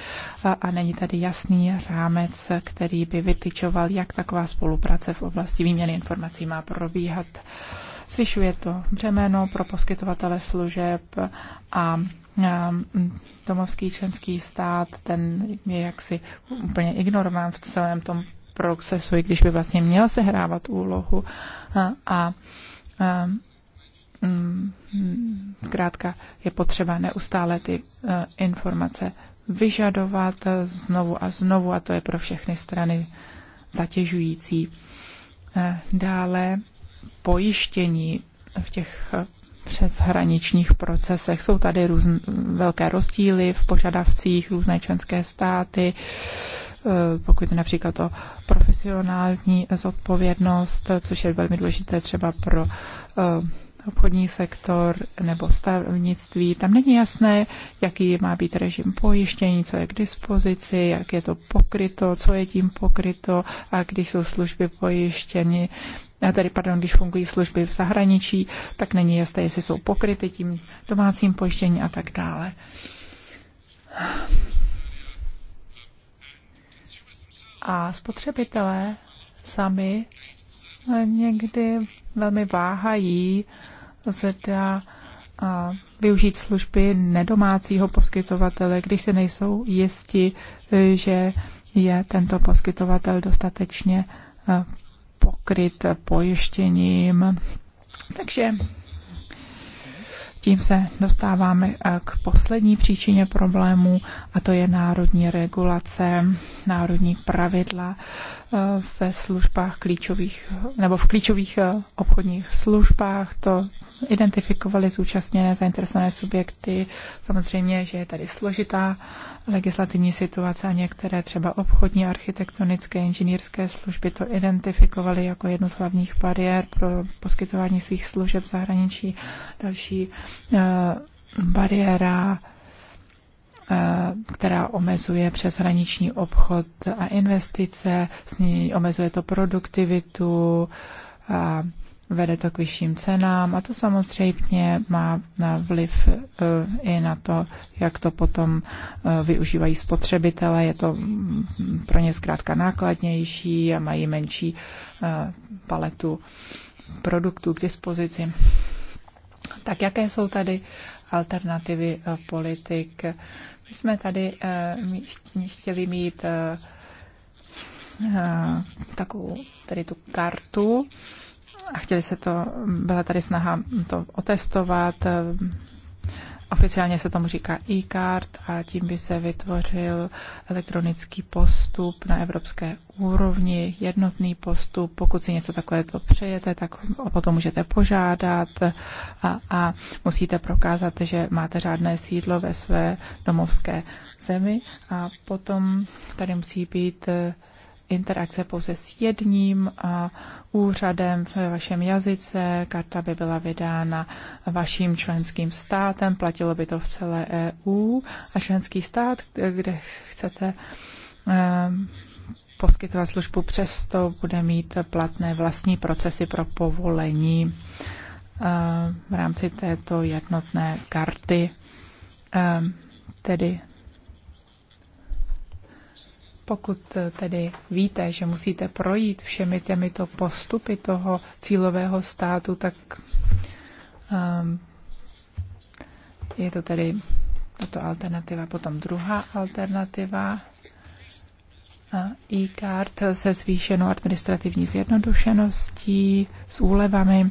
a, a není tady jasný rámec, který by vytyčoval, jak taková spolupráce v oblasti výměny informací má probíhat. Zvyšuje to břemeno pro poskytovatele služeb a Mm, domovský členský stát, ten je jaksi úplně ignorován v celém tom procesu, i když by vlastně měl sehrávat úlohu a, a, a mm, zkrátka je potřeba neustále ty e, informace vyžadovat znovu a znovu a to je pro všechny strany zatěžující. E, dále pojištění v těch e, přes hraničních procesech. Jsou tady různ, velké rozdíly v požadavcích různé členské státy, eh, pokud je například o profesionální zodpovědnost, což je velmi důležité třeba pro eh, obchodní sektor nebo stavnictví. Tam není jasné, jaký má být režim pojištění, co je k dispozici, jak je to pokryto, co je tím pokryto a když jsou služby pojištěny, tedy pardon, když fungují služby v zahraničí, tak není jasné, jestli jsou pokryty tím domácím pojištění a tak dále. A spotřebitelé sami eh, někdy velmi váhají, zda a eh, využít služby nedomácího poskytovatele, když se nejsou jisti, eh, že je tento poskytovatel dostatečně pokryt pojištěním. Takže tím se dostáváme eh, k poslední příčině problému a to je národní regulace, národní pravidla ve službách klíčových, nebo v klíčových eh, obchodních službách to identifikovali zúčastněné zainteresované subjekty. Samozřejmě, že je tady složitá legislativní situace a některé třeba obchodní, architektonické, inženýrské služby to identifikovali jako jednu z hlavních bariér pro poskytování svých služeb v zahraničí. Další eh, bariéra Eh, která omezuje přeshraniční obchod a investice, s ní omezuje to produktivitu a vede to k vyšším cenám a to samozřejmě má na vliv eh, i na to, jak to potom eh, využívají spotřebitele. Je to mm, pro ně zkrátka nákladnější a mají menší paletu produktů k dispozici. Tak jaké jsou tady alternativy politik? My jsme tady eh, chtěli mít eh, eh, takovou tady tu kartu a chtěli se to, byla tady snaha to otestovat, Oficiálně se tomu říká e-card a tím by se vytvořil elektronický postup na evropské úrovni, jednotný postup. Pokud si něco takového přejete, tak o potom můžete požádat a, a musíte prokázat, že máte řádné sídlo ve své domovské zemi. A potom tady musí být interakce pouze s jedním úřadem v vašem jazyce, karta by byla vydána vaším členským státem, platilo by to v celé EU a členský stát, kde chcete ehm, poskytovat službu přesto, bude mít platné vlastní procesy pro povolení ehm, v rámci této jednotné karty, ehm, tedy pokud tedy víte, že musíte projít všemi těmito postupy toho cílového státu, tak um, je to tedy tato alternativa. Potom druhá alternativa e-card se zvýšenou administrativní zjednodušeností, s úlevami.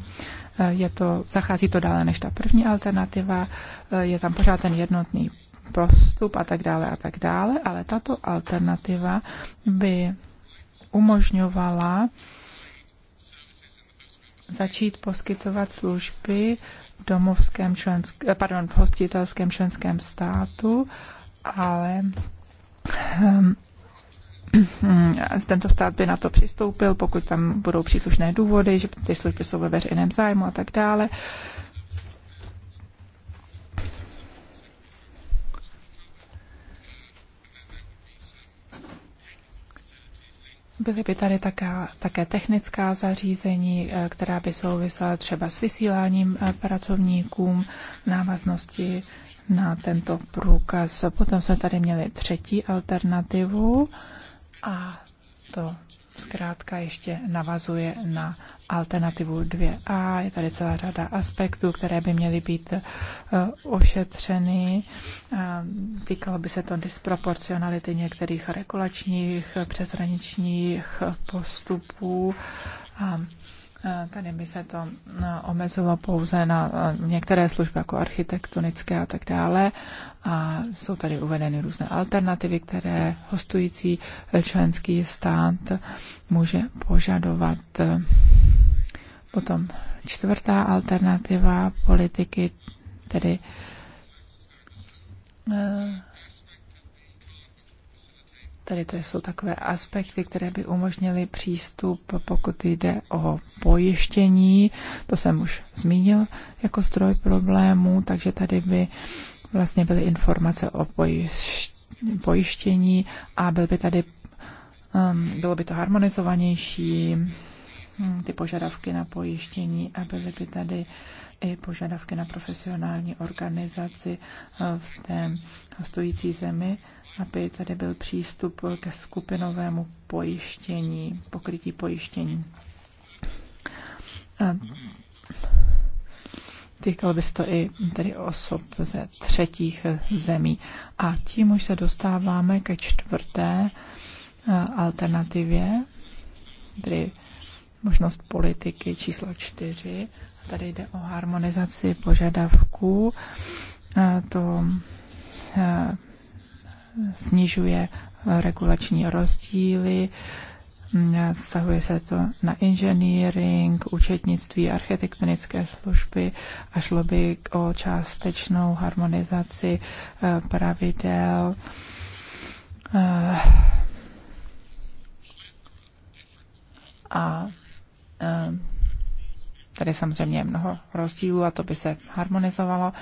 E, je to, zachází to dále než ta první alternativa, e, je tam pořád ten jednotný prostup a tak dále a tak dále, ale tato alternativa by umožňovala začít poskytovat služby v domovském člensk, eh, pardon, v hostitelském členském státu, ale ehm, tento stát by na to přistoupil, pokud tam budou příslušné důvody, že ty služby jsou ve veřejném zájmu a tak dále. Byly by tady také, také technická zařízení, eh, která by souvisela třeba s vysíláním eh, pracovníkům návaznosti na tento průkaz. Potom jsme tady měli třetí alternativu a to zkrátka ještě navazuje na alternativu 2a. Je tady celá řada aspektů, které by měly být eh, ošetřeny. Eh, týkalo by se to disproporcionality některých regulačních eh, přeshraničních postupů. Eh, tady by se to eh, omezilo pouze na eh, některé služby, jako architektonické a tak dále. A jsou tady uvedeny různé alternativy, které hostující členský stát může požadovat. Potom čtvrtá alternativa politiky, tedy Tady to jsou takové aspekty, které by umožnily přístup, pokud jde o pojištění. To jsem už zmínil jako stroj problémů, takže tady by vlastně byly informace o pojištění a byl by tady, um, bylo by to harmonizovanější, hm, ty požadavky na pojištění a byly by tady i požadavky na profesionální organizaci eh, v té hostující zemi aby tady byl přístup ke skupinovému pojištění, pokrytí pojištění. A týkal by se to i tedy osob ze třetích zemí. A tím už se dostáváme ke čtvrté alternativě, tedy možnost politiky číslo čtyři. tady jde o harmonizaci požadavků. A to snižuje regulační rozdíly, stahuje se to na engineering, účetnictví, architektonické služby a šlo by o částečnou harmonizaci eh, pravidel eh, a eh, tady samozřejmě je mnoho rozdílů a to by se harmonizovalo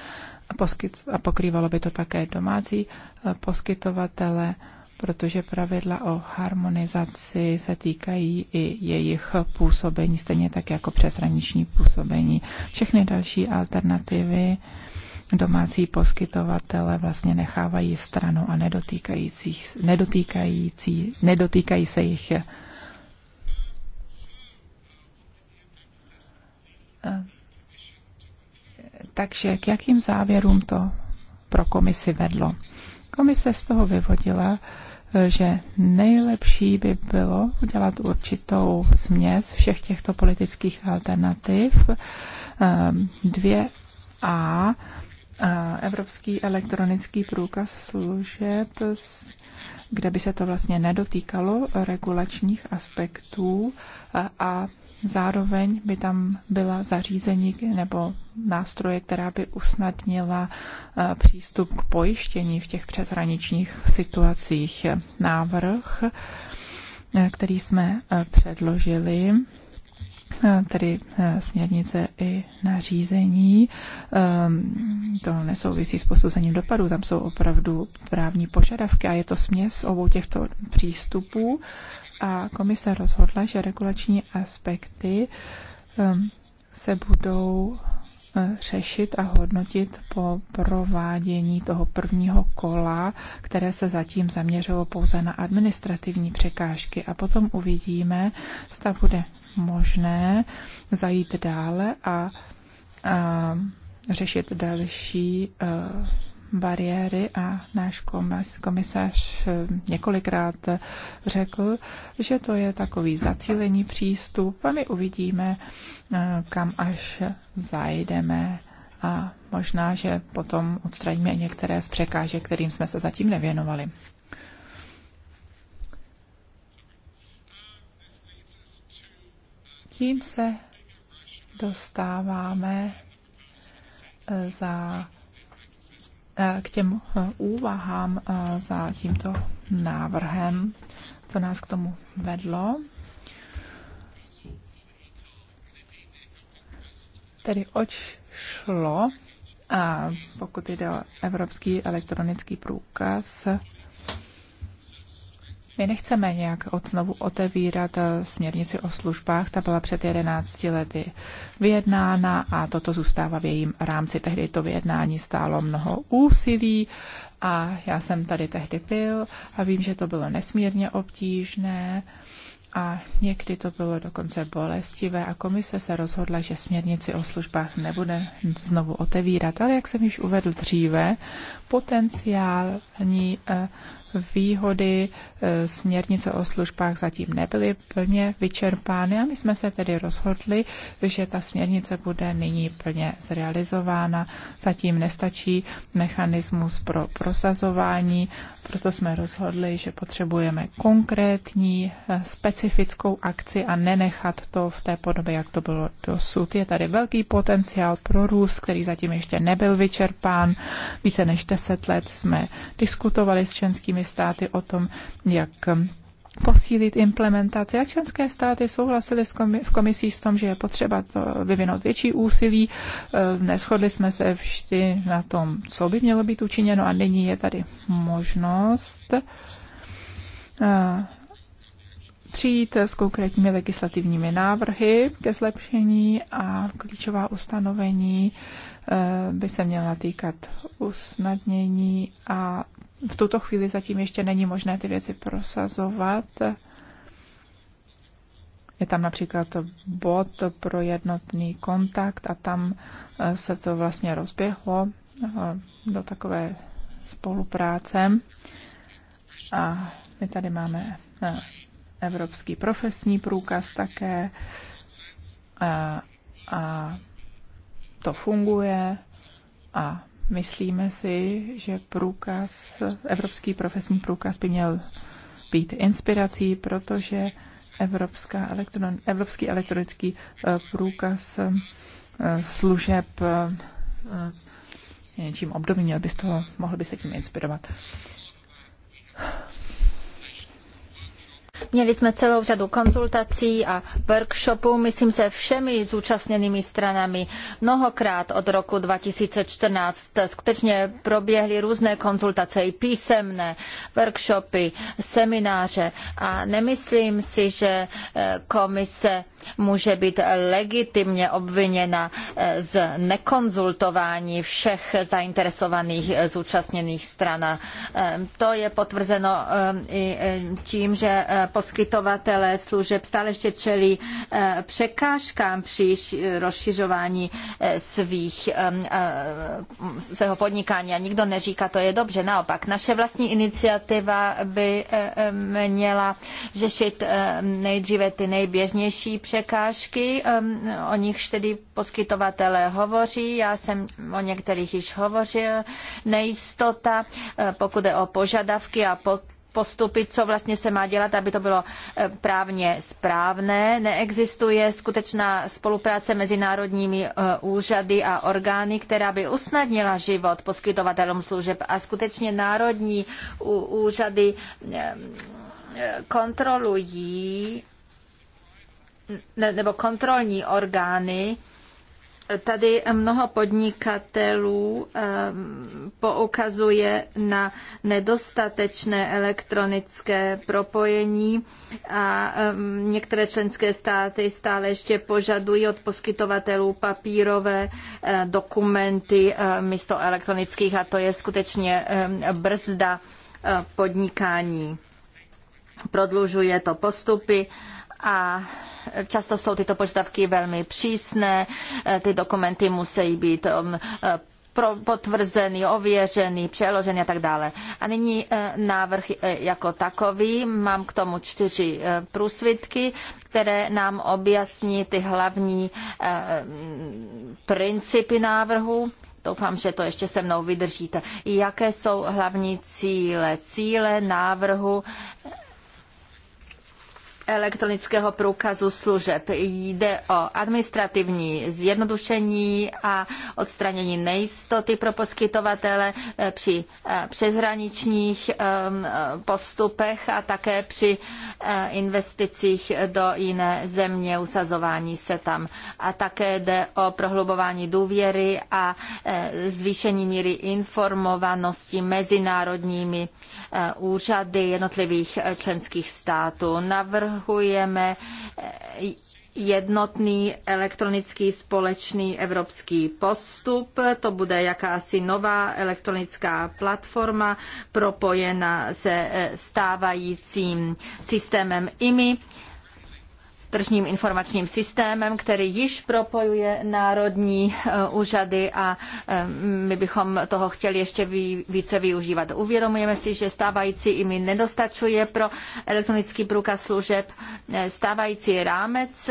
poskyt, a pokrývalo by to také domácí e, poskytovatele, protože pravidla o harmonizaci se týkají i jejich působení, stejně tak jako přeshraniční působení. Všechny další alternativy domácí poskytovatele vlastně nechávají stranu a nedotýkající, nedotýkající, nedotýkají se jich. E, takže k jakým závěrům to pro komisi vedlo? Komise z toho vyvodila, že nejlepší by bylo udělat určitou směs všech těchto politických alternativ. Ehm, dvě A, Evropský elektronický průkaz služeb, kde by se to vlastně nedotýkalo regulačních aspektů a Zároveň by tam byla zařízení nebo nástroje, která by usnadnila eh, přístup k pojištění v těch přeshraničních situacích. Návrh, eh, který jsme eh, předložili, tedy směrnice i nařízení. Ehm, to nesouvisí s posouzením dopadu, tam jsou opravdu právní požadavky a je to směs obou těchto přístupů a komise rozhodla, že regulační aspekty um, se budou uh, řešit a hodnotit po provádění toho prvního kola, které se zatím zaměřilo pouze na administrativní překážky a potom uvidíme, zda bude možné zajít dále a, a řešit další uh, bariéry a náš komisař eh, několikrát řekl, že to je takový zacílený přístup a my uvidíme, eh, kam až zajdeme a možná, že potom odstraníme některé z překážek, kterým jsme se zatím nevěnovali. Tím se dostáváme eh, za Eh, k těm eh, úvahám eh, za tímto návrhem, co nás k tomu vedlo. Tedy oč šlo, a pokud jde o evropský elektronický průkaz, my nechceme nějak od znovu otevírat eh, směrnici o službách, ta byla před 11 lety vyjednána a toto zůstává v jejím rámci. Tehdy to vyjednání stálo mnoho úsilí a já jsem tady tehdy byl a vím, že to bylo nesmírně obtížné a někdy to bylo dokonce bolestivé a komise se rozhodla, že směrnici o službách nebude znovu otevírat. Ale jak jsem již uvedl dříve, potenciální eh, výhody eh, směrnice o službách zatím nebyly plně vyčerpány a my jsme se tedy rozhodli, že ta směrnice bude nyní plně zrealizována. Zatím nestačí mechanismus pro prosazování, proto jsme rozhodli, že potřebujeme konkrétní eh, specifickou akci a nenechat to v té podobě, jak to bylo dosud. Je tady velký potenciál pro růst, který zatím ještě nebyl vyčerpán. Více než deset let jsme diskutovali s členskými členskými státy o tom, jak um, posílit implementaci. A členské státy souhlasily v komisí s tom, že je potřeba to vyvinout větší úsilí. Uh, neschodli jsme se vždy na tom, co by mělo být učiněno a nyní je tady možnost uh, přijít s konkrétními legislativními návrhy ke zlepšení a klíčová ustanovení uh, by se měla týkat usnadnění a v tuto chvíli zatím ještě není možné ty věci prosazovat. Je tam například bod pro jednotný kontakt a tam eh, se to vlastně rozběhlo eh, do takové spolupráce. A my tady máme eh, Evropský profesní průkaz také a, a to funguje a Myslíme si, že průkaz, evropský profesní průkaz by měl být inspirací, protože evropská elektron, evropský elektronický eh, průkaz eh, služeb eh, něčím obdobným, měl by z toho, mohl by se tím inspirovat. Měli jsme celou řadu konzultací a workshopů, myslím se všemi zúčastněnými stranami. Mnohokrát od roku 2014 skutečně proběhly různé konzultace, i písemné, workshopy, semináře a nemyslím si, že eh, komise může být legitimně obviněna eh, z nekonzultování všech zainteresovaných eh, zúčastněných stran. Eh, to je potvrzeno i tím, že poskytovatelé služeb stále ještě čelí překážkám při rozšiřování svých, svého podnikání a nikdo neříká, to je dobře. Naopak, naše vlastní iniciativa by měla řešit nejdříve ty nejběžnější překážky, um, o nichž tedy poskytovatelé hovoří, já jsem o některých již hovořil, nejistota, eh, pokud je o požadavky a po postupy, co vlastně se má dělat, aby to bylo eh, právně správné. Neexistuje skutečná spolupráce mezi národními eh, úřady a orgány, která by usnadnila život poskytovatelům služeb a skutečně národní úřady kontrolují nebo kontrolní orgány, tady mnoho podnikatelů ehm, poukazuje na nedostatečné elektronické propojení a ehm, některé členské státy stále ještě požadují od poskytovatelů papírové eh, dokumenty ehm, místo elektronických a to je skutečně brzda eh, podnikání. Prodlužuje to postupy a Často jsou tyto požadavky velmi přísné, eh, ty dokumenty musí být um, eh, potvrzený, ověřený, přeložený a tak dále. A nyní eh, návrh jako takový. Mám k tomu čtyři průsvitky, které nám objasní ty hlavní mm, principy návrhu. Doufám, že to ještě se mnou vydržíte. Jaké jsou hlavní cíle? Cíle návrhu elektronického průkazu služeb. Jde o administrativní zjednodušení a odstranění nejistoty pro poskytovatele eh, při eh, přeshraničních ehm, eh, postupech a také při investicích do jiné země, usazování se tam. A také jde o prohlubování důvěry a zvýšení míry informovanosti mezinárodními úřady jednotlivých členských států. Navrhu navrhujeme eh, jednotný elektronický společný evropský postup. To bude jakási nová elektronická platforma propojená se eh, stávajícím systémem IMI tržním informačním systémem, který již propojuje národní eh, úřady a eh, my bychom toho chtěli ještě více využívat. Uvědomujeme si, že stávající i mi nedostačuje pro elektronický průkaz služeb eh, stávající rámec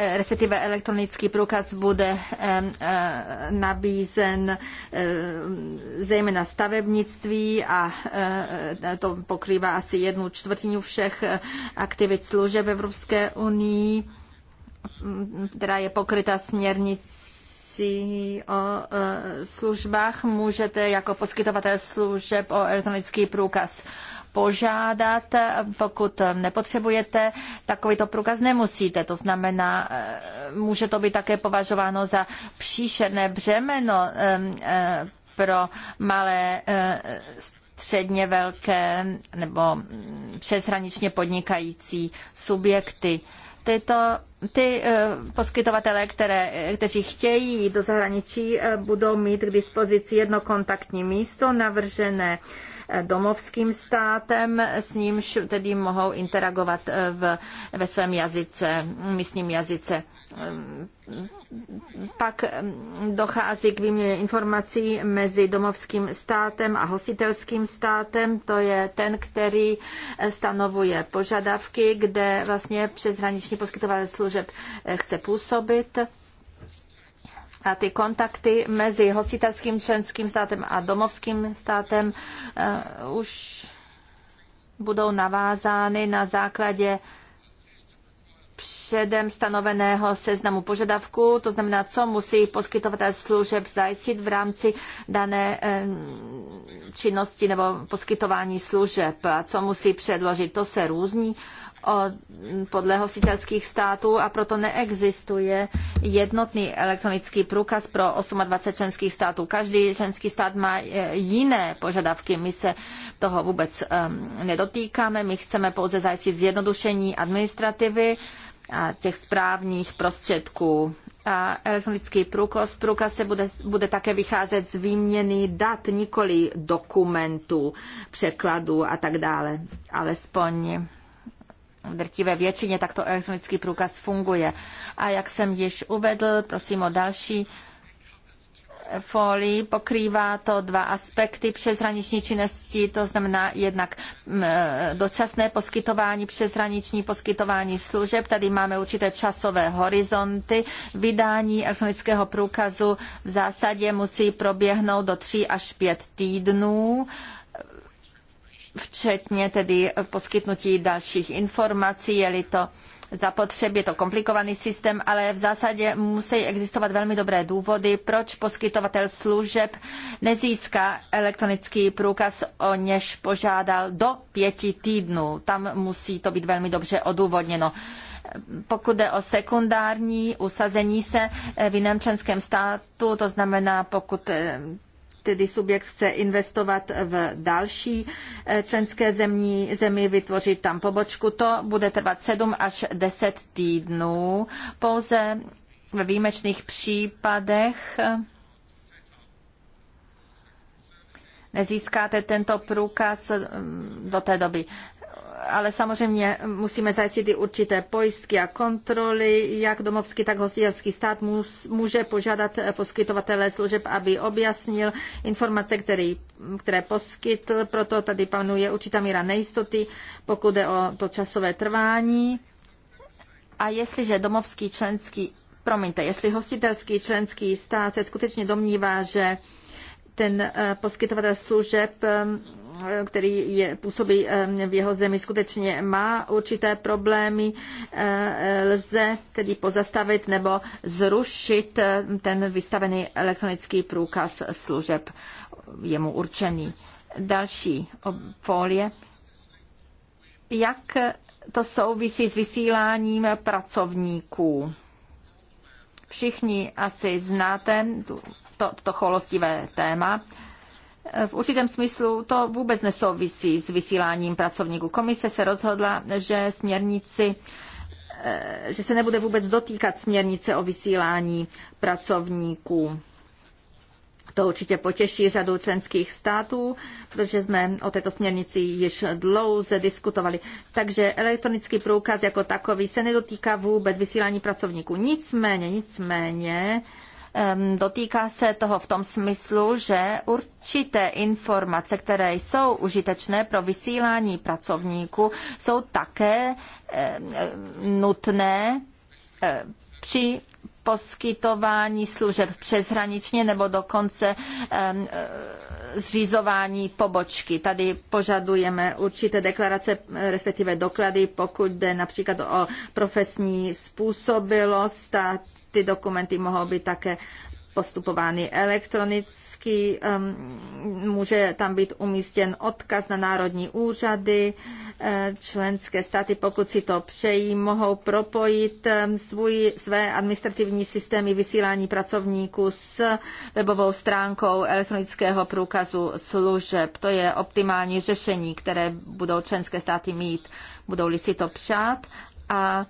Eh, respektive elektronický průkaz bude eh, eh, nabízen zejména stavebnictví a to pokrývá asi jednu čtvrtinu všech aktivit služeb Evropské unii, která je pokryta směrnicí o službách můžete jako poskytovatel služeb o elektronický průkaz požádat. Pokud nepotřebujete takovýto průkaz, nemusíte. To znamená, eh, může to být také považováno za příšerné břemeno eh, eh, pro malé středně velké nebo přeshraničně podnikající subjekty. Tyto, ty poskytovatelé, které, kteří chtějí jít do zahraničí, budou mít k dispozici jedno kontaktní místo navržené domovským státem, s nímž tedy mohou interagovat eh, v, ve svém jazyce, místním jazyce. Ehm, pak ehm, dochází k výměně informací mezi domovským státem a hostitelským státem. To je ten, který eh, stanovuje požadavky, kde vlastně přeshraniční poskytovatel služeb eh, chce působit na ty kontakty mezi hostitelským členským státem a domovským státem eh, už budou navázány na základě předem stanoveného seznamu požadavků, to znamená, co musí poskytovatel služeb zajistit v rámci dané eh, činnosti nebo poskytování služeb a co musí předložit. To se různí podle hostitelských států a proto neexistuje jednotný elektronický průkaz pro 28 členských států. Každý členský stát má e, jiné požadavky. My se toho vůbec nedotýkáme. My chceme pouze zajistit zjednodušení administrativy a těch správních prostředků a elektronický průkaz. Průkaz se bude, bude také vycházet z výměny dat, nikoli dokumentů, překladů a tak dále. Alespoň v drtivé většině takto elektronický průkaz funguje. A jak jsem již uvedl, prosím o další folii pokrývá to dva aspekty přeshraniční činnosti, to znamená jednak dočasné poskytování, přeshraniční poskytování služeb. Tady máme určité časové horizonty. Vydání elektronického průkazu v zásadě musí proběhnout do 3 až 5 týdnů včetně tedy poskytnutí dalších informací, je-li to zapotřebí, je to komplikovaný systém, ale v zásadě musí existovat velmi dobré důvody, proč poskytovatel služeb nezíská elektronický průkaz, o něž požádal do pěti týdnů. Tam musí to být velmi dobře odůvodněno. Pokud jde o sekundární usazení se v jiném členském státu, to znamená, pokud tedy subjekt chce investovat v další eh, členské zemí, zemi, vytvořit tam pobočku, to bude trvat 7 až 10 týdnů. Pouze ve výjimečných případech eh, nezískáte tento průkaz eh, do té doby ale samozřejmě musíme zajistit i určité pojistky a kontroly. Jak domovský, tak hostitelský stát může požádat poskytovatele služeb, aby objasnil informace, který, které poskytl. Proto tady panuje určitá míra nejistoty, pokud jde o to časové trvání. A jestliže domovský členský, promiňte, jestli hostitelský členský stát se skutečně domnívá, že ten eh, poskytovatel služeb eh, který je, působí v jeho zemi, skutečně má určité problémy, lze tedy pozastavit nebo zrušit ten vystavený elektronický průkaz služeb jemu určený. Další folie. Jak to souvisí s vysíláním pracovníků? Všichni asi znáte to, to cholostivé téma Eh, v určitém smyslu to vůbec nesouvisí s vysíláním pracovníků. Komise se rozhodla, že směrnici eh, že se nebude vůbec dotýkat směrnice o vysílání pracovníků. To určitě potěší řadu členských států, protože jsme o této směrnici již dlouze diskutovali. Takže elektronický průkaz jako takový se nedotýká vůbec vysílání pracovníků. Nicméně, nicméně, Dotýká se toho v tom smyslu, že určité informace, které jsou užitečné pro vysílání pracovníků, jsou také nutné e, při poskytování služeb přeshraničně nebo dokonce e, zřizování pobočky. Tady požadujeme určité deklarace, respektive doklady, pokud jde například o profesní způsobilost a ty dokumenty mohou být také postupovány elektronicky, může tam být umístěn odkaz na národní úřady, e, členské státy, pokud si to přejí, mohou propojit svůj, své administrativní systémy vysílání pracovníků s webovou stránkou elektronického průkazu služeb. To je optimální řešení, které budou členské státy mít, budou-li si to přát a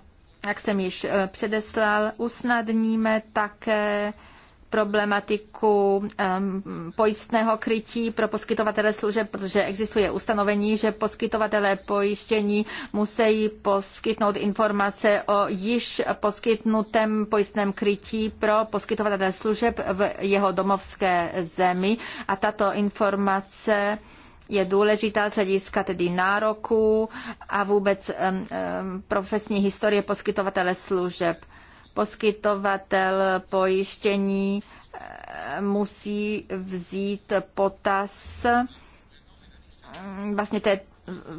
jak jsem již eh, předeslal, usnadníme také problematiku ehm, pojistného krytí pro poskytovatele služeb, protože existuje ustanovení, že poskytovatelé pojištění musí poskytnout informace o již poskytnutém pojistném krytí pro poskytovatele služeb v jeho domovské zemi a tato informace je důležitá z hlediska tedy nároků a vůbec profesní historie poskytovatele služeb. Poskytovatel pojištění eh, musí vzít potaz mm, vlastně té,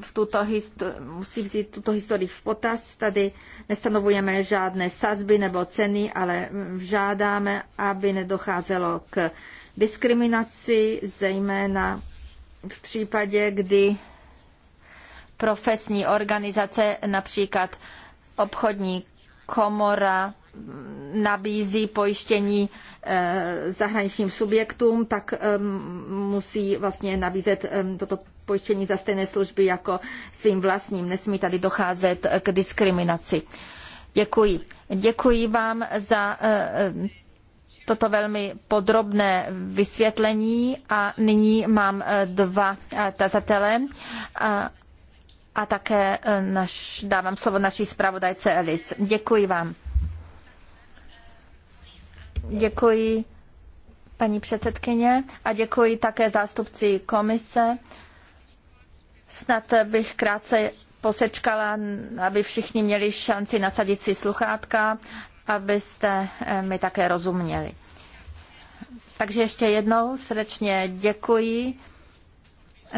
v tuto histori- musí vzít tuto historii v potaz. Tady nestanovujeme žádné sazby nebo ceny, ale mm, žádáme, aby nedocházelo k diskriminaci, zejména v případě, kdy profesní organizace, například obchodní komora, nabízí pojištění eh, zahraničním subjektům, tak eh, musí vlastně nabízet eh, toto pojištění za stejné služby jako svým vlastním. Nesmí tady docházet k diskriminaci. Děkuji. Děkuji vám za toto velmi podrobné vysvětlení a nyní mám eh, dva eh, tazatele eh, a také naš, dávám slovo naší zpravodajce Elis. Děkuji vám. Děkuji paní předsedkyně a děkuji také zástupci komise. Snad bych krátce posečkala, aby všichni měli šanci nasadit si sluchátka abyste eh, mi také rozuměli. Takže ještě jednou srdečně děkuji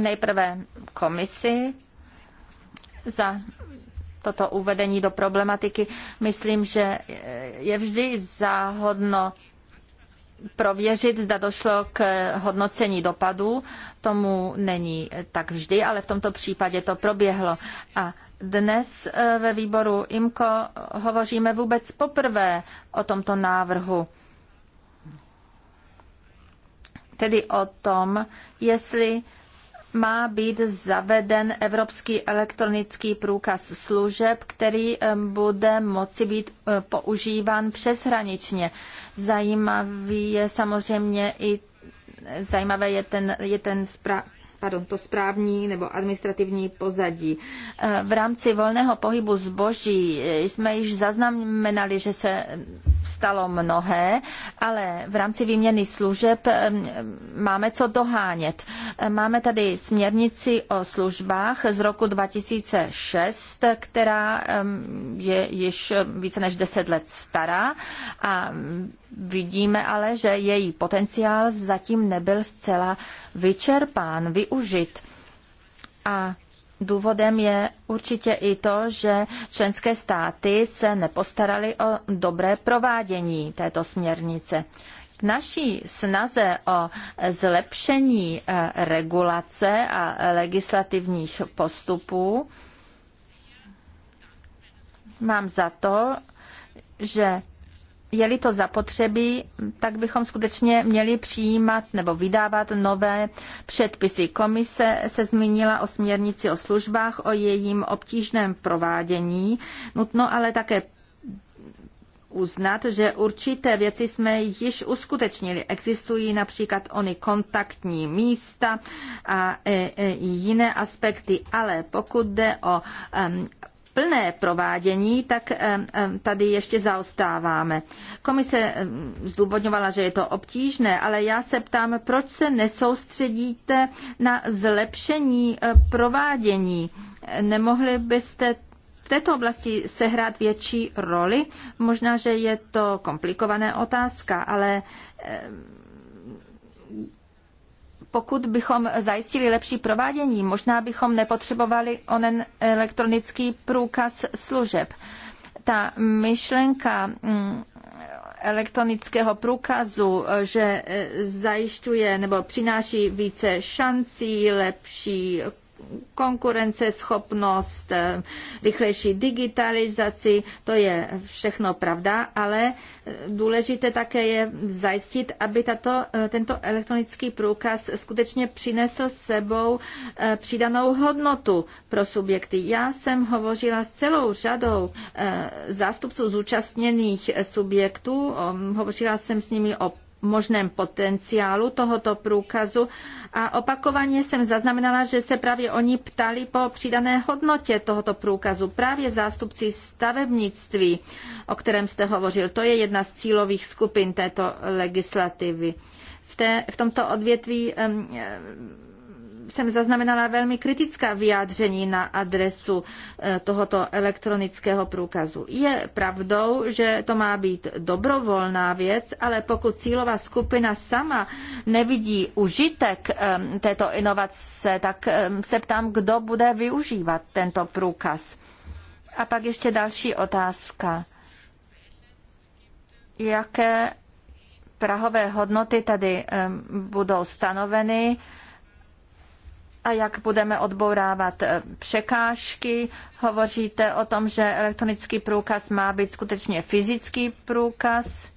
nejprve komisi za toto uvedení do problematiky. Myslím, že eh, je vždy záhodno prověřit, zda došlo k eh, hodnocení dopadů. Tomu není tak vždy, ale v tomto případě to proběhlo. A dnes eh, ve výboru IMKO hovoříme vůbec poprvé o tomto návrhu. Tedy o tom, jestli má být zaveden evropský elektronický průkaz služeb, který eh, bude moci být eh, používán přeshraničně. Zajímavý je samozřejmě i zajímavé je ten, je ten spra- pardon, to správní nebo administrativní pozadí. Eh, v rámci volného pohybu zboží eh, jsme již zaznamenali, že se stalo mnohé, ale v rámci výměny služeb ehm, máme co dohánět. Eh, máme tady směrnici o službách z roku 2006, která ehm, je již více než 10 let stará a Vidíme ale, že její potenciál zatím nebyl zcela vyčerpán, využit. A důvodem je určitě i to, že členské státy se nepostaraly o dobré provádění této směrnice naší snaze o zlepšení eh, regulace a legislativních postupů mám za to, že je-li to zapotřebí, tak bychom skutečně měli přijímat nebo vydávat nové předpisy. Komise se zmínila o směrnici o službách, o jejím obtížném provádění. Nutno ale také uznat, že určité věci jsme již uskutečnili. Existují například ony kontaktní místa a e, e, jiné aspekty, ale pokud jde o plné provádění, tak eh, eh, tady ještě zaostáváme. Komise eh, zdůvodňovala, že je to obtížné, ale já se ptám, proč se nesoustředíte na zlepšení provádění? Nemohli byste v této oblasti sehrát větší roli? Možná, že je to komplikovaná otázka, ale pokud bychom zajistili lepší provádění, možná bychom nepotřebovali onen elektronický průkaz služeb. Ta myšlenka mm, elektronického průkazu, že e, zajišťuje nebo přináší více šancí, lepší konkurenceschopnost, eh, rychlejší digitalizaci, to je všechno pravda, ale eh, důležité také je zajistit, aby tato, eh, tento elektronický průkaz skutečně přinesl sebou přidanou hodnotu pro subjekty. Já jsem hovořila s celou řadou zástupců zúčastněných subjektů, hovořila jsem s nimi o možném potenciálu tohoto průkazu a opakovaně jsem zaznamenala, že se právě oni ptali po přidané hodnotě tohoto průkazu. Právě zástupci stavebnictví, o kterém jste hovořil, to je jedna z cílových skupin této legislativy. V, té, v tomto odvětví um, jsem zaznamenala velmi kritická vyjádření na adresu e, tohoto elektronického průkazu. Je pravdou, že to má být dobrovolná věc, ale pokud cílová skupina sama nevidí užitek e, této inovace, tak e, se ptám, kdo bude využívat tento průkaz. A pak ještě další otázka. Jaké prahové hodnoty tady budou stanoveny? a jak budeme odbourávat eh, překážky. Hovoříte o tom, že elektronický průkaz má být skutečně fyzický průkaz.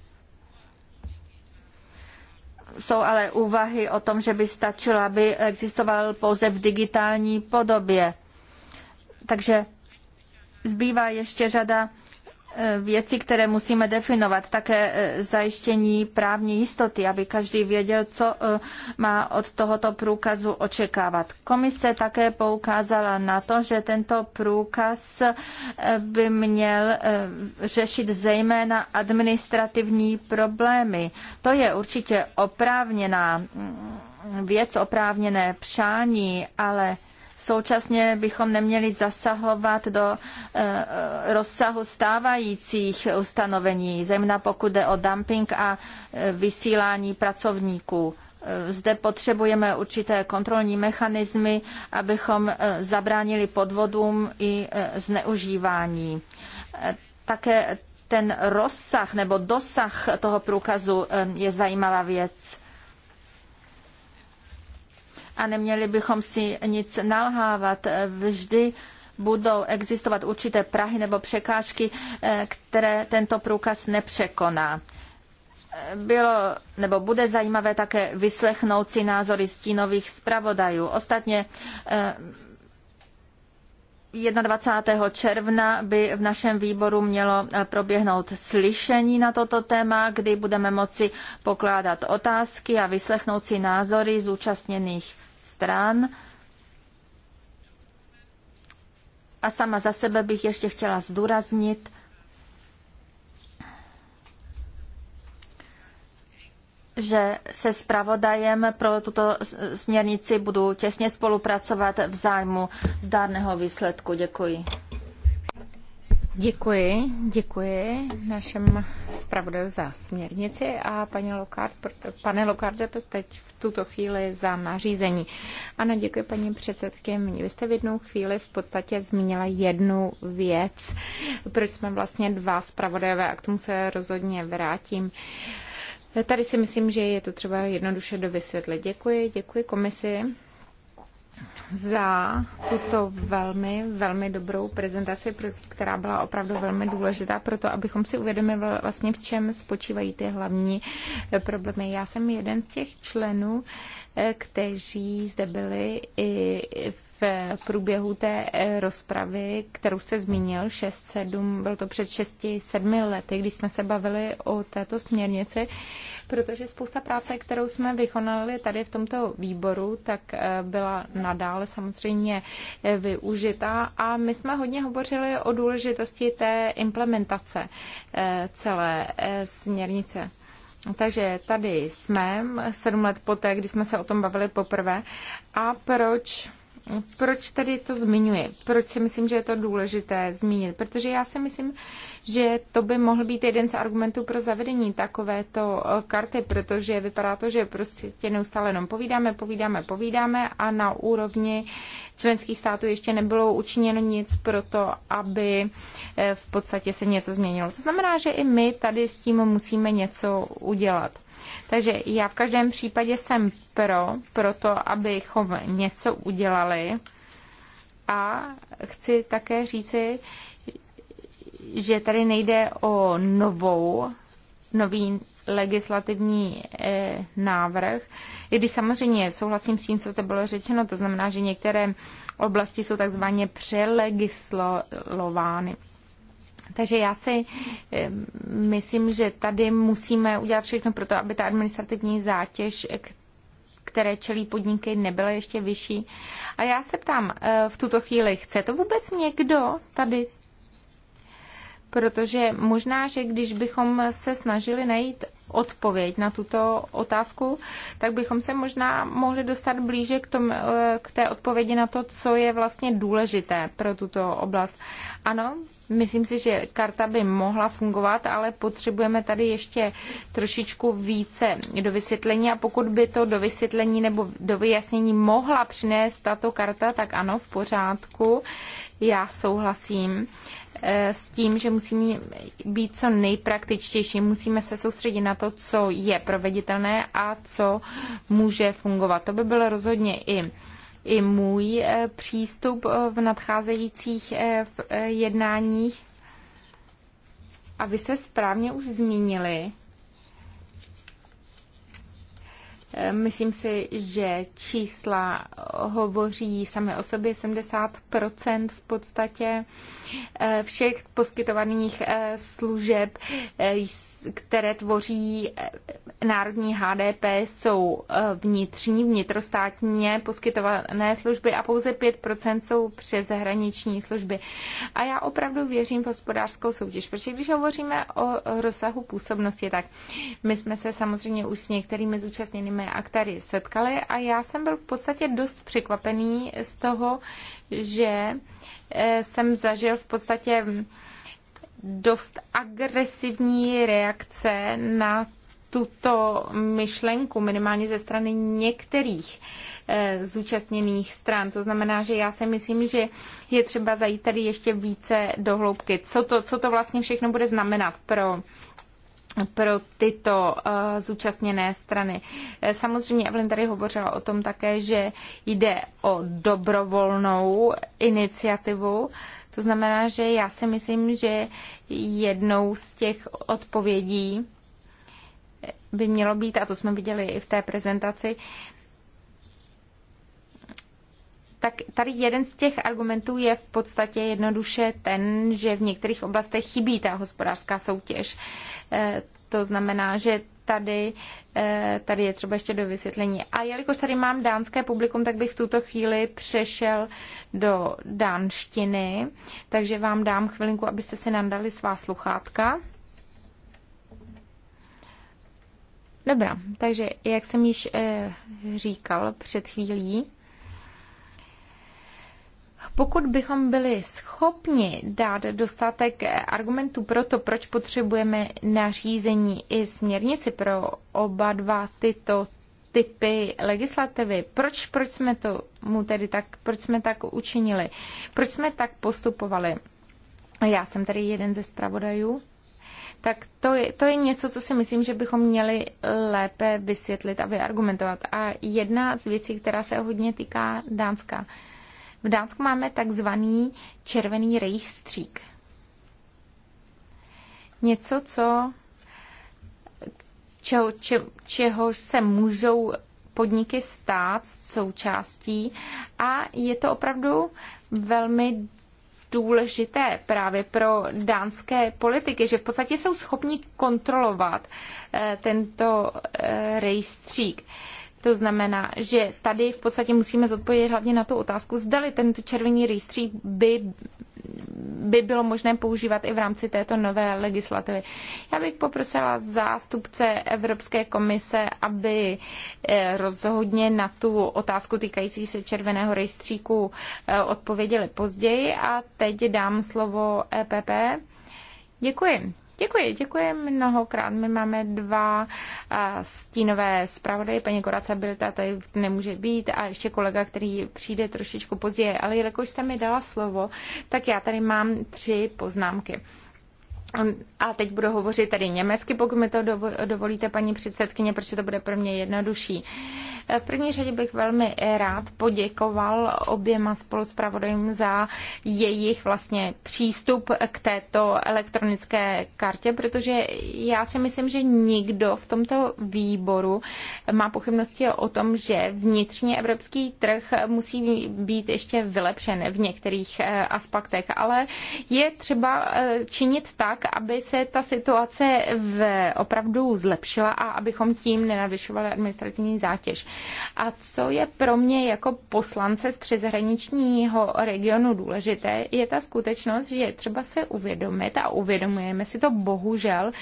Jsou ale úvahy o tom, že by stačilo, aby existoval pouze v digitální podobě. Takže zbývá ještě řada věci, které musíme definovat, také e, zajištění právní jistoty, aby každý věděl, co e, má od tohoto průkazu očekávat. Komise také poukázala na to, že tento průkaz e, by měl řešit zejména administrativní problémy. To je určitě oprávněná mm, věc, oprávněné přání, ale Současně bychom neměli zasahovat do eh, eh, rozsahu stávajících ustanovení, zejména pokud jde o dumping a eh, vysílání pracovníků. Zde potřebujeme určité kontrolní mechanismy, abychom zabránili podvodům i zneužívání. Také ten rozsah nebo dosah toho průkazu je zajímavá věc a neměli bychom si nic nalhávat. Vždy budou existovat určité prahy nebo překážky, eh, které tento průkaz nepřekoná. Bylo nebo bude zajímavé také vyslechnout si názory stínových zpravodajů. Ostatně eh, 21. června by v našem výboru mělo eh, proběhnout slyšení na toto téma, kdy budeme moci pokládat otázky a vyslechnout si názory zúčastněných stran. A sama za sebe bych ještě chtěla zdůraznit, že se zpravodajem pro tuto směrnici budu těsně spolupracovat v zájmu zdárného výsledku. Děkuji. Děkuji, děkuji našem zpravodaju za směrnici a paní Lokard, pane Lokarde, teď v tuto chvíli za nařízení. Ano, děkuji paní předsedkyně. Vy jste v jednu chvíli v podstatě zmínila jednu věc, proč jsme vlastně dva zpravodajové a k tomu se rozhodně vrátím. Uh, Tady si myslím, že je to třeba jednoduše dovysvětlit. Děkuji, děkuji komisi za tuto velmi, velmi dobrou prezentaci, která byla opravdu velmi důležitá pro to, abychom si uvědomili vlastně, v čem spočívají ty hlavní eh, problémy. Já jsem jeden z těch členů, eh, kteří zde byli i v průběhu té eh, rozpravy, kterou jste zmínil, 6-7, bylo to před 6-7 lety, když jsme se bavili o této směrnici, protože spousta práce, kterou jsme vykonali tady v tomto výboru, tak eh, byla nadále samozřejmě eh, využita a my jsme hodně hovořili o důležitosti té implementace celé směrnice. Takže tady jsme, sedm let poté, kdy jsme se o tom bavili poprvé. A proč proč tady to zmiňuji? Proč si myslím, že je to důležité zmínit? Protože já si myslím, že to by mohl být jeden z argumentů pro zavedení takovéto eh, karty, protože vypadá to, že prostě neustále jenom povídáme, povídáme, povídáme a na úrovni členských států ještě nebylo učiněno nic pro to, aby eh, v podstatě se něco změnilo. To znamená, že i my tady s tím musíme něco udělat. Takže já v každém případě jsem pro, proto abychom něco udělali. A chci také říci, že tady nejde o novou, nový legislativní e, návrh, i když samozřejmě souhlasím s tím, co zde bylo řečeno, to znamená, že některé oblasti jsou takzvaně přelegislovány. Takže já si myslím, že tady musíme udělat všechno pro to, aby ta administrativní zátěž, které čelí podniky, nebyla ještě vyšší. A já se ptám, eh, v tuto chvíli chce to vůbec někdo tady? Protože možná, že když bychom se snažili najít odpověď na tuto otázku, tak bychom se možná mohli dostat blíže k, tom, eh, k té odpovědi na to, co je vlastně důležité pro tuto oblast. Ano, Myslím si, že karta by mohla fungovat, ale potřebujeme tady ještě trošičku více do vysvětlení a pokud by to do vysvětlení nebo do vyjasnění mohla přinést tato karta, tak ano, v pořádku, já souhlasím eh, s tím, že musíme být co nejpraktičtější. Musíme se soustředit na to, co je proveditelné a co může fungovat. To by bylo rozhodně i i můj eh, přístup eh, v nadcházejících eh, jednáních. A vy se správně už zmínili, Myslím si, že čísla hovoří sami o sobě 70% v podstatě eh, všech poskytovaných eh, služeb, eh, které tvoří národní HDP, jsou vnitřní, vnitrostátní poskytované služby a pouze 5% jsou přeshraniční služby. A já opravdu věřím v hospodářskou soutěž, protože když hovoříme o rozsahu působnosti, tak my jsme se samozřejmě už s některými zúčastněnými těmi aktéry setkali a já jsem byl v podstatě dost překvapený z toho, že eh, jsem zažil v podstatě mm, dost agresivní reakce na tuto myšlenku, minimálně ze strany některých eh, zúčastněných stran. To znamená, že já si myslím, že je třeba zajít tady ještě více do hloubky. Co to, co to vlastně všechno bude znamenat pro pro tyto uh, zúčastněné strany. Eh, samozřejmě Evelyn tady hovořila o tom také, že jde o dobrovolnou iniciativu. To znamená, že já si myslím, že jednou z těch odpovědí by mělo být, a to jsme viděli i v té prezentaci, tak tady jeden z těch argumentů je v podstatě jednoduše ten, že v některých oblastech chybí ta hospodářská soutěž. Eh, to znamená, že tady, eh, tady je třeba ještě do vysvětlení. A jelikož tady mám dánské publikum, tak bych v tuto chvíli přešel do dánštiny, takže vám dám chvilinku, abyste si nandali svá sluchátka. Dobrá, takže jak jsem již eh, říkal před chvílí, pokud bychom byli schopni dát dostatek argumentů pro to, proč potřebujeme nařízení i směrnici pro oba dva tyto typy legislativy. Proč, proč jsme to mu tedy tak, proč jsme tak učinili? Proč jsme tak postupovali? Já jsem tady jeden ze zpravodajů. Tak to je, to je něco, co si myslím, že bychom měli lépe vysvětlit a vyargumentovat. A jedna z věcí, která se hodně týká Dánska. Uh, v Dánsku máme takzvaný červený rejstřík. Něco, co, čeho, če, čeho se můžou podniky stát součástí a je to opravdu velmi důležité právě pro dánské politiky, že v podstatě jsou schopni kontrolovat eh, tento eh, rejstřík. To znamená, že tady v podstatě musíme zodpovědět hlavně na tu otázku, zdali tento červený rejstřík by by bylo možné používat i v rámci této nové legislativy. Já bych poprosila zástupce Evropské komise, aby eh, rozhodně na tu otázku týkající se červeného rejstříku eh, odpověděli později a teď dám slovo EPP. Děkuji. Děkuji, děkuji mnohokrát. My máme dva stínové zpravody. paní Koraca byl tady nemůže být a ještě kolega, který přijde trošičku později, ale jelikož jste mi dala slovo, tak já tady mám tři poznámky. A teď budu hovořit tady německy, pokud mi to dovolíte, paní předsedkyně, protože to bude pro mě jednodušší. V první řadě bych velmi rád poděkoval oběma spoluspravodajům za jejich vlastně přístup k této elektronické kartě, protože já si myslím, že nikdo v tomto výboru má pochybnosti o tom, že vnitřní evropský trh musí být ještě vylepšen v některých eh, aspektech, ale je třeba eh, činit tak, tak, aby se ta situace v opravdu zlepšila a abychom tím nenavyšovali administrativní zátěž. A co je pro mě jako poslance z přezahraničního regionu důležité, je ta skutečnost, že je třeba se uvědomit a uvědomujeme si to bohužel,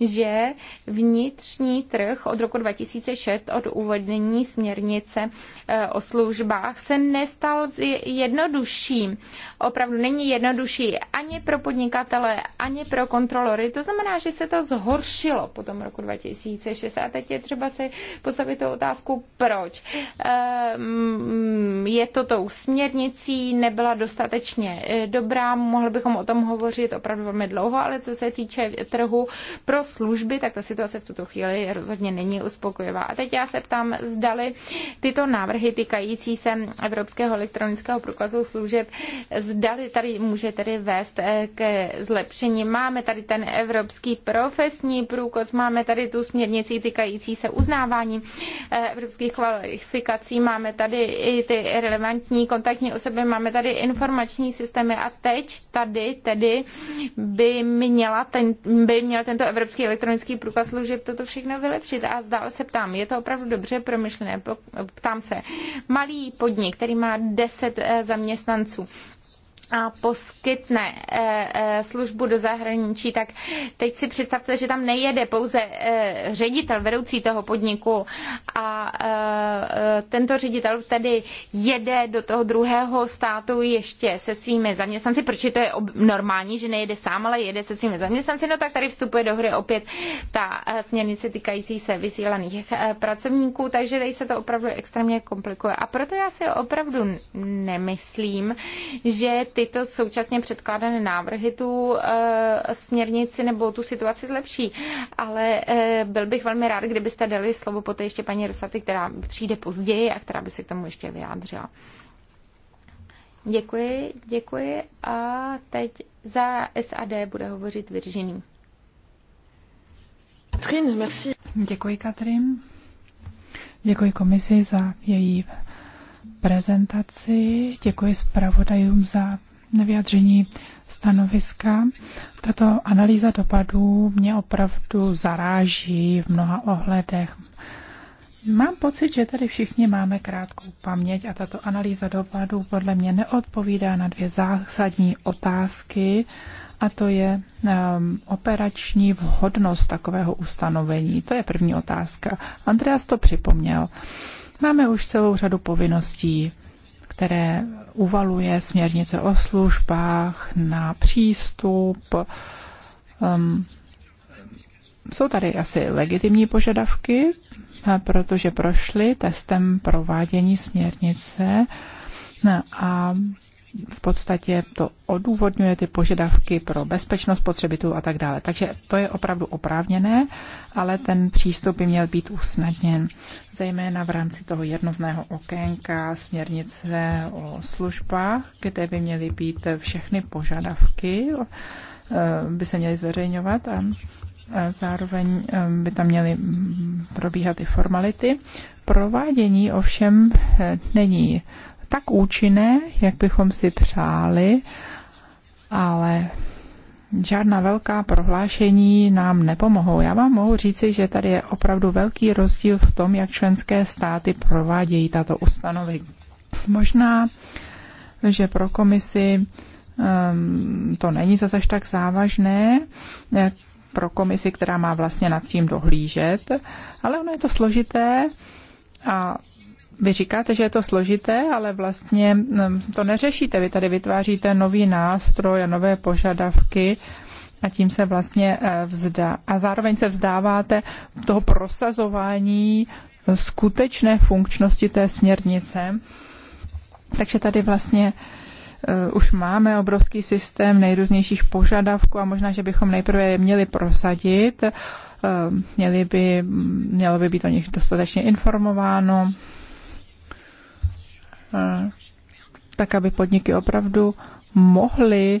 že vnitřní trh od roku 2006 od uvedení směrnice eh, o službách se nestal jednodušším. Opravdu není jednodušší ani pro podnikatele, ani pro pro kontrolory. To znamená, že se to zhoršilo po tom roku 2006 a teď je třeba si postavit tu otázku, proč. Ehm, je to tou směrnicí, nebyla dostatečně e, dobrá, mohli bychom o tom hovořit opravdu velmi dlouho, ale co se týče trhu pro služby, tak ta situace v tuto chvíli rozhodně není uspokojivá. A teď já se ptám, zdali tyto návrhy týkající se Evropského elektronického průkazu služeb, zdali tady může tedy vést e, ke zlepšení. má. Máme tady ten evropský profesní průkaz, máme tady tu směrnici týkající se uznávání eh, evropských kvalifikací, máme tady i ty relevantní kontaktní osoby, máme tady informační systémy a teď tady tedy by, měla ten, by měl tento evropský elektronický průkaz služeb toto všechno vylepšit. A zdále se ptám, je to opravdu dobře promyšlené? Ptám se, malý podnik, který má 10 eh, zaměstnanců, a poskytne eh, eh, službu do zahraničí, tak teď si představte, že tam nejede pouze eh, ředitel, vedoucí toho podniku a tento ředitel tedy jede do toho druhého státu ještě se svými zaměstnanci, protože to je normální, že nejede sám, ale jede se svými zaměstnanci, no tak tady vstupuje do hry opět ta směrnice týkající se vysílaných pracovníků, takže tady se to opravdu extrémně komplikuje. A proto já si opravdu nemyslím, že ty tyto současně předkládané návrhy tu eh, směrnici nebo tu situaci zlepší. Ale eh, byl bych velmi rád, kdybyste dali slovo poté ještě paní Rosaty, která přijde později a která by se k tomu ještě vyjádřila. Děkuji, děkuji. A teď za SAD bude hovořit Virginie. Katrin, merci. Děkuji, Katrin. Děkuji komisi za její prezentaci, děkuji zpravodajům za vyjadření stanoviska. Tato analýza dopadů mě opravdu zaráží v mnoha ohledech. Mám pocit, že tady všichni máme krátkou paměť a tato analýza dopadů podle mě neodpovídá na dvě zásadní otázky, a to je um, operační vhodnost takového ustanovení. To je první otázka. Andreas to připomněl. Máme už celou řadu povinností které uvaluje směrnice o službách na přístup. Um, jsou tady asi legitimní požadavky, eh, protože prošly testem provádění směrnice eh, a v podstatě to odůvodňuje ty požadavky pro bezpečnost potřebitů a tak dále. Takže to je opravdu oprávněné, ale ten přístup by měl být usnadněn, zejména v rámci toho jednotného okénka směrnice o službách, kde by měly být všechny požadavky, eh, by se měly zveřejňovat a zároveň eh, by tam měly mm, probíhat i formality. Provádění ovšem eh, není tak účinné, jak bychom si přáli, ale žádná velká prohlášení nám nepomohou. Já vám mohu říci, že tady je opravdu velký rozdíl v tom, jak členské státy provádějí tato ustanovení. Možná, že pro komisi um, to není zase tak závažné, pro komisi, která má vlastně nad tím dohlížet, ale ono je to složité a vy říkáte, že je to složité, ale vlastně mm, to neřešíte. Vy tady vytváříte nový nástroj a nové požadavky a tím se vlastně eh, vzdá. A zároveň se vzdáváte toho prosazování skutečné funkčnosti té směrnice. Takže tady vlastně eh, už máme obrovský systém nejrůznějších požadavků a možná, že bychom nejprve je měli prosadit, eh, měli by, mělo by být o nich dostatečně informováno tak aby podniky opravdu mohly e,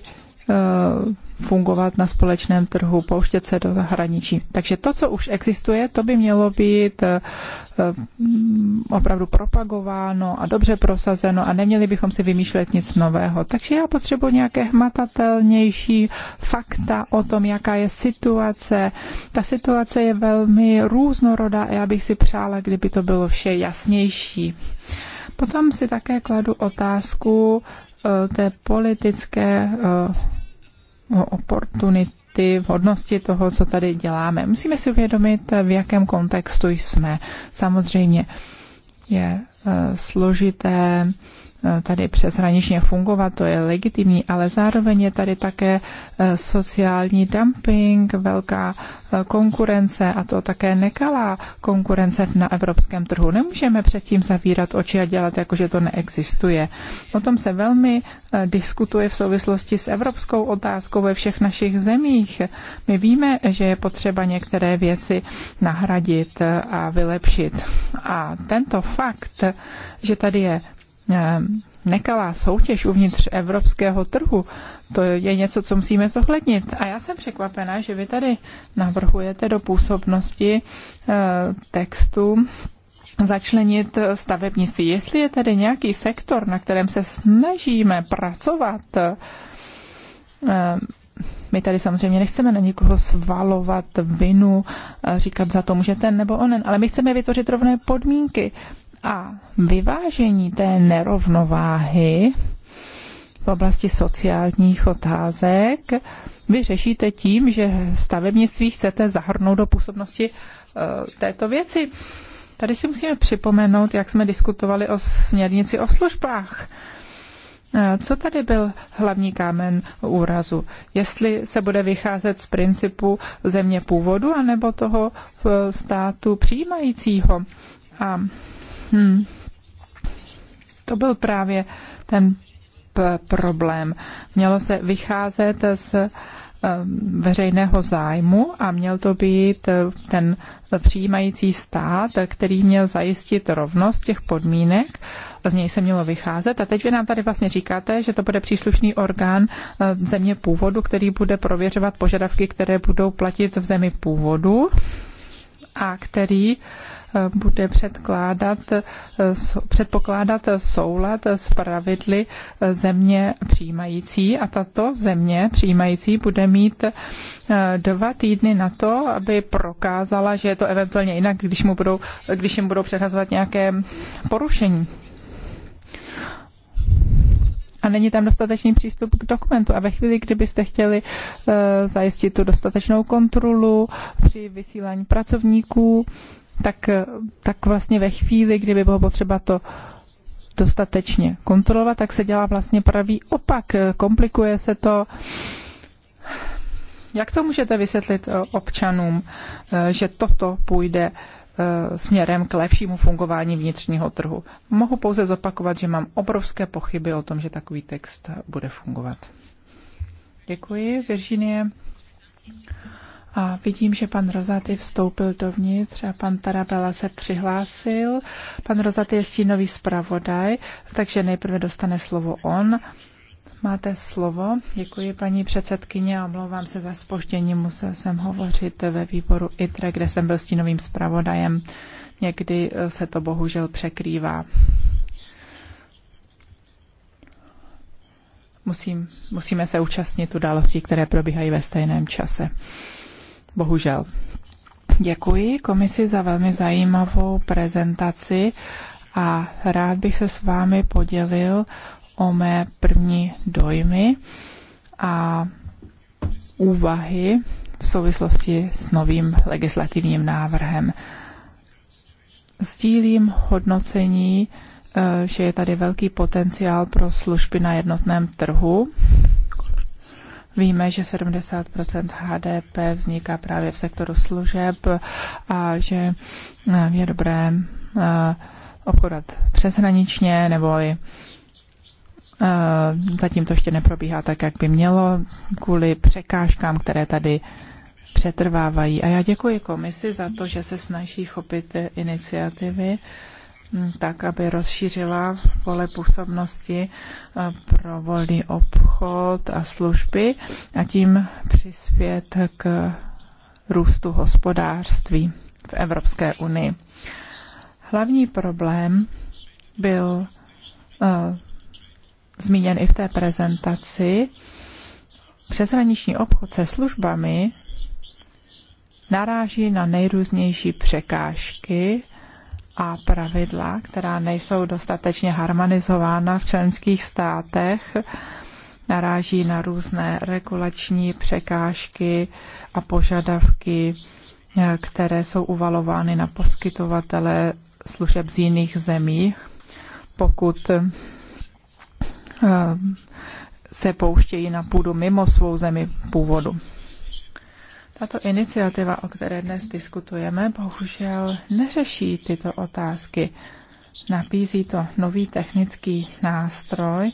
fungovat na společném trhu, pouštět se do zahraničí. Takže to, co už existuje, to by mělo být e, e, opravdu propagováno a dobře prosazeno a neměli bychom si vymýšlet nic nového. Takže já potřebuji nějaké hmatatelnější fakta o tom, jaká je situace. Ta situace je velmi různorodá a já bych si přála, kdyby to bylo vše jasnější. Potom si také kladu otázku eh, té politické eh, oportunity, vhodnosti toho, co tady děláme. Musíme si uvědomit, v jakém kontextu jsme. Samozřejmě je eh, složité Eh, tady přeshraničně fungovat, to je legitimní, ale zároveň je tady také eh, sociální dumping, velká eh, konkurence a to také nekalá konkurence na evropském trhu. Nemůžeme předtím zavírat oči a dělat jako, že to neexistuje. O tom se velmi diskutuje v souvislosti s evropskou otázkou ve všech našich zemích. My víme, že je potřeba některé věci nahradit a vylepšit. A tento fakt, že tady je Eh, nekalá soutěž uvnitř evropského trhu, to je něco, co musíme zohlednit. A já jsem překvapena, že vy tady navrhujete do působnosti eh, textu začlenit stavebnictví. Jestli je tedy nějaký sektor, na kterém se snažíme pracovat, eh, my tady samozřejmě nechceme na nikoho svalovat vinu, říkat za to může ten nebo onen, ale my chceme vytvořit rovné podmínky a vyvážení té nerovnováhy v oblasti sociálních otázek vy řešíte tím, že stavebnictví chcete zahrnout do působnosti e, této věci. Tady si musíme připomenout, jak jsme diskutovali o směrnici o službách. E, co tady byl hlavní kámen úrazu? Jestli se bude vycházet z principu země původu anebo toho e, státu přijímajícího? A Hmm. To byl právě ten problém. Mělo se vycházet z eh, veřejného zájmu a měl to být eh, ten přijímající stát, který měl zajistit rovnost těch podmínek. Z něj se mělo vycházet. A teď vy nám tady vlastně říkáte, že to bude příslušný orgán eh, země původu, který bude prověřovat požadavky, které budou platit v zemi původu a který bude předkládat, eh, předpokládat soulad s pravidly eh, země přijímající a tato země přijímající bude mít eh, dva týdny na to, aby prokázala, že je to eventuálně jinak, když, mu budou, když jim budou předhazovat nějaké porušení. A není tam dostatečný přístup k dokumentu. A ve chvíli, kdybyste chtěli e, zajistit tu dostatečnou kontrolu při vysílání pracovníků, tak, eh, tak vlastně ve chvíli, kdyby bylo potřeba to dostatečně kontrolovat, tak se dělá vlastně pravý opak. Komplikuje se to. Jak to můžete vysvětlit eh, občanům, eh, že toto půjde směrem k lepšímu fungování vnitřního trhu? Mohu pouze zopakovat, že mám obrovské pochyby o tom, že takový text bude fungovat. Děkuji, Virginie. A vidím, že pan Rozaty vstoupil dovnitř a pan Tarabela se přihlásil. Pan Rozaty je stínový zpravodaj, takže nejprve dostane slovo on. Máte slovo. Děkuji, paní předsedkyně, a omlouvám se za spoždění. Musel jsem hovořit ve výboru ITRE, kde jsem byl stínovým zpravodajem. Někdy eh, se to bohužel překrývá. Musím, musíme se účastnit událostí, které probíhají ve stejném čase. Bohužel. Děkuji komisi za velmi zajímavou prezentaci a rád bych se s vámi podělil o mé první dojmy a úvahy v souvislosti s novým legislativním návrhem. Sdílím hodnocení, eh, že je tady velký potenciál pro služby na jednotném trhu Víme, že 70 HDP vzniká právě v sektoru služeb a že eh, je dobré eh, obchodat přeshraničně nebo i eh, Zatím to ještě neprobíhá tak, jak by mělo, kvůli překážkám, které tady přetrvávají. A já děkuji komisi za to, že se snaží chopit iniciativy tak, aby rozšířila pole působnosti eh, pro volný obchod a služby a tím přispět k růstu hospodářství v Evropské unii. Hlavní problém byl uh, zmíněn i v té prezentaci. Přeshraniční obchod se službami naráží na nejrůznější překážky, a pravidla, která nejsou dostatečně harmonizována v členských státech, naráží na různé regulační překážky a požadavky, které jsou uvalovány na poskytovatele služeb z jiných zemí, pokud eh, se pouštějí na půdu mimo svou zemi původu. Tato iniciativa, o které dnes diskutujeme, bohužel neřeší tyto otázky. Nabízí to nový technický nástroj,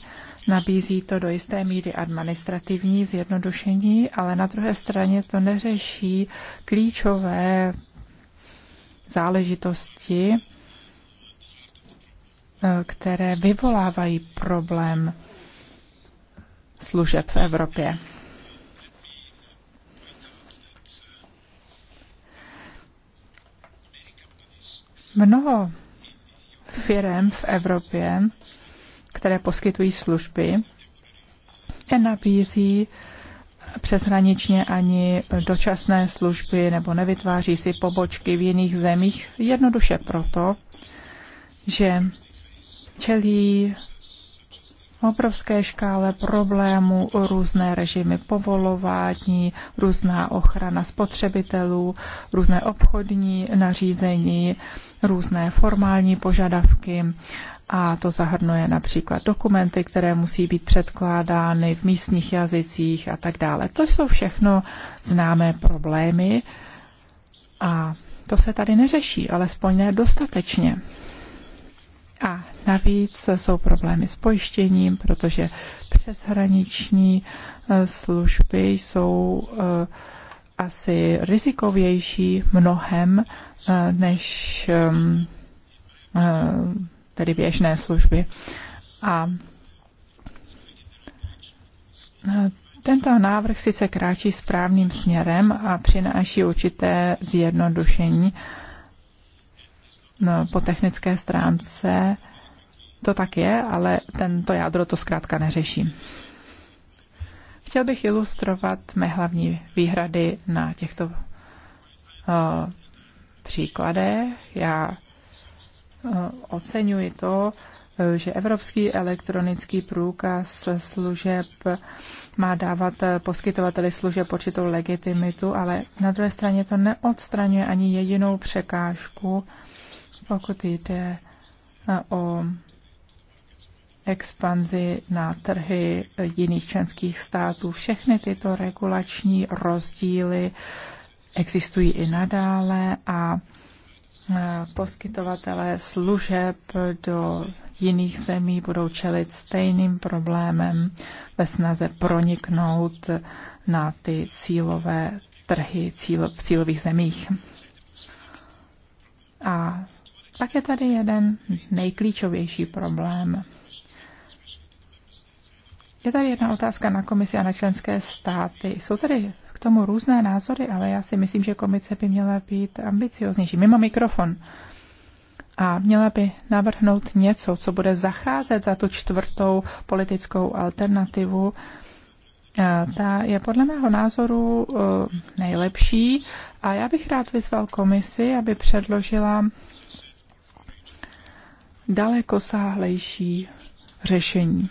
nabízí to do jisté míry administrativní zjednodušení, ale na druhé straně to neřeší klíčové záležitosti, které vyvolávají problém služeb v Evropě. Mnoho firm v Evropě, které poskytují služby, nenabízí přeshraničně ani dočasné služby nebo nevytváří si pobočky v jiných zemích jednoduše proto, že čelí obrovské škále problémů, různé režimy povolování, různá ochrana spotřebitelů, různé obchodní nařízení, různé formální požadavky. A to zahrnuje například dokumenty, které musí být předkládány v místních jazycích a tak dále. To jsou všechno známé problémy a to se tady neřeší, alespoň ne dostatečně. A Navíc jsou problémy s pojištěním, protože přeshraniční e, služby jsou e, asi rizikovější mnohem e, než tedy běžné služby. A tento návrh sice kráčí správným směrem a přináší určité zjednodušení no, po technické stránce, to tak je, ale tento jádro to zkrátka neřeší. Chtěl bych ilustrovat mé hlavní výhrady na těchto uh, příkladech. Já uh, oceňuji to, uh, že Evropský elektronický průkaz služeb má dávat uh, poskytovateli služeb určitou legitimitu, ale na druhé straně to neodstraňuje ani jedinou překážku, pokud jde uh, o expanzi na trhy jiných členských států. Všechny tyto regulační rozdíly existují i nadále a e, poskytovatelé služeb do jiných zemí budou čelit stejným problémem ve snaze proniknout na ty cílové trhy cíl, v cílových zemích. A pak je tady jeden nejklíčovější problém je tady jedna otázka na komisi a na členské státy. Jsou tady k tomu různé názory, ale já si myslím, že komise by měla být ambicioznější. Mimo mikrofon. A měla by navrhnout něco, co bude zacházet za tu čtvrtou politickou alternativu. E, ta je podle mého názoru e, nejlepší a já bych rád vyzval komisi, aby předložila daleko sáhlejší řešení.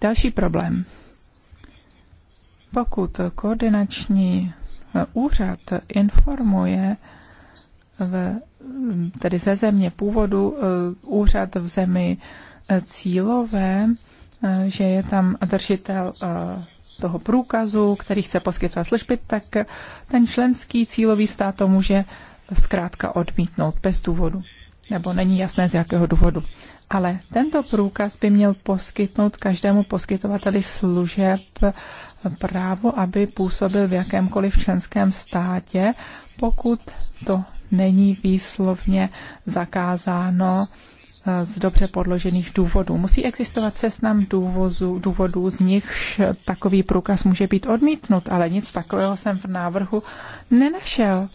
Další problém. Pokud koordinační eh, úřad informuje eh, v, mm, tedy ze země původu eh, úřad v zemi cílové, že je tam držitel toho průkazu, který chce poskytovat služby, tak ten členský cílový stát to může zkrátka odmítnout bez důvodu nebo není jasné z jakého důvodu. Ale tento průkaz by měl poskytnout každému poskytovateli služeb právo, aby působil v jakémkoliv členském státě, pokud to není výslovně zakázáno eh, z dobře podložených důvodů. Musí existovat seznam důvodů, z nichž takový průkaz může být odmítnut, ale nic takového jsem v návrhu nenašel.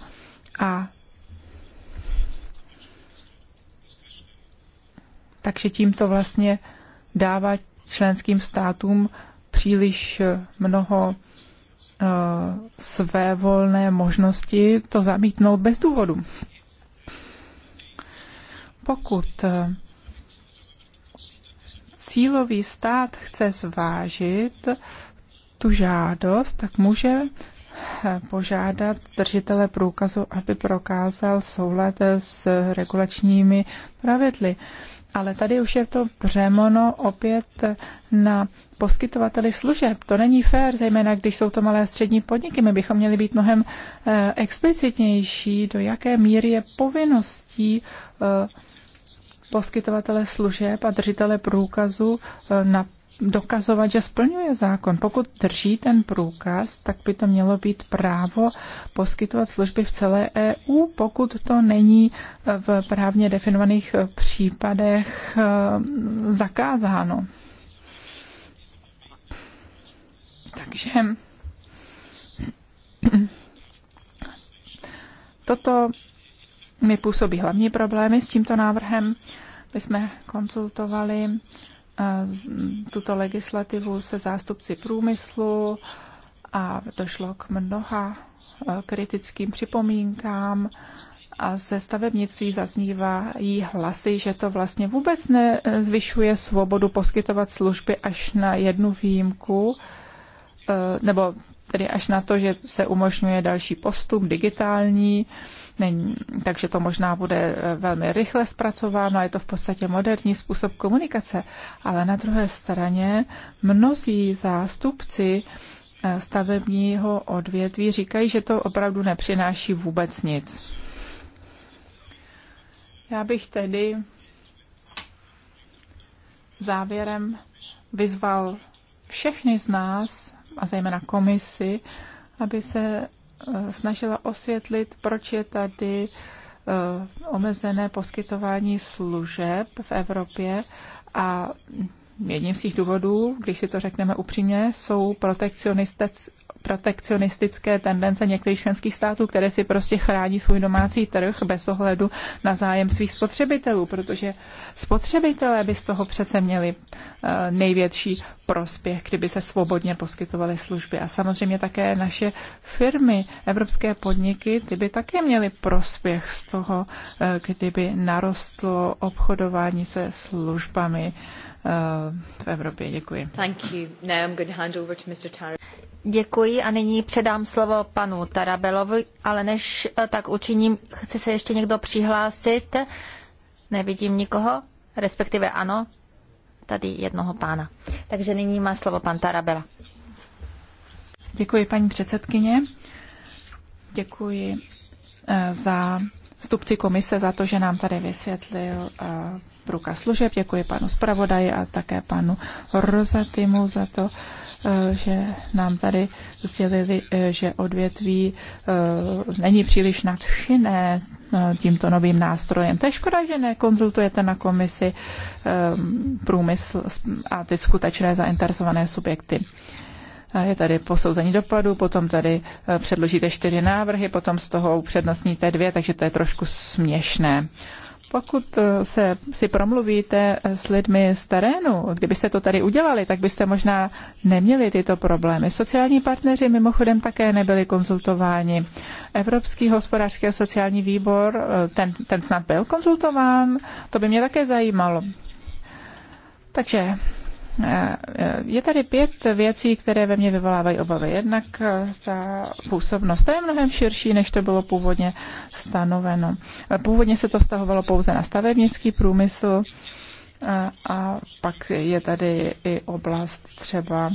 A takže tím to vlastně dává členským státům příliš eh, mnoho eh, své volné možnosti to zamítnout bez důvodu. Pokud eh, cílový stát chce zvážit tu žádost, tak může požádat držitele průkazu, aby prokázal soulad s regulačními pravidly ale tady už je to břemono opět na poskytovateli služeb. To není fér, zejména když jsou to malé a střední podniky. My bychom měli být mnohem eh, explicitnější, do jaké míry je povinností eh, poskytovatele služeb a držitele průkazu eh, na dokazovat, že splňuje zákon. Pokud drží ten průkaz, tak by to mělo být právo poskytovat služby v celé EU, pokud to není v právně definovaných případech eh, zakázáno. Takže toto mi působí hlavní problémy s tímto návrhem. My jsme konzultovali tuto legislativu se zástupci průmyslu a došlo k mnoha e, kritickým připomínkám a ze stavebnictví zaznívají hlasy, že to vlastně vůbec nezvyšuje svobodu poskytovat služby až na jednu výjimku, e, nebo tedy až na to, že se umožňuje další postup digitální, není, takže to možná bude eh, velmi rychle zpracováno, je to v podstatě moderní způsob komunikace, ale na druhé straně mnozí zástupci eh, stavebního odvětví říkají, že to opravdu nepřináší vůbec nic. Já bych tedy závěrem vyzval všechny z nás, a zejména komisi, aby se eh, snažila osvětlit, proč je tady eh, omezené poskytování služeb v Evropě a jedním z těch důvodů, když si to řekneme upřímně, jsou protekcionistické tendence některých členských států, které si prostě chrání svůj domácí trh bez ohledu na zájem svých spotřebitelů, protože spotřebitelé by z toho přece měli eh, největší prospěch, kdyby se svobodně poskytovaly služby. A samozřejmě také naše firmy, evropské podniky, ty by také měly prospěch z toho, eh, kdyby narostlo obchodování se službami eh, v Evropě. Děkuji. Thank you. Now I'm going to hand over to Mr. Děkuji a nyní předám slovo panu Tarabelovi, ale než eh, tak učiním, chce se ještě někdo přihlásit? Nevidím nikoho, respektive ano, tady jednoho pána. Takže nyní má slovo pan Tarabela. Děkuji, paní předsedkyně. Děkuji eh, za stupci komise za to, že nám tady vysvětlil eh, průkaz služeb. Děkuji panu zpravodaji a také panu Rozatimu za to, Eh, že nám tady sdělili, eh, že odvětví eh, není příliš nadšené tímto novým nástrojem. To je škoda, že nekonzultujete na komisi průmysl a ty skutečné zainteresované subjekty. Je tady posouzení dopadu, potom tady předložíte čtyři návrhy, potom z toho upřednostníte dvě, takže to je trošku směšné. Pokud eh, se, si promluvíte eh, s lidmi z terénu, kdybyste to tady udělali, tak byste možná neměli tyto problémy. Sociální partneři mimochodem také nebyli konzultováni. Evropský hospodářský a sociální výbor, eh, ten, ten snad byl konzultován, to by mě také zajímalo. Takže Eh, eh, je tady pět věcí, které ve mně vyvolávají obavy. Jednak eh, ta působnost, ta je mnohem širší, než to bylo původně stanoveno. Původně se to vztahovalo pouze na stavebnický průmysl a pak je tady i oblast třeba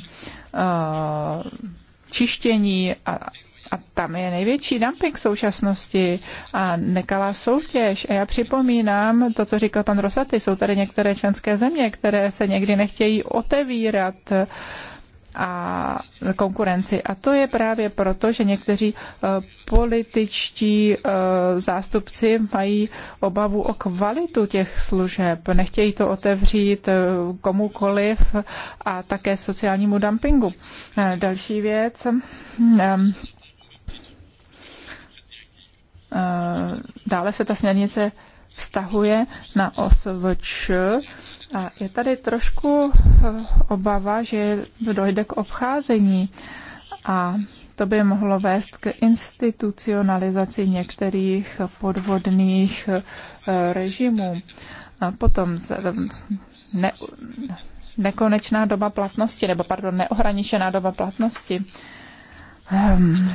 čištění a a tam je největší dumping v současnosti a nekalá soutěž. A já připomínám to, co říkal pan Rosaty, jsou tady některé členské země, které se někdy nechtějí otevírat a konkurenci. A to je právě proto, že někteří eh, političtí eh, zástupci mají obavu o kvalitu těch služeb. Nechtějí to otevřít eh, komukoliv a také sociálnímu dumpingu. Další věc Eh, dále se ta směrnice vztahuje na OSVČ a je tady trošku eh, obava, že dojde k obcházení a to by mohlo vést k institucionalizaci některých podvodných eh, režimů. A potom ne, nekonečná doba platnosti, nebo pardon, neohraničená doba platnosti. Ehm,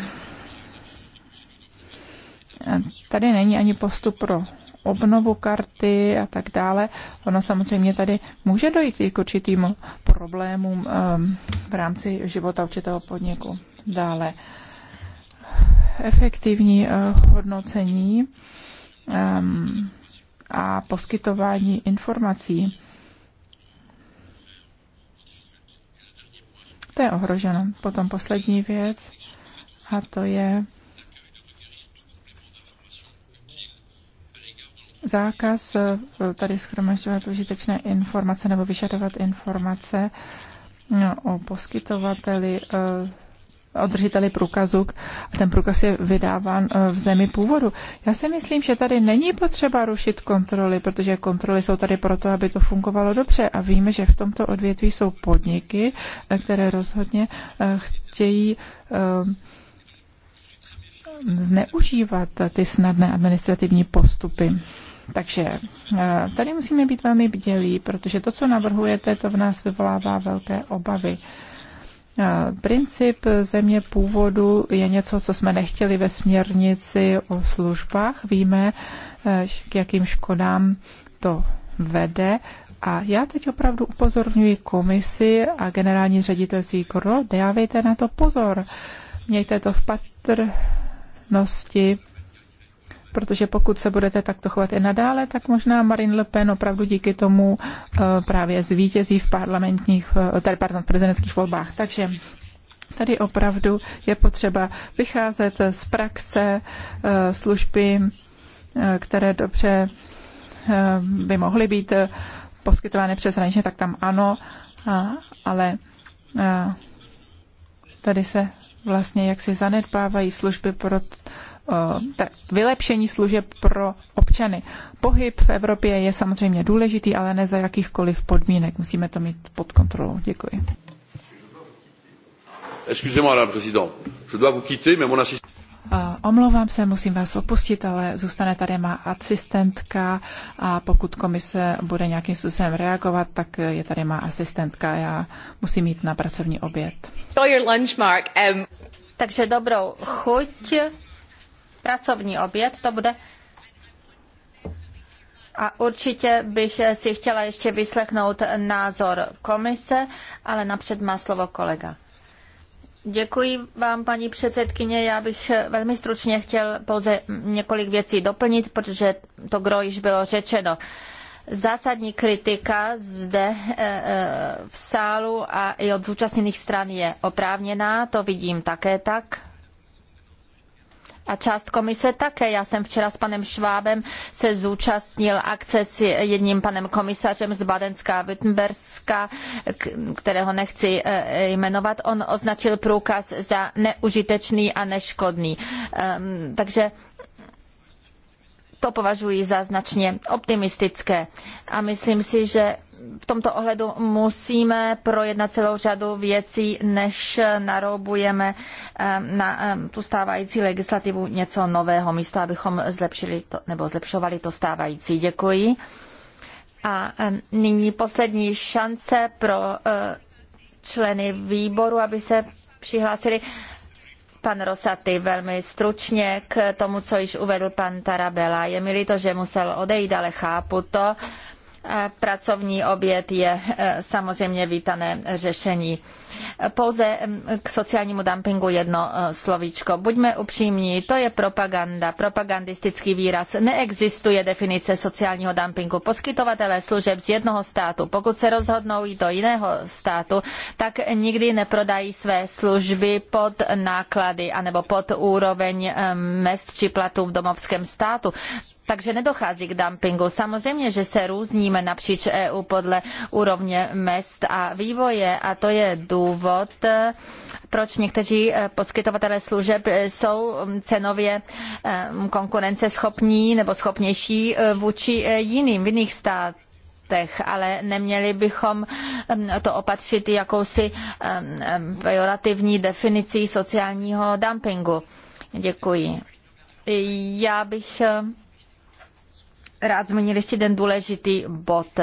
tady není ani postup pro obnovu karty a tak dále. Ono samozřejmě tady může dojít i k určitým problémům ehm, v rámci života určitého podniku. Dále efektivní eh, hodnocení ehm, a poskytování informací. To je ohroženo. Potom poslední věc a to je zákaz eh, tady schromažďovat užitečné informace nebo vyžadovat informace no, o poskytovateli, eh, o držiteli průkazu. Ten průkaz je vydáván eh, v zemi původu. Já si myslím, že tady není potřeba rušit kontroly, protože kontroly jsou tady proto, aby to fungovalo dobře. A víme, že v tomto odvětví jsou podniky, které rozhodně chtějí zneužívat ty snadné administrativní postupy. Takže eh, tady musíme být velmi bdělí, protože to, co navrhujete, to v nás vyvolává velké obavy. Eh, princip země původu je něco, co jsme nechtěli ve směrnici o službách. Víme, eh, k jakým škodám to vede. A já teď opravdu upozorňuji komisi a generální ředitelství Korlo, dávejte na to pozor. Mějte to v patrnosti protože pokud se budete takto chovat i nadále, tak možná Marine Le Pen opravdu díky tomu eh, právě zvítězí v parlamentních, eh, tedy pardon, v prezidentských volbách. Takže tady opravdu je potřeba vycházet z praxe eh, služby, které dobře by mohly být poskytovány přes hraničně, tak tam ano, ale tady se vlastně jaksi zanedbávají služby pro Eh, vylepšení služeb pro občany. Pohyb v Evropě je samozřejmě důležitý, ale ne za jakýchkoliv podmínek. Musíme to mít pod kontrolou. Děkuji. Eh, omlouvám se, musím vás opustit, ale zůstane tady má asistentka a pokud komise bude nějakým způsobem reagovat, tak je tady má asistentka. Já musím jít na pracovní oběd. Um, Takže dobrou chuť pracovní oběd, to bude a určitě bych si chtěla ještě vyslechnout názor komise, ale napřed má slovo kolega. Děkuji vám, paní předsedkyně. Já bych velmi stručně chtěl pouze několik věcí doplnit, protože to gro již bylo řečeno. Zásadní kritika zde e, e, v sálu a i od zúčastněných stran je oprávněná, to vidím také tak a část komise také. Já jsem včera s panem Švábem se zúčastnil akce s jedním panem komisařem z Badenska a kterého nechci eh, jmenovat. On označil průkaz za neužitečný a neškodný. Ehm, takže to považuji za značně optimistické a myslím si, že v tomto ohledu musíme projednat celou řadu věcí, než naroubujeme ehm, na ehm, tu stávající legislativu něco nového, místo abychom zlepšili to, nebo zlepšovali to stávající. Děkuji. A ehm, nyní poslední šance pro eh, členy výboru, aby se přihlásili. Pan Rosaty velmi stručně k tomu, co již uvedl pan Tarabela. Je mi líto, že musel odejít, ale chápu to. Pracovní oběd je e, samozřejmě vítané řešení. Pouze k sociálnímu dumpingu jedno e, slovíčko. Buďme upřímní, to je propaganda, propagandistický výraz. Neexistuje definice sociálního dumpingu. Poskytovatelé služeb z jednoho státu, pokud se rozhodnou jít do jiného státu, tak nikdy neprodají své služby pod náklady anebo pod úroveň e, mest či platů v domovském státu takže nedochází k dumpingu. Samozřejmě, že se různíme napříč EU podle úrovně mest a vývoje a to je důvod, eh, proč někteří eh, poskytovatelé služeb eh, jsou mm, cenově konkurenceschopní nebo schopnější vůči jiným v jiných státech ale neměli bychom mm, to opatřit jakousi mm, pejorativní definicí sociálního dumpingu. Děkuji. Já bych rád zmínil ještě jeden důležitý bod.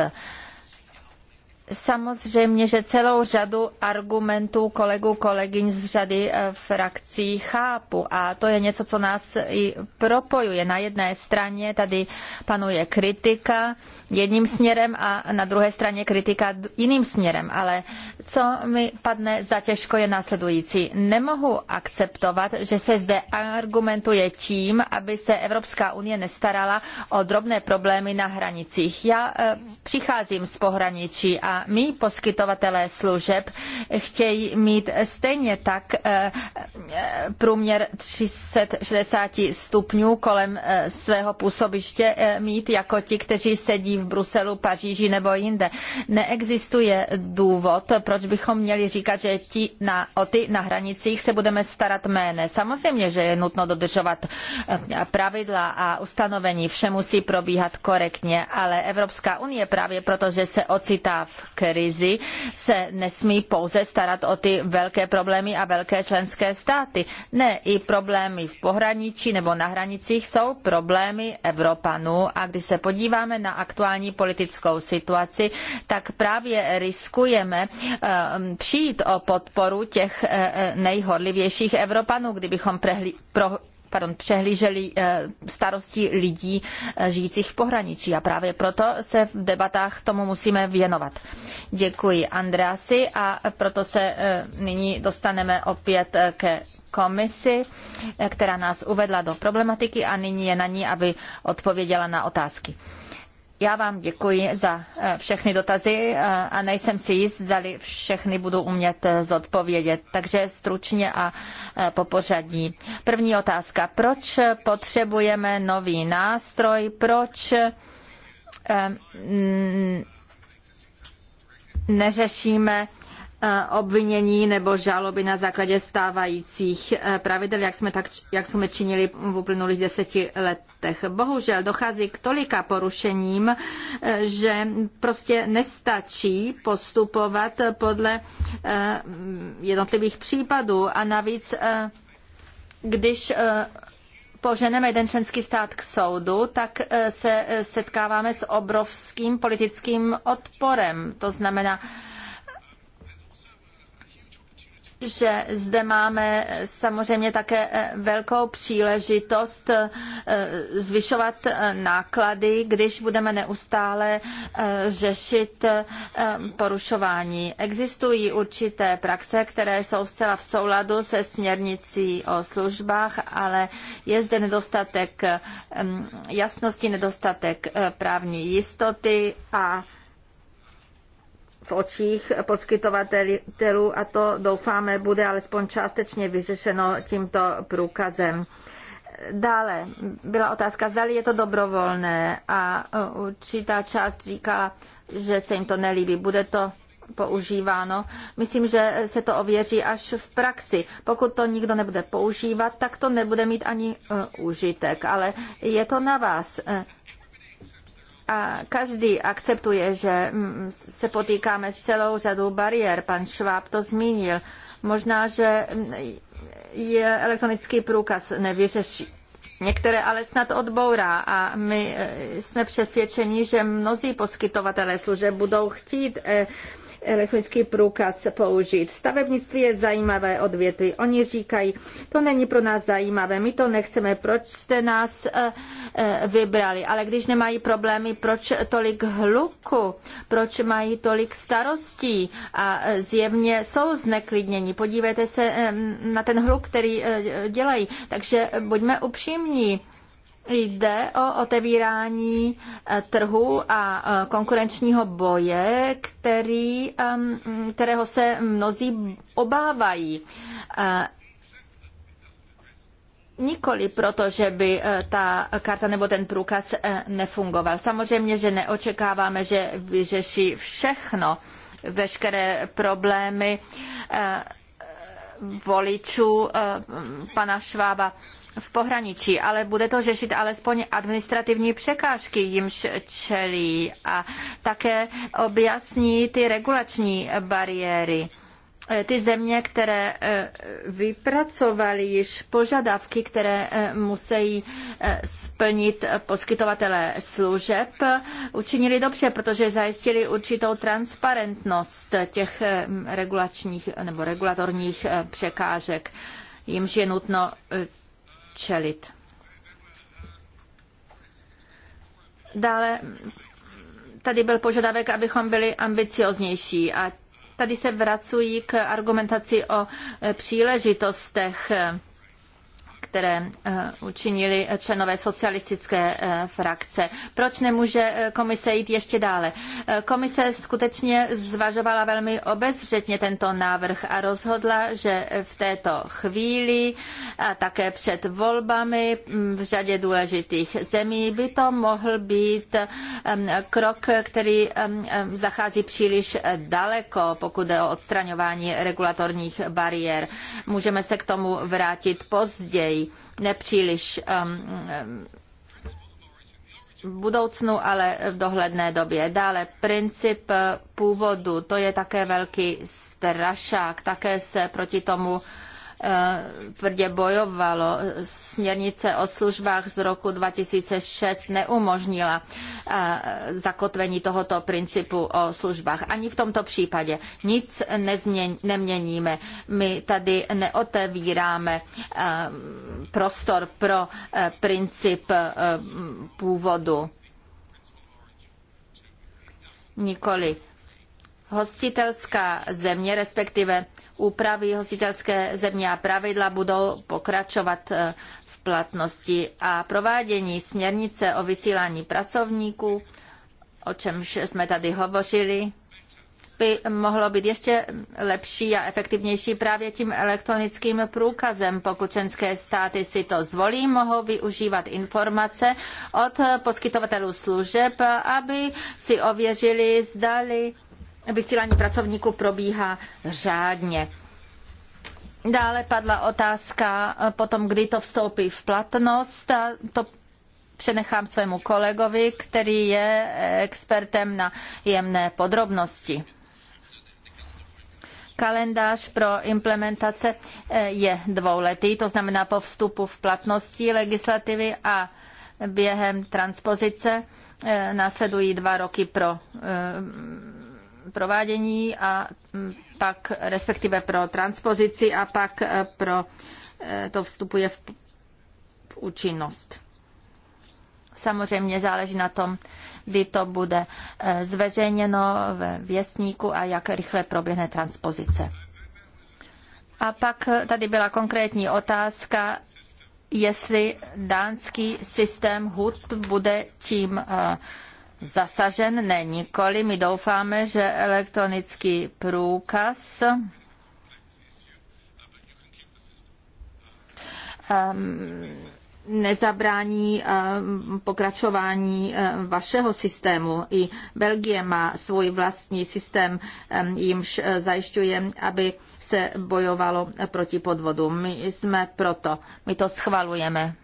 Samozřejmě, že celou řadu argumentů kolegů, kolegyň z řady eh, frakcí chápu a to je něco, co nás i propojuje. Na jedné straně tady panuje kritika jedním směrem a na druhé straně kritika jiným směrem, ale co mi padne za těžko je následující. Nemohu akceptovat, že se zde argumentuje tím, aby se Evropská unie nestarala o drobné problémy na hranicích. Já eh, přicházím z pohraničí a Mí my, poskytovatelé služeb, chtějí mít stejně tak eh, eh, průměr 360 stupňů kolem eh, svého působiště mít jako ti, kteří sedí v Bruselu, Paříži nebo jinde. Neexistuje důvod, proč bychom měli říkat, že ti na, o ty na hranicích se budeme starat méně. Samozřejmě, že je nutno dodržovat pravidla a ustanovení. Vše musí probíhat korektně, ale Evropská unie právě proto, že se ocitá v krizi se nesmí pouze starat o ty velké problémy a velké členské státy. Ne, i problémy v pohraničí nebo na hranicích jsou problémy Evropanů a když se podíváme na aktuální politickou situaci, tak právě riskujeme ehm, přijít o podporu těch eh, eh, nejhodlivějších Evropanů, kdybychom prehli, pro, pardon, přehlíželi eh, starosti lidí eh, žijících v pohraničí a právě proto se v debatách tomu musíme věnovat. Děkuji Andreasi a proto se eh, nyní dostaneme opět ke komisi, která nás uvedla do problematiky a nyní je na ní, aby odpověděla na otázky. Já vám děkuji za eh, všechny dotazy eh, a nejsem si jist, zdali všechny budu umět eh, zodpovědět. Takže stručně a po pořadí. První otázka. Proč potřebujeme nový nástroj? Proč mm, neřešíme Eh, obvinění nebo žaloby na základě stávajících eh, pravidel, jak jsme, tak, jak jsme činili v uplynulých deseti letech. Bohužel dochází k tolika porušením, eh, že prostě nestačí postupovat podle jednotlivých případů a navíc když poženeme jeden členský stát k soudu, tak se setkáváme s obrovským politickým odporem. To znamená, že zde máme eh, samozřejmě také eh, velkou příležitost eh, zvyšovat náklady, když budeme neustále řešit porušování. Existují určité praxe, které jsou zcela v souladu se směrnicí o službách, ale je zde nedostatek jasnosti, nedostatek právní jistoty a v očích poskytovatelů a to doufáme bude alespoň částečně vyřešeno tímto průkazem. Dále byla otázka, zda je to dobrovolné a určitá část říká, že se jim to nelíbí. Bude to používáno. Myslím, že se to ověří až v praxi. Pokud to nikdo nebude používat, tak to nebude mít ani e, užitek. Ale je to na vás. E, každý akceptuje, že mm, se potýkáme s celou řadou bariér. Pan Šváb to zmínil. Možná, že mm, je elektronický průkaz nevyřeší. Některé ale snad odbourá a my e, jsme přesvědčeni, že mnozí poskytovatelé služeb budou chtít e, elektronický průkaz použít. Stavebnictví je zajímavé odvětví. Oni říkají, to není pro nás zajímavé, my to nechceme, proč jste nás eh, eh, vybrali. Ale když nemají problémy, proč tolik hluku, proč mají tolik starostí a eh, zjevně jsou zneklidnění. Podívejte se na ten hluk, který dělají. Takže buďme upřímní. Jde o otevírání eh, trhu a eh, konkurenčního boje, který, kterého se mnozí obávají. Eh, nikoli proto, že by ta karta nebo ten průkaz nefungoval. Samozřejmě, že neočekáváme, že vyřeší všechno, veškeré problémy voličů pana Švába v pohraničí, ale bude to řešit alespoň administrativní překážky, jimž čelí a také objasní ty regulační bariéry e, ty země, které e, vypracovaly již požadavky, které e, musí splnit poskytovatelé služeb, učinili dobře, protože zajistili určitou transparentnost těch regulačních nebo regulatorních překážek jimž je nutno čelit. Dále tady byl požadavek, abychom byli ambicioznější a tady se vracují k argumentaci o e, příležitostech které eh, učinili členové socialistické eh, frakce. Proč nemůže eh, komise jít ještě dále? Komise skutečně zvažovala velmi obezřetně tento návrh a rozhodla, že v této chvíli a také před volbami mm, v řadě důležitých zemí by to mohl být ehm, krok, který ehm, ehm, zachází příliš daleko, pokud jde o odstraňování regulatorních bariér. Můžeme se k tomu vrátit později nepříliš um, um, budoucnu, ale v dohledné době. Dále princip původu, to je také velký strašák, také se proti tomu Eh, tvrdě bojovalo. Směrnice o službách z roku 2006 neumožnila eh, zakotvení tohoto principu o službách. Ani v tomto případě nic neměníme. My tady neotevíráme eh, prostor pro princip původu. Nikoli hostitelská země, respektive úpravy hostitelské země a pravidla budou pokračovat eh, v platnosti a provádění směrnice o vysílání pracovníků, o čemž jsme tady hovořili, by mohlo být ještě lepší a efektivnější právě tím elektronickým průkazem. Pokud členské státy si to zvolí, mohou využívat informace od poskytovatelů služeb, aby si ověřili, zdali vysílání pracovníků probíhá řádně. Dále padla otázka eh, potom, kdy to vstoupí v platnost. A to přenechám svému kolegovi, který je expertem na jemné podrobnosti. Kalendář pro implementace eh, je dvouletý, to znamená po vstupu v platnosti legislativy a během transpozice eh, následují dva roky pro provádění a mm, pak respektive pro transpozici a pak eh, pro eh, to vstupuje v, v účinnost. Samozřejmě záleží na tom, kdy to bude eh, zveřejněno ve věstníku a jak rychle proběhne transpozice. A pak tady byla konkrétní otázka, jestli dánský systém HUT bude tím uh, zasažen, ne nikoli. My doufáme, že elektronický průkaz ehm, nezabrání ehm, pokračování ehm, vašeho systému. I Belgie má svůj vlastní systém, jimž eh, zajišťuje, aby se bojovalo proti podvodům. My jsme proto, my to schvalujeme.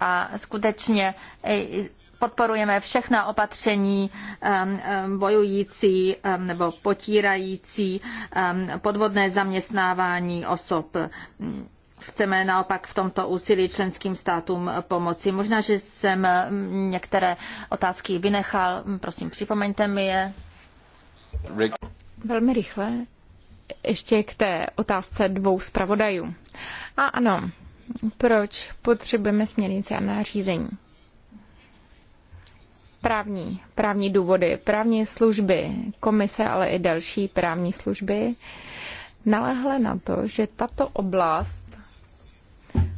a skutečně e, podporujeme všechna opatření e, e, bojující nebo potírající podvodné zaměstnávání osob. Chceme naopak v tomto úsilí členským státům pomoci. Možná, že jsem některé otázky vynechal. Prosím, připomeňte mi je. Velmi rychle. Ještě k té otázce dvou zpravodajů. A ano, proč potřebujeme směrnice a nařízení. Právní, právní důvody, právní služby, komise, ale i další právní služby nalehle na to, že tato oblast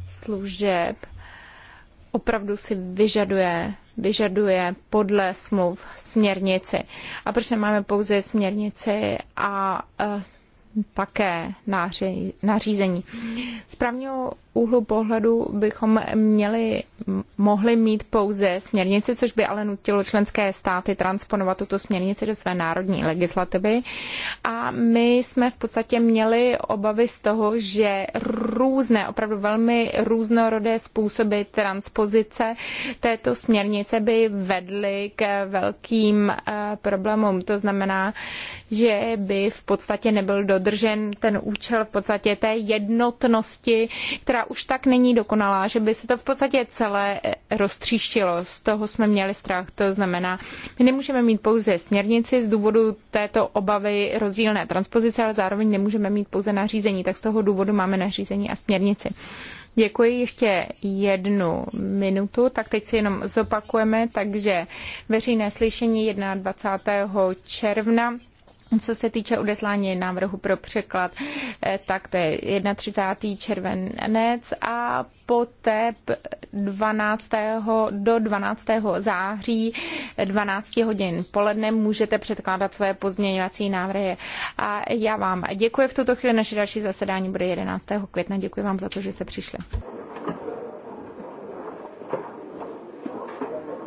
služeb opravdu si vyžaduje, vyžaduje podle smluv směrnici. A proč nemáme pouze směrnici a, a eh, také nařízení. Z právního úhlu pohledu bychom měli, mohli mít pouze směrnici, což by ale nutilo členské státy transponovat tuto směrnici do své národní legislativy. A my jsme v podstatě měli obavy z toho, že různé, opravdu velmi různorodé způsoby transpozice této směrnice by vedly k velkým eh, problémům. To znamená, že by v podstatě nebyl dodržen ten účel v podstatě té jednotnosti, která už tak není dokonalá, že by se to v podstatě celé eh, roztříštilo. Z toho jsme měli strach. To znamená, my nemůžeme mít pouze směrnici z důvodu této obavy rozdílné transpozice, ale zároveň nemůžeme mít pouze nařízení. Tak z toho důvodu máme nařízení a směrnici. Děkuji ještě jednu minutu, tak teď si jenom zopakujeme, takže veřejné slyšení 21. června co se týče odeslání návrhu pro překlad, eh, tak to je 31. červenec a poté 12. do 12. září 12 hodin poledne můžete předkládat své pozměňovací návrhy. A já vám děkuji v tuto chvíli. Naše další zasedání bude 11. května. Děkuji vám za to, že jste přišli.